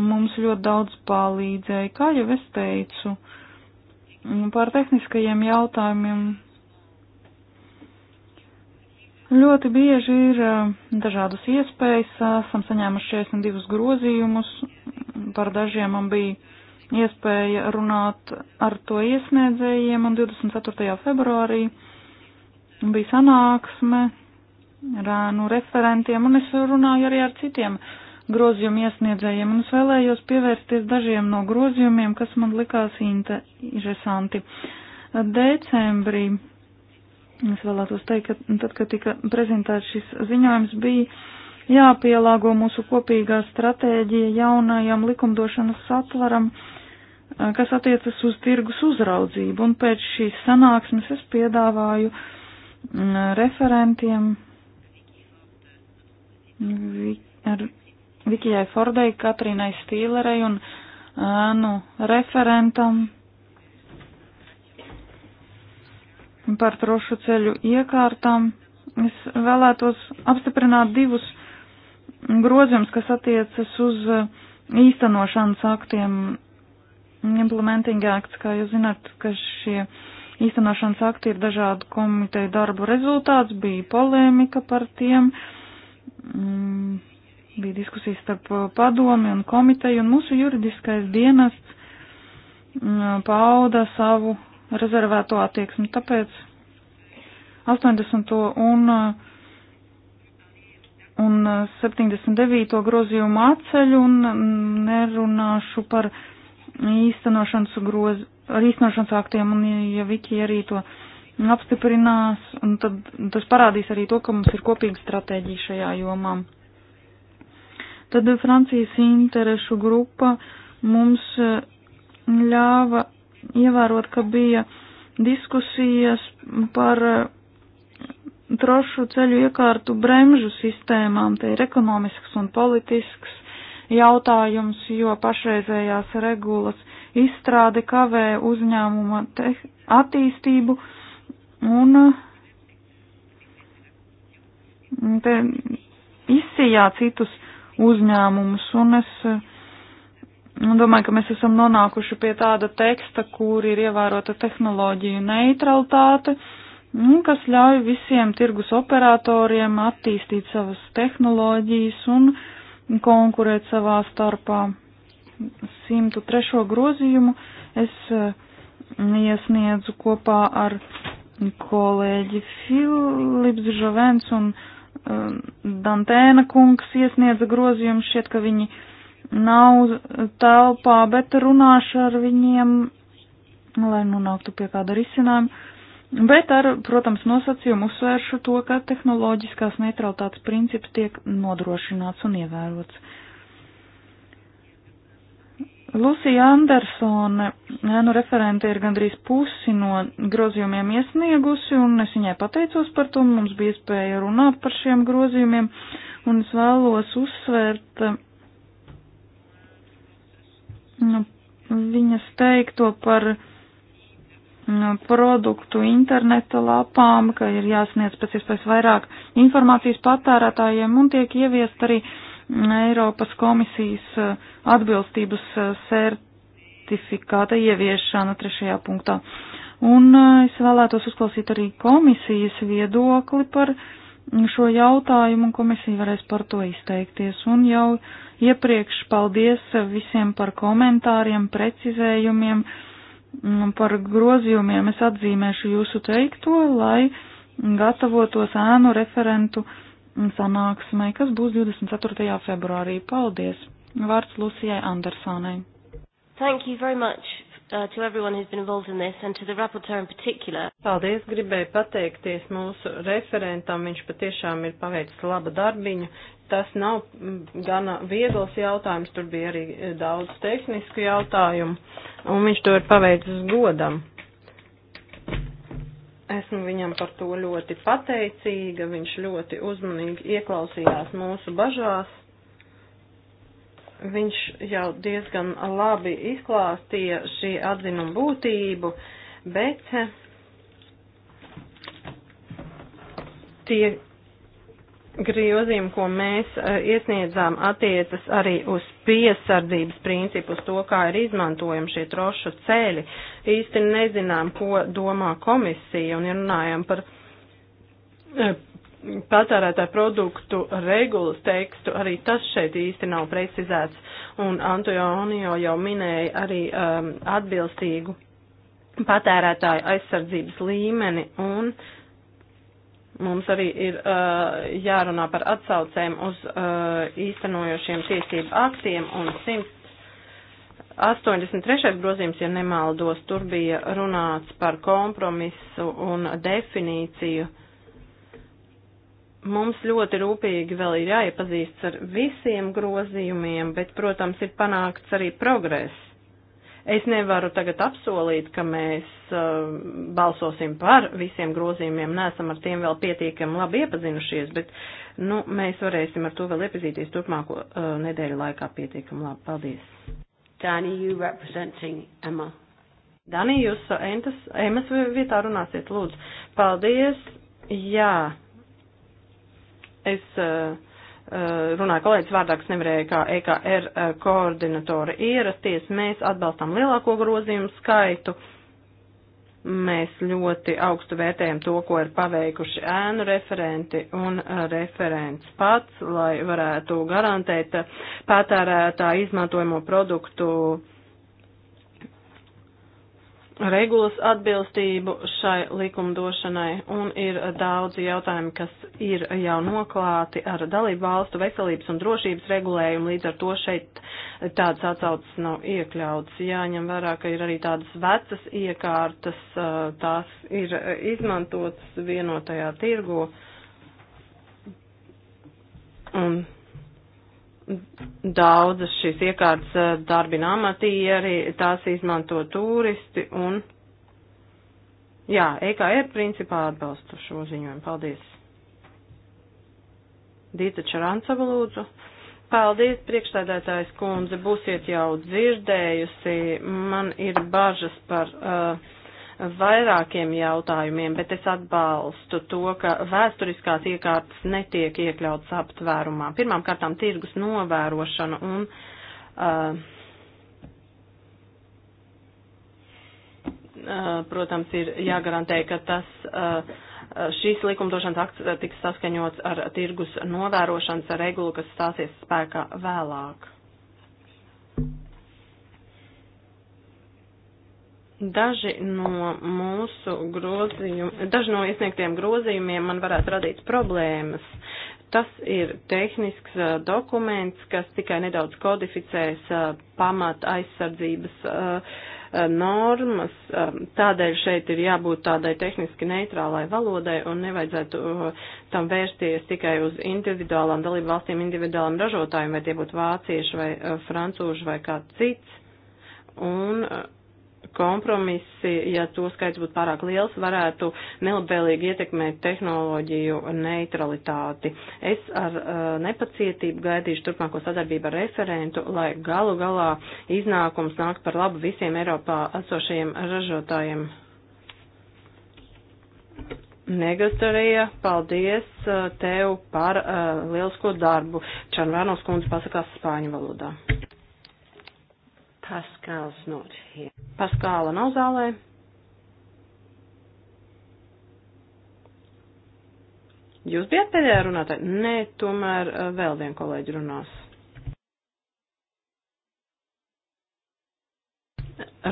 mums ļoti daudz palīdzēja, kā jau es teicu, nu, par tehniskajiem jautājumiem. Ļoti bieži ir eh, dažādas iespējas, esam saņēmuši 42 grozījumus, par dažiem man bija iespēja runāt ar to iesniedzējiem, un 24. februārī bija sanāksme rānu referentiem, un es runāju arī ar citiem grozījumu iesniedzējiem, un es vēlējos pievērsties dažiem no grozījumiem, kas man likās interesanti. Decembrī es vēlētos teikt, ka tad, kad tika prezentēts šis ziņojums, bija jāpielāgo mūsu kopīgā stratēģija jaunajam likumdošanas satvaram, eh, kas attiecas uz tirgus uzraudzību, un pēc šīs sanāksmes es piedāvāju mm, referentiem Vi, ar Vikijai Fordai, Katrīnai Stīlerei un ēnu referentam par trošu ceļu iekārtām. Es vēlētos apstiprināt divus grozījumus, kas attiecas uz uh, īstenošanas aktiem. Implementing acts, kā jūs zināt, ka šie īstenošanas akti ir dažādu komiteju darbu rezultāts, bija polēmika par tiem. Uh, mm, bija diskusijas starp uh, padomi un komiteju, un mūsu juridiskais dienests mm, pauda savu rezervēto attieksmi. Tāpēc 80. un, uh, un 79. Uh, grozījumu atceļu un mm, nerunāšu par īstenošanas groz, ar īstenošanas aktiem, un ja Viki arī to apstiprinās, un tad tas parādīs arī to, ka mums ir kopīga stratēģija šajā jomā. Tad Francijas interešu grupa mums eh, ļāva ievērot, ka bija diskusijas par eh, trošu ceļu iekārtu bremžu sistēmām, te ir ekonomisks un politisks jautājums, jo pašreizējās regulas izstrāde kavē uzņēmuma attīstību un mm, te izsījā citus uzņēmumus, un es mm, domāju, ka mēs esam nonākuši pie tāda teksta, kur ir ievērota tehnoloģiju neutralitāte, un mm, kas ļauj visiem tirgus operatoriem attīstīt savas tehnoloģijas un konkurēt savā starpā. 103. grozījumu es iesniedzu kopā ar kolēģi Filips Žavens un um, Dantēna kungs iesniedza grozījumu, šķiet, ka viņi nav telpā, bet runāšu ar viņiem, lai nonāktu pie kāda risinājuma. Bet ar, protams, nosacījumu uzsvēršu to, ka tehnoloģiskās neutralitātes princips tiek nodrošināts un ievērots. Lūsija Andersone, nu referente ir gandrīz pusi no grozījumiem iesniegusi, un es viņai pateicos par to, mums bija iespēja runāt par šiem grozījumiem, un es vēlos uzsvērt nu, viņas teikto par nu, produktu interneta lapām, ka ir jāsniedz pēc iespējas vairāk informācijas patērētājiem, un tiek ieviest arī uh, Eiropas komisijas eh, atbilstības eh, certifikāta ieviešana trešajā punktā. Un eh, es vēlētos uzklausīt arī komisijas viedokli par mm, šo jautājumu, un komisija varēs par to izteikties. Un jau iepriekš paldies visiem par komentāriem, precizējumiem, mm, par grozījumiem. Es atzīmēšu jūsu teikto, lai gatavotos ēnu referentu uh, sanāksmē, kas būs 24. februārī. Paldies! Vārds Lucijai Andersonai. Thank you very much uh, to everyone who's been involved in this and to the rapporteur in particular. Paldies, gribēju pateikties mūsu referentam, viņš patiešām ir paveicis labu darbiņu. Tas nav mm, gana viegls jautājums, tur bija arī eh, daudz tehnisku jautājumu, un viņš to ir paveicis godam. Esmu viņam par to ļoti pateicīga, viņš ļoti uzmanīgi ieklausījās mūsu bažās. Viņš jau diezgan labi izklāstīja šī atzinuma būtību, bet tie grozījumi, ko mēs e, iesniedzām, attiecas arī uz piesardzības principu, uz to, kā ir izmantojami šie trošu ceļi. Īsti nezinām, ko domā komisija, un ja runājam par e, patērētāju produktu regulas tekstu, arī tas šeit īsti nav precizēts, un Antonio jau minēja arī um, atbilstīgu patērētāju aizsardzības līmeni, un uh, Mums arī ir uh, jārunā par atsaucēm uz uh, īstenojošiem tiesību aktiem un 183. grozījums, ja nemaldos, tur bija runāts par kompromisu un definīciju. Mums ļoti rūpīgi vēl ir jāiepazīstas ar visiem grozījumiem, bet, protams, ir panākts arī progress. Es nevaru tagad apsolīt, ka mēs uh, balsosim par visiem grozījumiem, neesam ar tiem vēl pietiekami labi iepazinušies, bet nu, mēs varēsim ar to vēl iepazīties turpmāko uh, nedēļu laikā pietiekami labi. Paldies! Dani, you representing Emma. Dani, jūs entas, Emmas vietā runāsiet, lūdzu. Paldies! Jā, es. Uh, Eh, runāja kolēģis vārdā, kas nevarēja kā EKR eh, koordinatora ierasties. Mēs atbalstām lielāko grozījumu skaitu. Mēs ļoti augstu vērtējam to, ko ir paveikuši ēnu referenti un eh, referents pats, lai varētu garantēt patērētā izmantojamo produktu uh, regulas atbilstību šai likumdošanai, un ir daudzi jautājumi, kas ir jau noklāti ar dalību valstu veselības un drošības regulējumu, līdz ar to šeit tādas atsaucas nav iekļautas. Jāņem vērā, ka ir arī tādas vecas iekārtas, tās ir izmantotas vienotajā tirgu. Un Daudzas šīs iekārtas eh, darbina amatieri, tās izmanto turisti un, jā, EKR principā atbalstu šo ziņojumu. Paldies. Dīta Čarancava lūdzu. Paldies, priekšstādētājs kundze, būsiet jau dzirdējusi, man ir bažas par. Uh, vairākiem jautājumiem, bet es atbalstu to, ka vēsturiskās iekārtas netiek iekļautas aptvērumā. Pirmām kārtām tirgus novērošana un uh, uh protams, ir jāgarantē, ka tas, uh, šīs likumdošanas akts uh, tiks saskaņots ar tirgus novērošanas regulu, kas stāsies spēkā vēlāk. Daži no mūsu grozījumiem, daži no iesniegtiem grozījumiem man varētu radīt problēmas. Tas ir tehnisks dokuments, kas tikai nedaudz kodificēs pamata aizsardzības normas. Tādēļ šeit ir jābūt tādai tehniski neitrālai valodai un nevajadzētu tam vērsties tikai uz individuālām dalību valstīm, individuālām ražotājiem, vai tie būtu vācieši vai francūži vai kāds cits. Un kompromisi, ja to skaits būtu pārāk liels, varētu nelabvēlīgi ietekmēt tehnoloģiju neutralitāti. Es ar uh, nepacietību gaidīšu turpmāko sadarbību ar referentu, lai galu galā iznākums nāk par labu visiem Eiropā esošajiem ražotājiem. Negastarija, paldies uh, tev par uh, lielisko darbu. Čanvānos kundze pasakās spāņu valodā. Pascal's not here. Paskāla nav zālē. Jūs bijat pēdējā runātāja? Nē, tomēr eh, vēl vien kolēģi runās.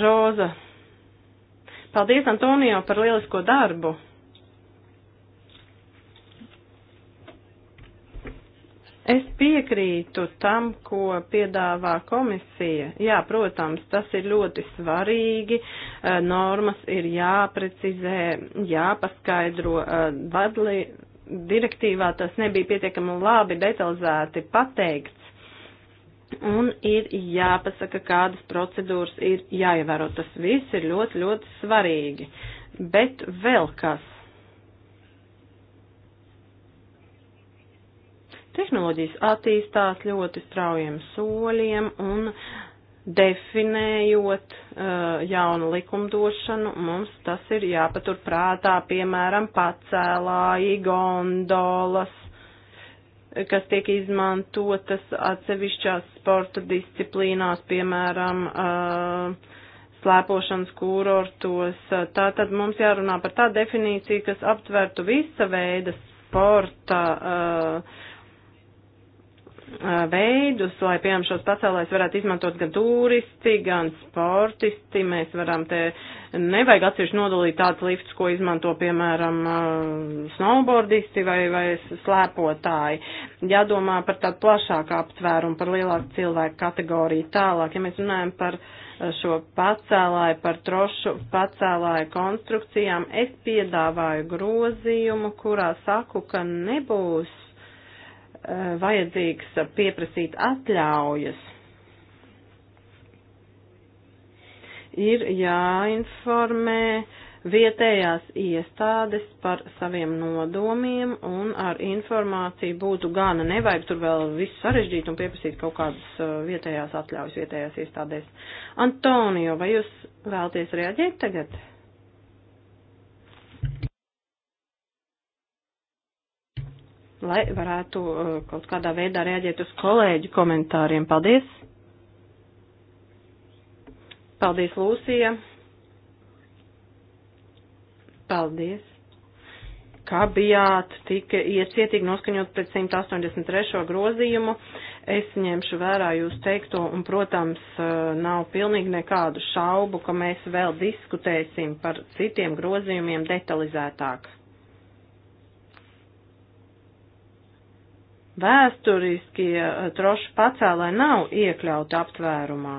Roza. Paldies, Antonio, par lielisko darbu. Es piekrītu tam, ko piedāvā komisija. Jā, protams, tas ir ļoti svarīgi. Normas ir jāprecizē, jāpaskaidro. Vadli direktīvā tas nebija pietiekami labi detalizēti pateikts. Un ir jāpasaka, kādas procedūras ir jāievēro. Tas viss ir ļoti, ļoti svarīgi. Bet vēl kas Tehnoloģijas attīstās ļoti straujiem soļiem un definējot uh, jaunu likumdošanu, mums tas ir jāpatur prātā, piemēram, pacēlāji, gondolas, kas tiek izmantotas atsevišķās sporta disciplīnās, piemēram, uh, slēpošanas kūrortos. Tātad mums jārunā par tā definīciju, kas aptvertu visa veida sporta. Uh, veidus, lai, piemēram, šos pasaulēs varētu izmantot gan turisti, gan sportisti. Mēs varam te, nevajag atsevišķi nodalīt tādus liftus, ko izmanto, piemēram, snowboardisti vai, vai slēpotāji. Jādomā par tādu plašāku aptvērumu, par lielāku cilvēku kategoriju tālāk. Ja mēs runājam par šo pacēlāju, par trošu pacēlāju konstrukcijām, es piedāvāju grozījumu, kurā saku, ka nebūs Eh, vajadzīgs pieprasīt atļaujas. Ir jāinformē vietējās iestādes par saviem nodomiem un ar informāciju būtu gana. Nevajag tur vēl visu sarežģīt un pieprasīt kaut kādas eh, vietējās atļaujas vietējās iestādēs. Antonio, vai jūs vēlties reaģēt tagad? lai varētu uh, kaut kādā veidā reaģēt uz kolēģu komentāriem. Paldies! Paldies, Lūsija! Paldies! Kā bijāt tik iecietīgi noskaņot pret 183. grozījumu, es ņemšu vērā jūs teikto un, protams, uh, nav pilnīgi nekādu šaubu, ka mēs vēl diskutēsim par citiem grozījumiem detalizētāk. vēsturiskie eh, trošu pacēlāji nav iekļauti aptvērumā.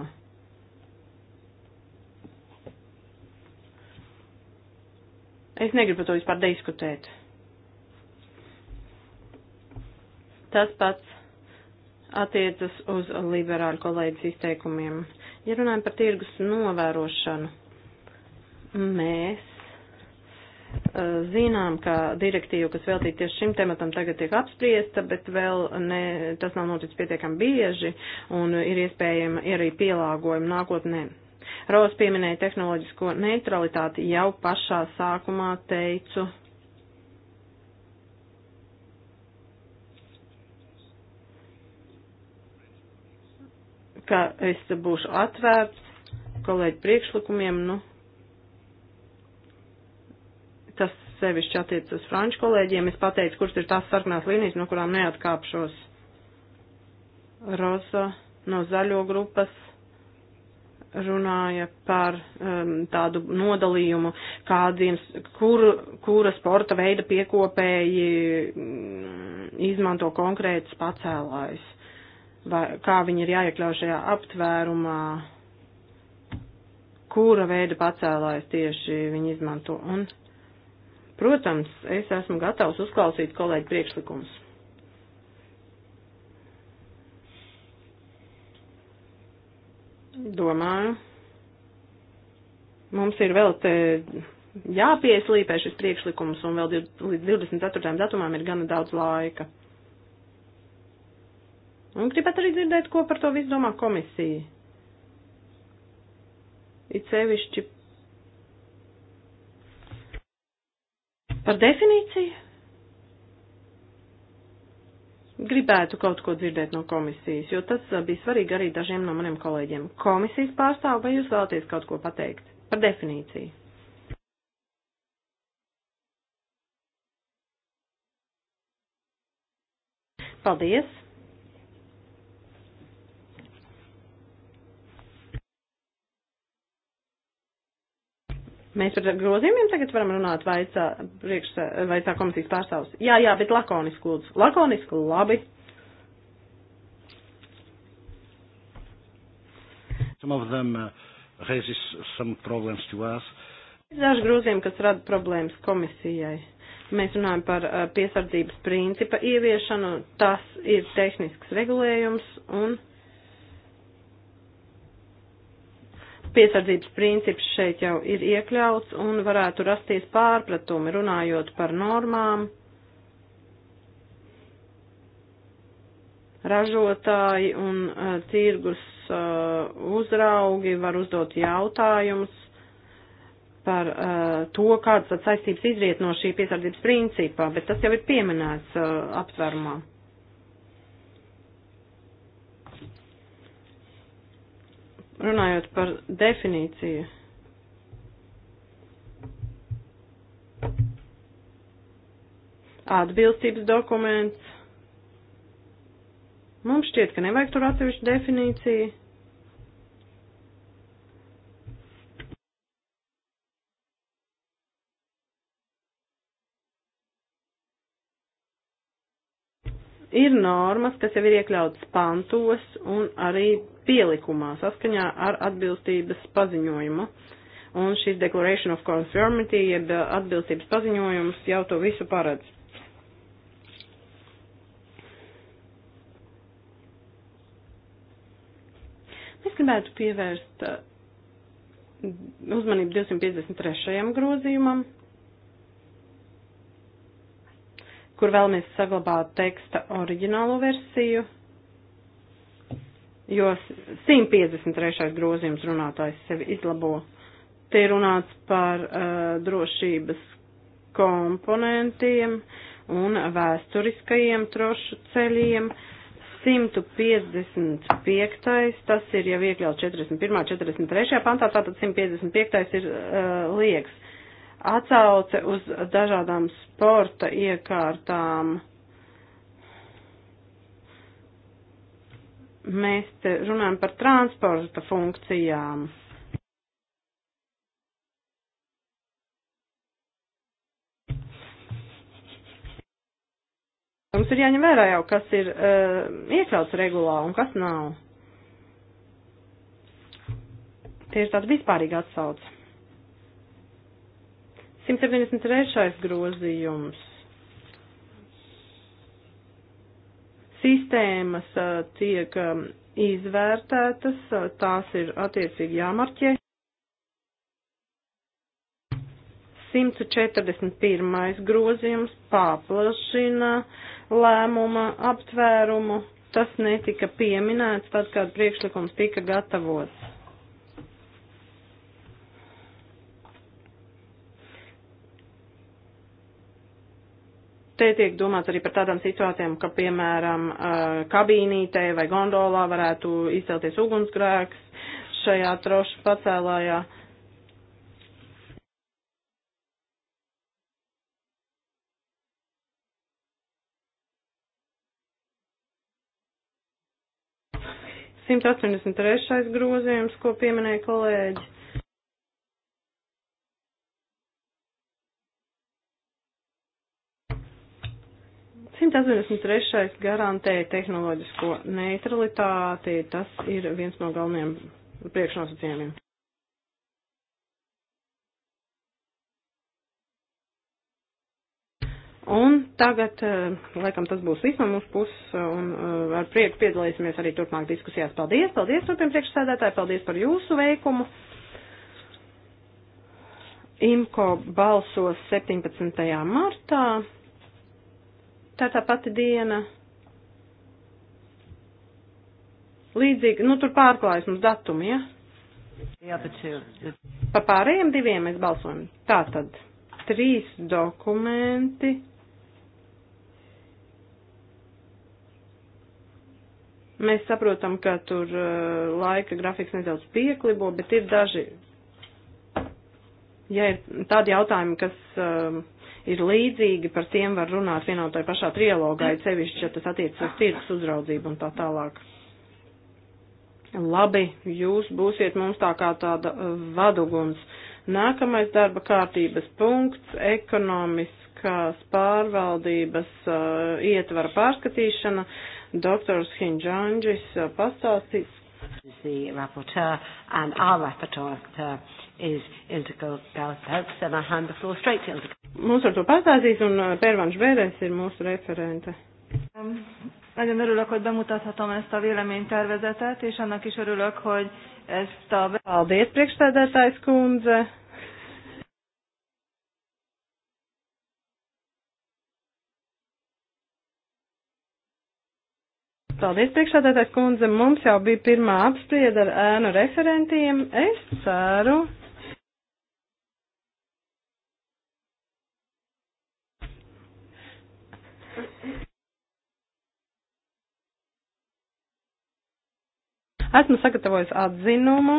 Es negribu par to vispār diskutēt. Tas pats attiecas uz liberāļu kolēģis izteikumiem. Ja runājam par tirgus novērošanu, mēs zinām, ka direktīva, kas veltīta tieši šim tematam, tagad tiek apspriesta, bet vēl ne, tas nav noticis pietiekami bieži un ir iespējama arī pielāgojuma nākotnē. Ros pieminēja tehnoloģisko neutralitāti jau pašā sākumā teicu. ka es būšu atvērts kolēģi priekšlikumiem, nu, sevišķi attiec uz franču kolēģiem. Es pateicu, kurš ir tās sarkanās līnijas, no kurām neatkāpšos. Rosa no zaļo grupas runāja par um, tādu nodalījumu, kādiem, kur, kura sporta veida piekopēji mm, izmanto konkrētas pacēlājs, vai kā viņi ir jāiekļauj šajā aptvērumā, kura veida pacēlājs tieši viņi izmanto. Un Protams, es esmu gatavs uzklausīt kolēģi priekšlikumus. Domāju, mums ir vēl te jāpieslīpē šis priekšlikums, un vēl līdz 24. datumam ir gana daudz laika. Un gribat arī dzirdēt, ko par to visu domā komisija. It sevišķi Par definīciju? Gribētu kaut ko dzirdēt no komisijas, jo tas uh, bija svarīgi arī dažiem no maniem kolēģiem. Komisijas pārstāv, vai jūs vēlaties kaut ko pateikt par definīciju? Paldies! Mēs par grozījumiem tagad varam runāt, vai tā, priekš, vai tā komisijas pārstāvs. Jā, jā, bet lakoniski lūdzu. Lakoniski labi. Some of them uh, raises some problems to us. Daži grozījumi, kas rada problēmas komisijai. Mēs runājam par uh, piesardzības principa ieviešanu, tas ir tehnisks regulējums un. Uh, piesardzības princips šeit jau ir iekļauts un varētu rasties pārpratumi runājot par normām. Ražotāji un uh, tirgus uh, uzraugi var uzdot jautājumus par uh, to, kādas saistības izriet no šī piesardzības principā, bet tas jau ir pieminēts uh, aptvērumā. Runājot par definīciju. Atbilstības dokuments. Mums šķiet, ka nevajag tur atsevišķu definīciju. ir normas, kas jau ir iekļautas pantos un arī pielikumā saskaņā ar atbilstības paziņojumu. Un šis Declaration of Conformity, jeb uh, atbilstības paziņojums, jau to visu paredz. Mēs gribētu pievērst uh, uzmanību 253. grozījumam. kur vēlamies saglabāt teksta oriģinālo versiju, jo 153. grozījums runātājs sevi izlabo. Te runāts par uh, drošības komponentiem un vēsturiskajiem trošu ceļiem. 155. tas ir jau iekļauts 41. 43. pantā, tātad 155. ir uh, liekas atsauce uz dažādām sporta iekārtām. Mēs te runājam par transporta funkcijām. Mums ir jāņem vērā jau, kas ir uh, iekļauts regulā un kas nav. Tie ir tādi vispārīgi atsauci. 173. grozījums. Sistēmas tiek izvērtētas, tās ir attiecīgi jāmarķē. 141. grozījums paplašina lēmuma aptvērumu. Tas netika pieminēts tad, kad priekšlikums tika gatavots. Te tiek domāts arī par tādām situācijām, ka, piemēram, eh, kabīnītē vai gondolā varētu izcelties ugunsgrēks šajā trošu pacēlājā. Simt astoņdesmit trešais grozījums, ko pieminēja kolēģi. 183. garantēja tehnoloģisko neutralitāti. Tas ir viens no galvenajiem priekšnosacījumiem. Un tagad, eh, laikam, tas būs viss no mūsu puses, un eh, ar prieku piedalīsimies arī turpmāk diskusijās. Paldies, paldies, turpiem priekšsēdētāji, paldies par jūsu veikumu. IMCO balsos 17. martā tā tā pati diena. Līdzīgi, nu tur pārklājas mums datumi, ja? Jā, taču. Pa pārējiem diviem mēs balsojam. Tā tad, trīs dokumenti. Mēs saprotam, ka tur uh, laika grafiks nedaudz pieklibo, bet ir daži, ja ir tādi jautājumi, kas uh, ir līdzīgi, par tiem var runāt vienotai pašā trialogā, ir sevišķi, ja tas attiecas uz tirgus uzraudzību un tā tālāk. Labi, jūs būsiet mums tā kā tāda uh, vaduguns. Nākamais darba kārtības punkts - ekonomiskās pārvaldības uh, ietvara pārskatīšana. Doktors Hinjanģis uh, pastāstīs. The rapporteur and our rapporteur. Uh, is Ildigo Galpelts, and I hand the floor straight to Ildigo. Mums ar to pastāstīs, un uh, Pērvanš Bērēs ir mūsu referente. Um, nagyon örülök, hogy bemutathatom ezt a véleménytervezetet, és annak is örülök, hogy ezt a... Paldies, priekšstādātājs kundze! Paldies, priekšsādātājs kundze. Mums jau bija pirmā apsprieda ar ēnu referentiem. Es ceru, Esmu sagatavojis atzinumu.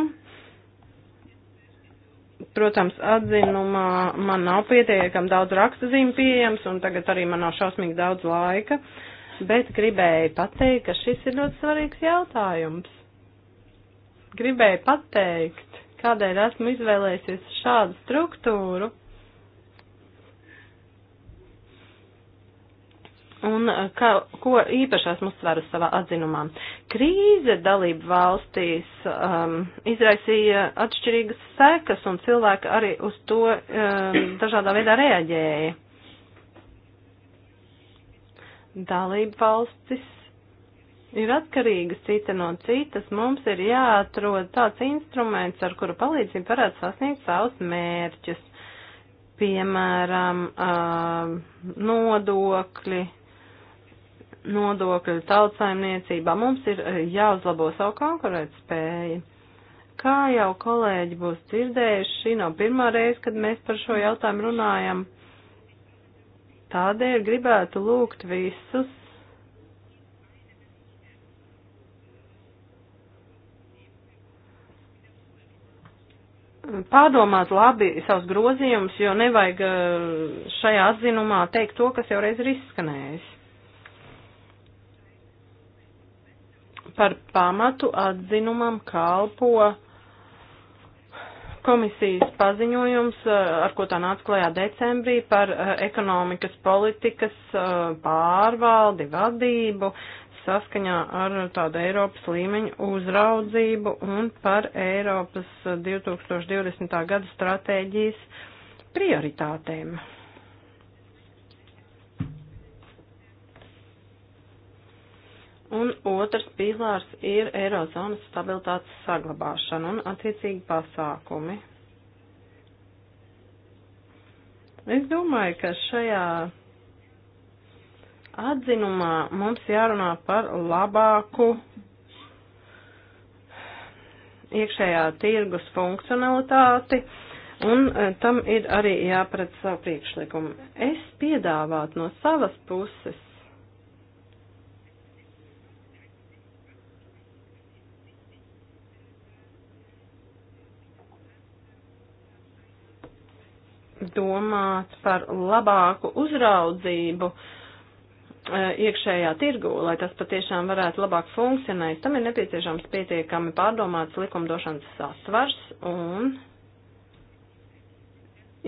Protams, atzinumā man nav pietiekam daudz rakstazīmu pieejams, un tagad arī man nav šausmīgi daudz laika, bet gribēju pateikt, ka šis ir ļoti svarīgs jautājums. Gribēju pateikt, kādēļ esmu izvēlējusies šādu struktūru, Un uh, ka, ko īpaši esmu uzsvērusi savā atzinumā? Krīze dalību valstīs um, izraisīja atšķirīgas sekas, un cilvēki arī uz to um, dažādā veidā reaģēja. Dalību valstis ir atkarīgas cita no citas. Mums ir jāatrod tāds instruments, ar kuru palīdzību varētu sasniegt savus mērķus, piemēram, um, nodokļi nodokļu tautsaimniecībā. Mums ir eh, jāuzlabo savu konkurētspēju. Kā jau kolēģi būs dzirdējuši, šī nav pirmā reize, kad mēs par šo jautājumu runājam. Tādēļ gribētu lūgt visus pārdomāt labi savus grozījumus, jo nevajag eh, šajā atzinumā teikt to, kas jau reiz ir izskanējis. Par pamatu atzinumam kalpo komisijas paziņojums, eh, ar ko tā nāca klajā decembrī par eh, ekonomikas politikas eh, pārvaldi, vadību, saskaņā ar tādu Eiropas līmeņu uzraudzību un par Eiropas 2020. gada stratēģijas prioritātēm. Un otrs pīlārs ir Eirozonas stabilitātes saglabāšana un attiecīgi pasākumi. Es domāju, ka šajā atzinumā mums jārunā par labāku iekšējā tirgus funkcionalitāti, un e, tam ir arī jāpredz savu priekšlikumu. Es piedāvātu no savas puses domāt par labāku uzraudzību e, iekšējā tirgu, lai tas patiešām varētu labāk funkcionēt. Tam ir nepieciešams pietiekami pārdomāts likumdošanas satvars un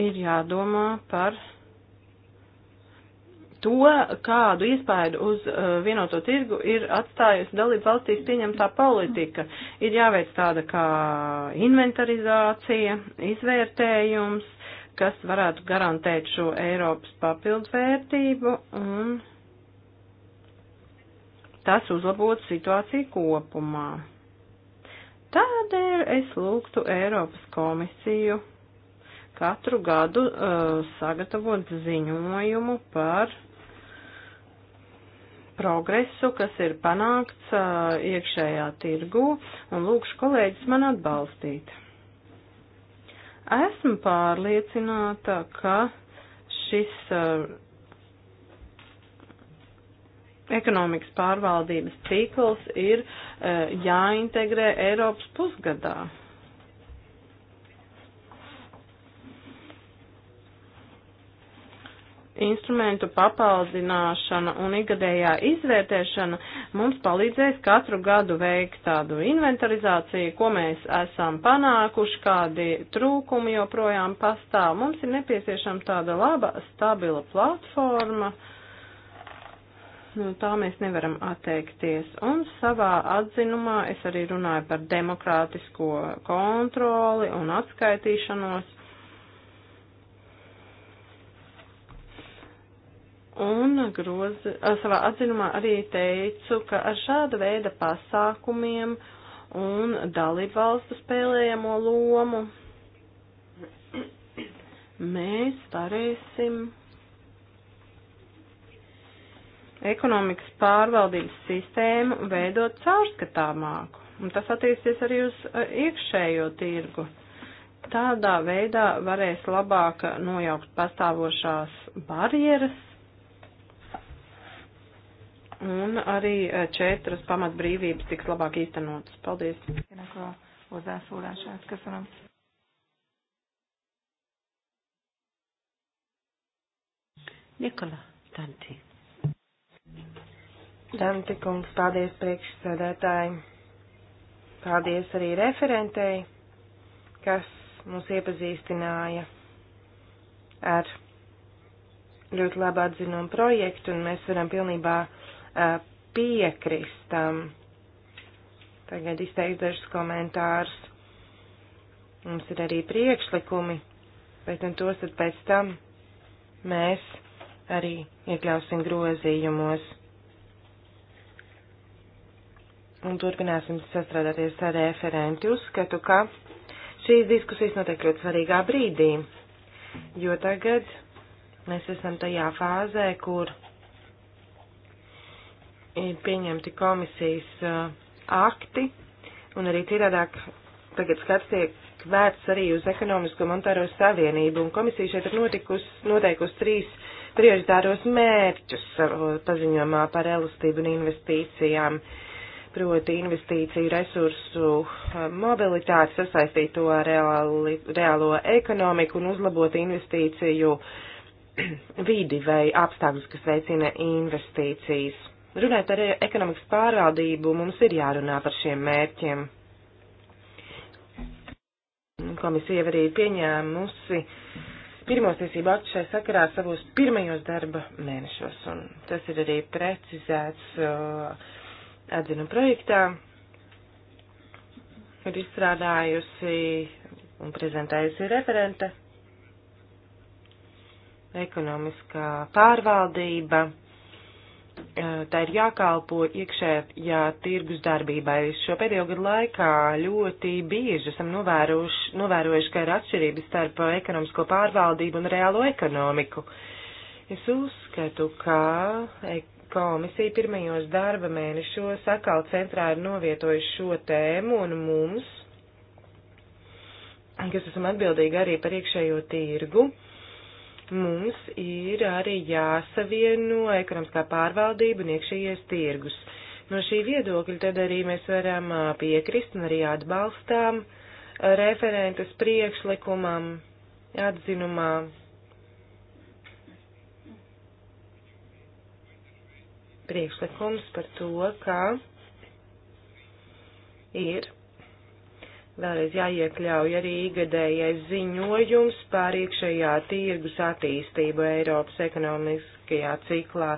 ir jādomā par to, kādu iespēju uz e, vienoto tirgu ir atstājusi dalību valstīs pieņemtā politika. Ir jāveic tāda kā inventarizācija, izvērtējums, kas varētu garantēt šo Eiropas papildvērtību un tas uzlabotu situāciju kopumā. Tādēļ es lūgtu Eiropas komisiju katru gadu uh, sagatavot ziņojumu par progresu, kas ir panākts uh, iekšējā tirgū, un lūkšu kolēģis man atbalstīt. Esmu pārliecināta, ka šis uh, ekonomikas pārvaldības cikls ir uh, jāintegrē Eiropas pusgadā. instrumentu papildināšana un igadējā izvērtēšana mums palīdzēs katru gadu veikt tādu inventarizāciju, ko mēs esam panākuši, kādi trūkumi joprojām pastāv. Mums ir nepieciešama tāda laba, stabila platforma. Nu, tā mēs nevaram atteikties. Un savā atzinumā es arī runāju par demokrātisko kontroli un atskaitīšanos un grozi, savā atzinumā arī teicu, ka ar šāda veida pasākumiem un dalībvalstu spēlējamo lomu mēs varēsim ekonomikas pārvaldības sistēmu veidot caurskatāmāku, un tas attieksies arī uz iekšējo tirgu. Tādā veidā varēs labāk nojaukt pastāvošās barjeras un arī eh, četras pamatbrīvības tiks labāk īstenotas. Paldies! hozzászólását. Köszönöm. Nikola Tanti. Tanti kungs, paldies priekšsēdētāji. Paldies arī referentei, kas mūs iepazīstināja ar ļoti labu atzinumu projektu, un mēs varam pilnībā uh, Eh, piekristam. Tagad izteiks dažus komentārus. Mums ir arī priekšlikumi, bet un tos tad pēc tam mēs arī iekļausim grozījumos. Un turpināsim sastrādāties ar referenti. Uzskatu, ka šīs diskusijas notiek ļoti svarīgā brīdī, jo tagad mēs esam tajā fāzē, kur pieņemti komisijas akti, un arī citādāk tagad skats tiek vērts arī uz ekonomisko monetāro savienību, un komisija šeit ir notikus, noteikusi trīs prioritāros mērķus paziņojumā par elastību un investīcijām, proti investīciju resursu mobilitāti, sasaistīt to ar reāli, reālo ekonomiku un uzlabot investīciju vidi vai apstākļus, kas veicina investīcijas. Runājot ar ekonomikas pārvaldību, mums ir jārunā par šiem mērķiem. Komisija arī pieņēmusi pirmos tiesību aktu šai sakarā savos pirmajos darba mēnešos, un tas ir arī precizēts uh, atzinu projektā. Ir izstrādājusi un prezentējusi referente ekonomiskā pārvaldība Eh, tā ir jākalpo iekšējā tirgus darbībai. Šo pēdējo gadu laikā ļoti bieži esam novēruši, novērojuši, ka ir atšķirības starp ekonomisko pārvaldību un reālo ekonomiku. Es uzskatu, ka e, komisija pirmajos darba mēnešos atkal centrā ir novietojuši šo tēmu un mums, kas esam atbildīgi arī par iekšējo tirgu mums ir arī jāsavieno ekonomiskā pārvaldība un iekšējais tirgus. No šī viedokļa tad arī mēs varam piekrist un arī atbalstām referentes priekšlikumam, atzinumā. Priekšlikums par to, ka ir Vēlreiz jāiekļauj arī igadējais ziņojums par iekšējā tirgus attīstību Eiropas ekonomiskajā ciklā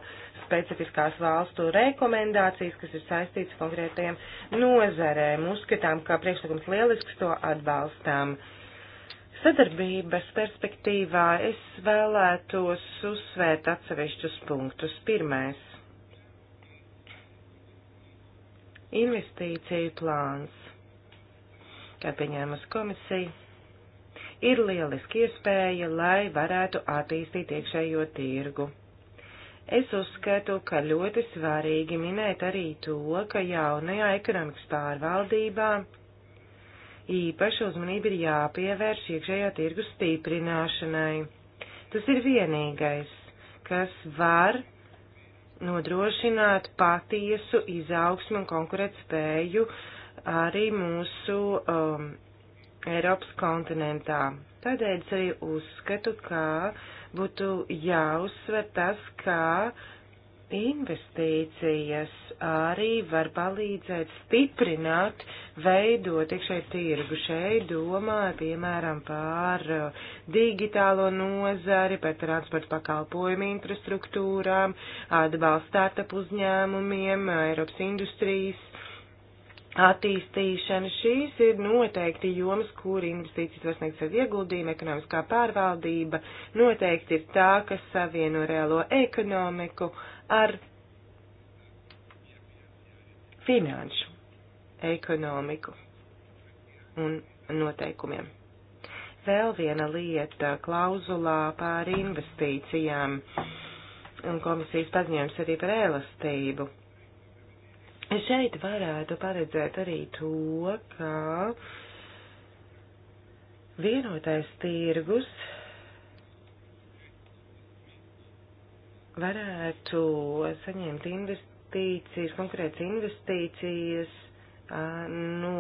specifiskās valstu rekomendācijas, kas ir saistīts konkrētajiem nozarēm. Uzskatām, ka priekšlikums lielisks to atbalstām. Sadarbības perspektīvā es vēlētos uzsvērt atsevišķus punktus. Pirmais. Investīciju plāns kā pieņēmas komisija, ir lieliski iespēja, lai varētu attīstīt iekšējo tirgu. Es uzskatu, ka ļoti svarīgi minēt arī to, ka jaunajā ekonomikas pārvaldībā īpaši uzmanība ir jāpievērš iekšējā tirgus stiprināšanai. Tas ir vienīgais, kas var nodrošināt patiesu izaugsmu un konkurētspēju uh, arī mūsu um, Eiropas kontinentā. Tādēļ es arī uzskatu, ka būtu jāuzsver tas, ka investīcijas arī var palīdzēt stiprināt, veidot iekšēju tirgu. Šeit domāju, piemēram, par uh, digitālo nozari, par transporta pakalpojumu infrastruktūrām, atbalstu startup uzņēmumiem, uh, Eiropas industrijas attīstīšana. Šīs ir noteikti jomas, kur investīcijas var sniegt savu ieguldījumu, ekonomiskā pārvaldība noteikti ir tā, kas savieno reālo ekonomiku ar finanšu ekonomiku un noteikumiem. Vēl viena lieta klauzulā pār investīcijām un komisijas paziņojums arī par elastību Es šeit varētu paredzēt arī to, ka vienotais tirgus varētu saņemt investīcijas, konkrēts investīcijas no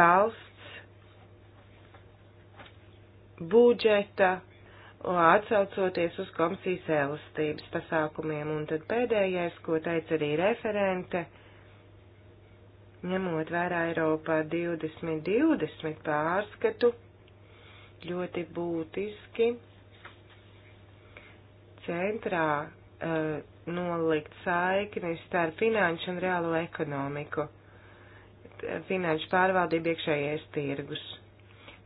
valsts budžeta atsaucoties uz komisijas elastības pasākumiem. Un tad pēdējais, ko teica arī referente, ņemot vērā Eiropā 2020 pārskatu, ļoti būtiski centrā uh, nolikt saikni starp finanšu un reālo ekonomiku, finanšu pārvaldību iekšējais tirgus.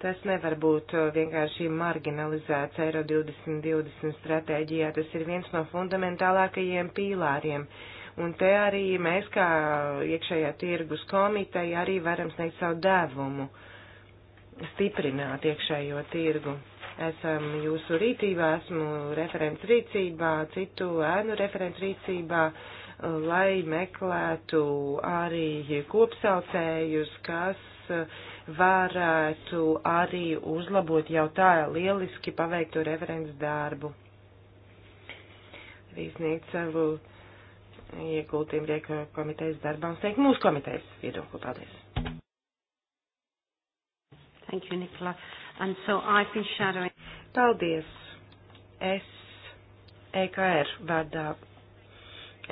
Tas nevar būt vienkārši marginalizēts Eiro 2020 stratēģijā. Tas ir viens no fundamentālākajiem pīlāriem. Un te arī mēs, kā iekšējā tirgus komiteja, arī varam sniegt savu devumu, stiprināt iekšējo tirgu. Esam jūsu rītībā, esmu referents rīcībā, citu ēnu referents rīcībā, lai meklētu arī kopsaucējus, kas uh, varētu arī uzlabot jau tā lieliski paveikto referents darbu. Arī sniegt savu ieguldījumu rieka komitejas darbā un sniegt mūsu komitejas viedokli. Paldies! Thank you, Nicola. And so I've been shadowing. Paldies. Es EKR vārdā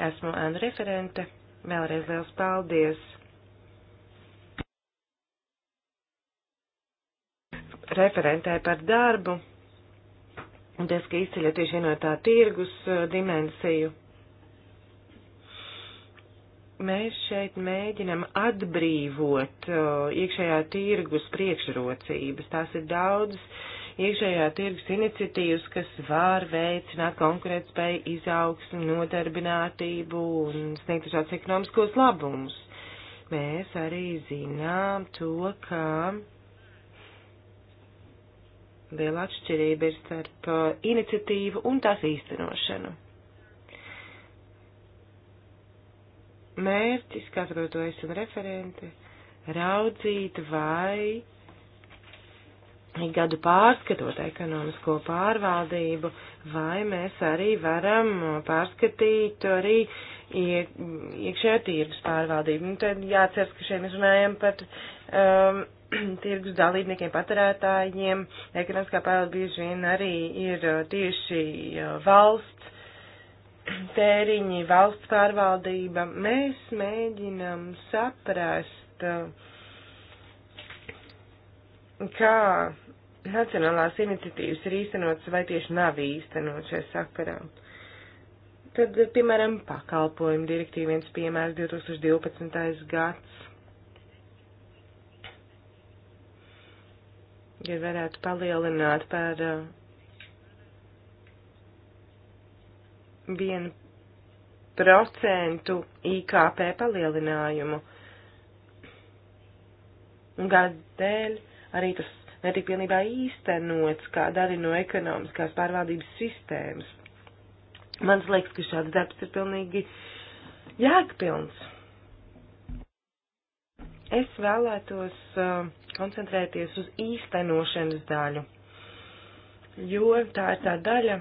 esmu Anna referente. Vēlreiz liels paldies referentē par darbu un tas, ka izceļat tieši vienotā tirgus uh, dimensiju. Mēs šeit mēģinam atbrīvot uh, iekšējā tirgus priekšrocības. Tās ir daudz iekšējā tirgus iniciatīvas, kas var veicināt konkurētspēju, izaugsmu, nodarbinātību un sniegt dažādas ekonomiskos labumus. Mēs arī zinām to, ka Liela atšķirība ir starp uh, iniciatīvu un tās īstenošanu. Mērķis, kā saprotu, es un referente, raudzīt vai gadu pārskatot ekonomisko pārvaldību, vai mēs arī varam pārskatīt arī iekšējā tirgus pārvaldību. Un nu, tad jāatceras, ka šeit mēs runājam par um, tirgus dalībniekiem, paturētājiem. Ekonomiskā pārvalde bieži vien arī ir uh, tieši uh, valsts tēriņi, valsts pārvaldība. Mēs mēģinam saprast, uh, kā nacionālās iniciatīvas ir īstenotas vai tieši nav īstenotas šajā sakarā. Tad, piemēram, pakalpojumu direktīva viens piemērs 2012. gads ja varētu palielināt par uh, vienu procentu IKP palielinājumu. Un kādēļ arī tas netika pilnībā īstenots kā daļa no ekonomiskās pārvaldības sistēmas. Man liekas, ka šāds darbs ir pilnīgi jēgpilns. Es vēlētos uh, koncentrēties uz īstenošanas daļu, jo tā ir tā daļa,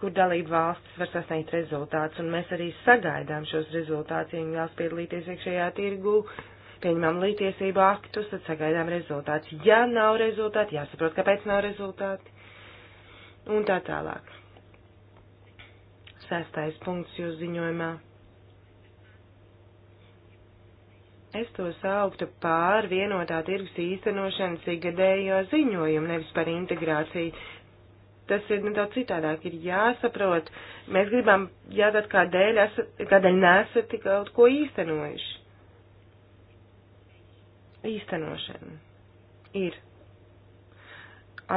kur dalība valstis var sasniegt rezultātus, un mēs arī sagaidām šos rezultātus, ja viņi vēlas piedalīties iekšējā tirgu, pieņemam līdztiesību aktus, tad sagaidām rezultātus. Ja nav rezultāti, jāsaprot, kāpēc nav rezultāti, un tā tālāk. Sestais punkts jūsu ziņojumā Es to sauktu pār vienotā tirgus īstenošanas ikgadējo ziņojumu, nevis par integrāciju. Tas ir nedaudz nu, citādāk, ir jāsaprot, mēs gribam jādod, kādēļ, esat, kādēļ nesat kaut ko īstenojuši. Īstenošana ir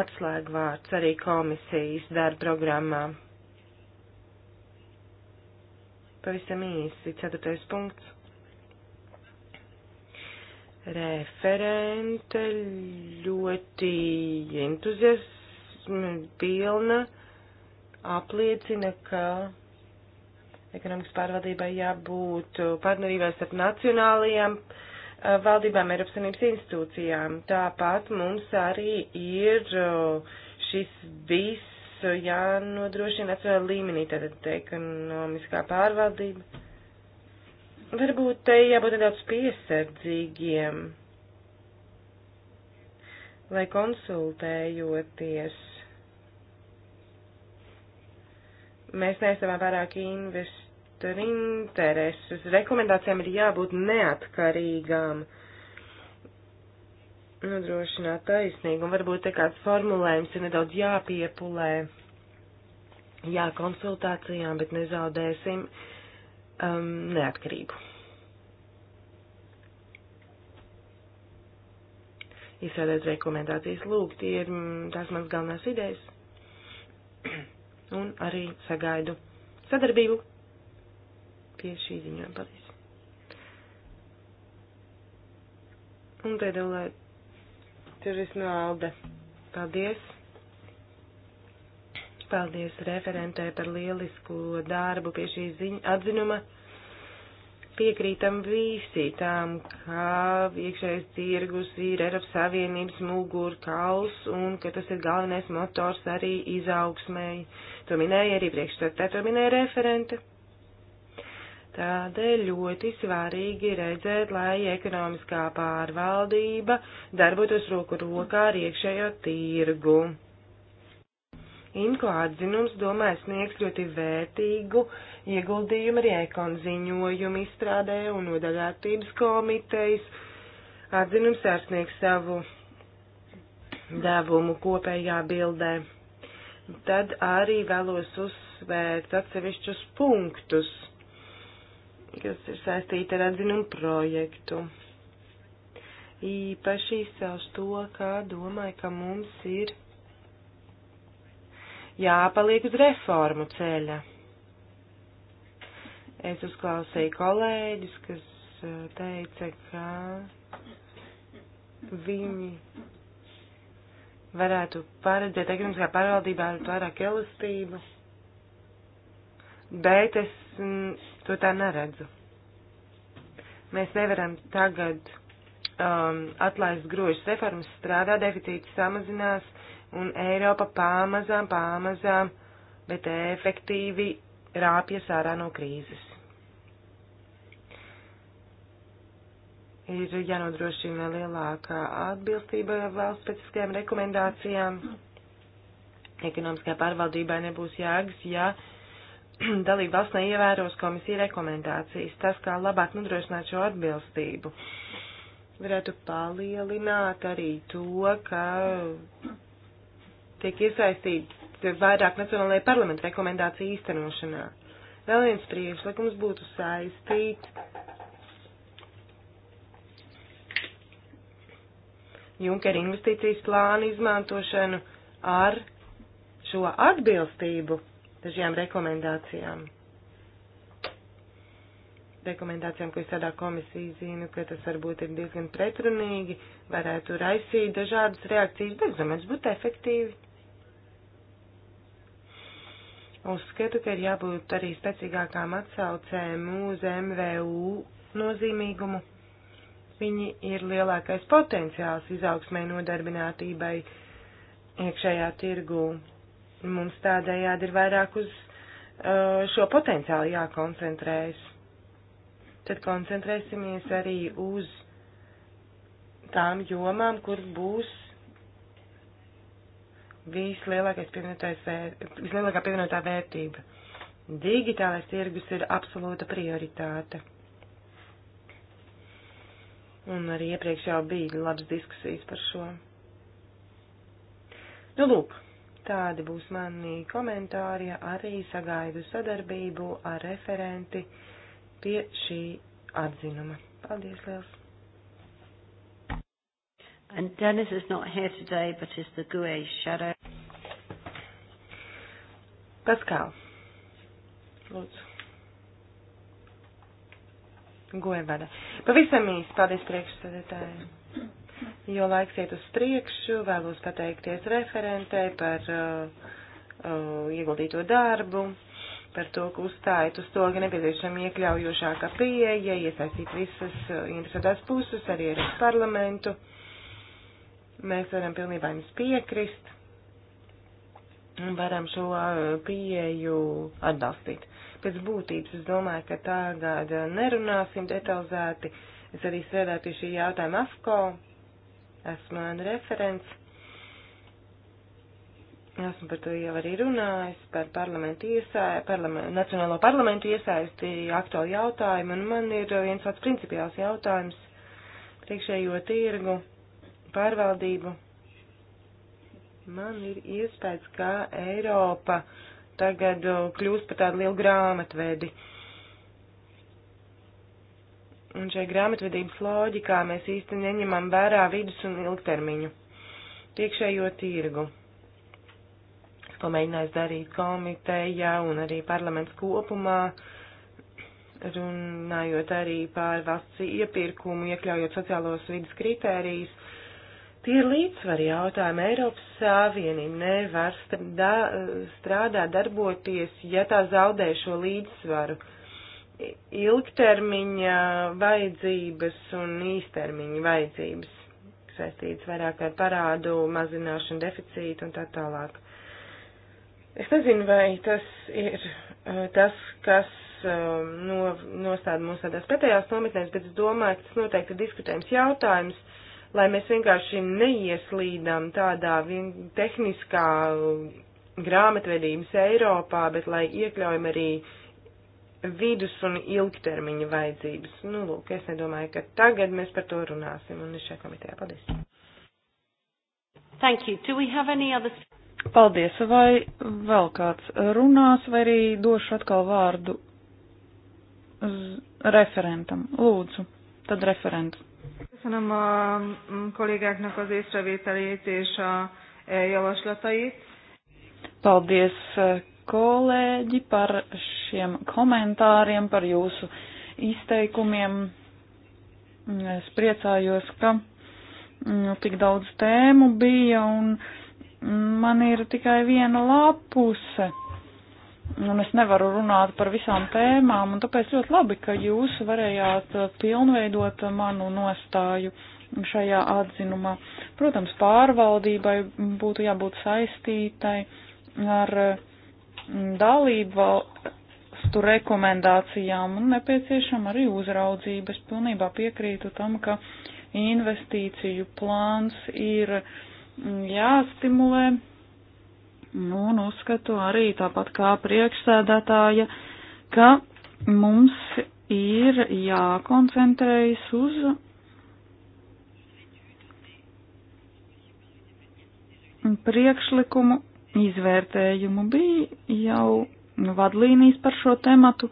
atslēgvārds arī komisijas darba programmā. Pavisam īsi, ceturtais punkts referente ļoti entuziasma pilna apliecina, ka ekonomikas pārvaldībai jābūt partnerībā starp nacionālajām valdībām, Eiropas Savienības institūcijām. Tāpat mums arī ir šis viss jānodrošina nacionāla līmenī, tātad ekonomiskā pārvaldība Varbūt te jābūt nedaudz piesardzīgiem, lai konsultējoties. Mēs neesam pārāk investori intereses. Rekomendācijām ir jābūt neatkarīgām nodrošināt taisnīgumu. Varbūt te kāds formulējums ir nedaudz jāpiepulē, jā, konsultācijām, bet nezaudēsim um, neatkarību. Izstrādāt rekomendācijas lūgt, tie ir mm, tās mans galvenās idejas. Un arī sagaidu sadarbību pie šī ziņojuma. Paldies! Un pēdējā, lai tur es no Alde. Paldies! Paldies referentē par lielisko darbu pie šī ziņa atzinuma. Piekrītam visi tām, ka iekšējais tirgus ir Eiropas Savienības mugurkauls un ka tas ir galvenais motors arī izaugsmēji. To minēja arī priekšstādā, to minēja referente. Tādēļ ļoti svarīgi redzēt, lai ekonomiskā pārvaldība darbotos roku rokā ar iekšējo tirgu Inko atzinums, domāju, sniegs ļoti vērtīgu ieguldījumu arī ekonziņojumu izstrādē un nodaļātības komitejas. Atzinums sārsniegs savu devumu kopējā bildē. Tad arī vēlos uzsvērt atsevišķus punktus, kas ir saistīti ar atzinumu projektu īpaši izcelšu to, kā domāju, ka mums ir jāpaliek uz reformu ceļa. Es uzklausīju kolēģis, kas eh, teica, ka viņi varētu paredzēt ekonomiskā pārvaldībā vairāk elastību, bet es mm, to tā neredzu. Mēs nevaram tagad um, atlaist grožas reformas, strādā deficīts samazinās, uh, Un Eiropa pamazām, pamazām, bet efektīvi rāpjas ārā no krīzes. Ir jānodrošina lielākā atbilstība valsts specifiskajām rekomendācijām. Ekonomiskajā pārvaldībā nebūs jēgas, ja dalība valsts neievēros komisija rekomendācijas. Tas, kā labāk nodrošināt šo atbilstību, varētu palielināt arī to, ka tiek iesaistīti vairāk Nacionālajā parlamenta rekomendāciju īstenošanā. Vēl viens priekšlikums būtu saistīt Junkera investīcijas plānu izmantošanu ar šo atbilstību dažiem rekomendācijām. Rekomendācijām, ko izstrādā komisija, zinu, ka tas varbūt ir diezgan pretrunīgi, varētu raisīt dažādas reakcijas, bet, domāju, nu, būtu efektīvi. Uzskatu, ka ir jābūt arī spēcīgākām atsaucēm uz MVU nozīmīgumu. Viņi ir lielākais potenciāls izaugsmē nodarbinātībai iekšējā tirgū. Mums tādējādi ir vairāk uz uh, šo potenciālu jākoncentrējas. Tad koncentrēsimies arī uz tām jomām, kur būs vislielākais vislielākā pievienotā vērtība. Digitālais tirgus ir absolūta prioritāte. Un arī iepriekš jau bija labas diskusijas par šo. Nu, lūk, tādi būs mani komentāri, arī sagaidu sadarbību ar referenti pie šī atzinuma. Paldies liels! And Dennis is not here today, but is the GUE shadow. Pascal. Lūdzu. Goevada. Pavisam īsi, paldies priekšsēdētāji. Jo laiks iet uz priekšu, vēlos pateikties referentei par uh, uh, ieguldīto darbu, par to, ka uzstājat uz to, ka nepieciešama iekļaujošāka pieeja, iesaistīt visas uh, interesētās puses, arī ar parlamentu. Uh, Mēs varam pilnībā jums piekrist un varam šo eh, pieeju atbalstīt. Pēc būtības es domāju, ka tagad eh, nerunāsim detalizēti. Es arī strādāju pie šī jautājuma AFCO. Esmu man referents. Esmu par to jau arī runājis, par parlamentu iesaisti, parlament, nacionālo parlamentu iesaisti aktuāli jautājumi, un man ir viens tāds principiāls jautājums priekšējo tirgu pārvaldību. Man ir iespējas, ka Eiropa tagad uh, kļūst par tādu lielu grāmatvedi. Un šai grāmatvedības loģikā mēs īsti neņemam vērā vidus un ilgtermiņu, tiekšējo tirgu, ko mēģinās darīt komiteja un arī parlaments kopumā, runājot arī par valsts iepirkumu, iekļaujot sociālos vidus kritērijus Tie ir līdzsvari jautājumi. Eiropas Savienība nevar strādāt, darboties, ja tā zaudē šo līdzsvaru. Ilgtermiņa vajadzības un īstermiņa vajadzības saistītas vairāk ar parādu, mazināšanu, deficītu un tā tālāk. Es nezinu, vai tas ir eh, tas, kas um, no, nostāda mūs tādās pretējās nometnēs, bet es domāju, ka tas noteikti ir diskutējums jautājums lai mēs vienkārši neieslīdam tādā vien tehniskā grāmatvedības Eiropā, bet lai iekļaujam arī vidus un ilgtermiņa vajadzības. Nu, lūk, es nedomāju, ka tagad mēs par to runāsim un es šajā komitejā paldies. Thank you. Do we have any other... Paldies, vai vēl kāds runās, vai arī došu atkal vārdu referentam. Lūdzu, tad referents. Köszönöm a mm, kollégáknak az észrevételét és a e, javaslatait. Paldies, e, kolēģi, par šiem komentāriem, par jūsu izteikumiem. Es priecājos, ka mm, tik daudz tēmu bija un mm, man ir tikai viena lapuse un nu, es nevaru runāt par visām tēmām, un tāpēc ļoti labi, ka jūs varējāt uh, pilnveidot uh, manu nostāju šajā atzinumā. Protams, pārvaldībai būtu jābūt saistītai ar mm, dalību valstu rekomendācijām un nepieciešama arī uzraudzība. Es pilnībā piekrītu tam, ka investīciju plāns ir mm, jāstimulē Nu, un uzskatu arī tāpat kā priekšsēdētāja, ka mums ir jākoncentrējas uz priekšlikumu izvērtējumu. Bija jau vadlīnijas par šo tematu.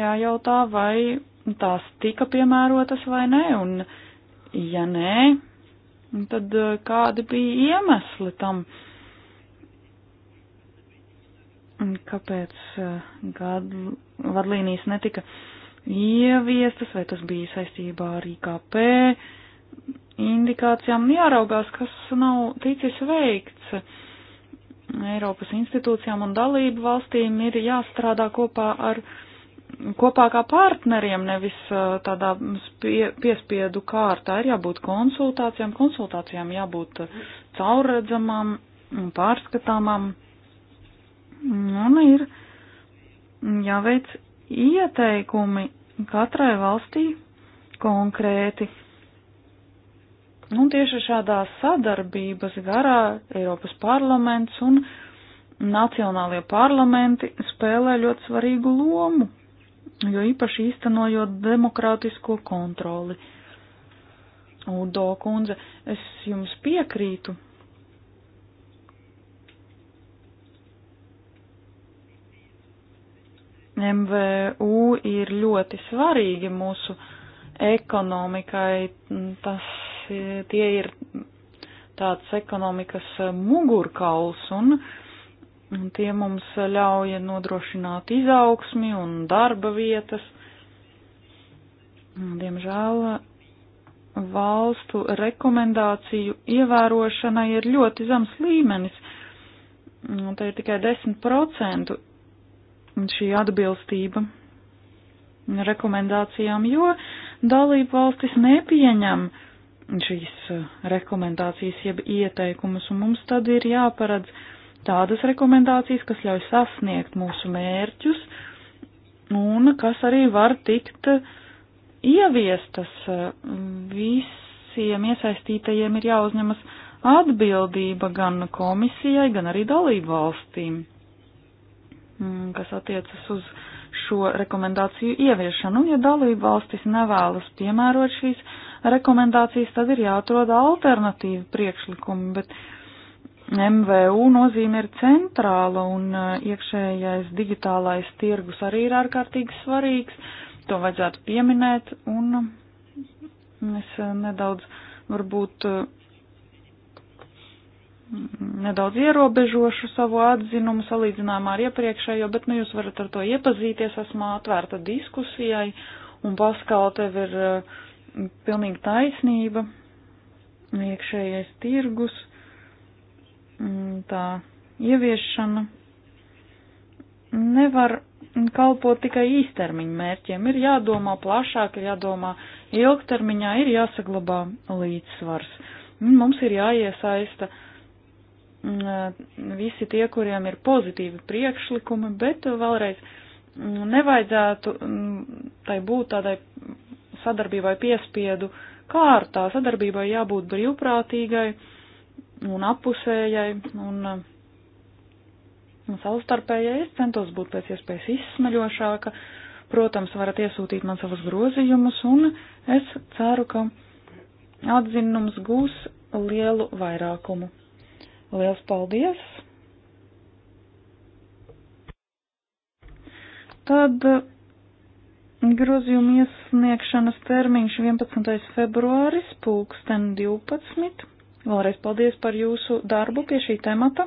Jājautā, vai tās tika piemērotas vai nē, un ja nē, Un tad eh, kādi bija iemesli tam, kāpēc eh, gadu vadlīnijas netika ieviestas, vai tas bija saistībā ar IKP indikācijām, nu, jāraugās, kas nav ticis veikts. Eiropas institūcijām un dalību valstīm ir jāstrādā kopā ar uh, kopā kā partneriem, nevis tādā spie, piespiedu kārtā. Ir jābūt konsultācijām, konsultācijām jābūt caurredzamām, pārskatāmām. Un ir jāveic ieteikumi katrai valstī konkrēti. Un tieši šādā sadarbības garā Eiropas parlaments un nacionālie parlamenti spēlē ļoti svarīgu lomu jo īpaši īstenojot demokrātisko kontroli. Udo kundze, es jums piekrītu. MVU ir ļoti svarīgi mūsu ekonomikai. Tas, tie ir tāds ekonomikas mugurkauls un uh, un tie mums ļauj nodrošināt izaugsmi un darba vietas. Diemžēl valstu rekomendāciju ievērošanai ir ļoti zems līmenis, un te ir tikai 10% šī atbilstība rekomendācijām, jo dalību valstis nepieņem šīs rekomendācijas jeb ieteikumus, un mums tad ir jāparedz uh, tādas rekomendācijas, kas ļauj sasniegt mūsu mērķus un kas arī var tikt ieviestas. Visiem iesaistītajiem ir jāuzņemas atbildība gan komisijai, gan arī dalību valstīm, mm, kas attiecas uz šo rekomendāciju ieviešanu. Ja dalību valstis nevēlas piemērot šīs rekomendācijas, tad ir jāatrod alternatīva priekšlikuma, bet uh, MVU nozīme ir centrāla un uh, iekšējais digitālais tirgus arī ir ārkārtīgi svarīgs. To vajadzētu pieminēt un um, es uh, nedaudz varbūt uh, nedaudz ierobežošu savu atzinumu salīdzinājumā ar iepriekšējo, bet nu jūs varat ar to iepazīties, esmu atvērta diskusijai un Paskal tev ir pilnīgi taisnība, iekšējais tirgus Mm, tā ieviešana nevar kalpot tikai īstermiņa mērķiem. Ir jādomā plašāk, ir jādomā ilgtermiņā, ir jāsaglabā līdzsvars. Mums ir jāiesaista mm, eh, visi tie, kuriem ir pozitīvi priekšlikumi, bet vēlreiz mm, nevajadzētu tai būt tādai sadarbībai piespiedu kārtā. Sadarbībai jābūt brīvprātīgai un apusējai un, un savstarpējai. Es centos būt pēc iespējas izsmeļošāka. Protams, varat iesūtīt man savus grozījumus, un es ceru, ka atzinums gūs lielu vairākumu. Liels paldies! Tad grozījuma iesniegšanas termiņš 11. februāris, pulksten 12. Vēlreiz paldies par jūsu darbu pie šī temata.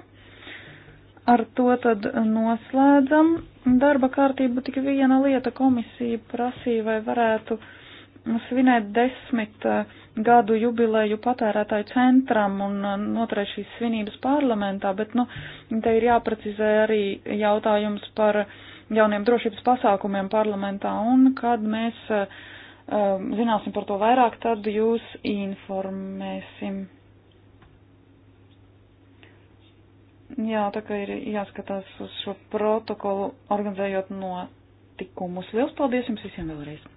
Ar to tad noslēdzam. Darba kārtība tik viena lieta komisija prasīja, vai varētu svinēt desmit eh, gadu jubilēju patērētāju centram un eh, noturēt šīs svinības parlamentā, bet, nu, te ir jāprecizē arī jautājums par jauniem drošības pasākumiem parlamentā un kad mēs eh, zināsim par to vairāk, tad jūs informēsim. Jā, tā kā ir jāskatās uz šo protokolu, organizējot notikumus. Liels paldies jums visiem vēlreiz!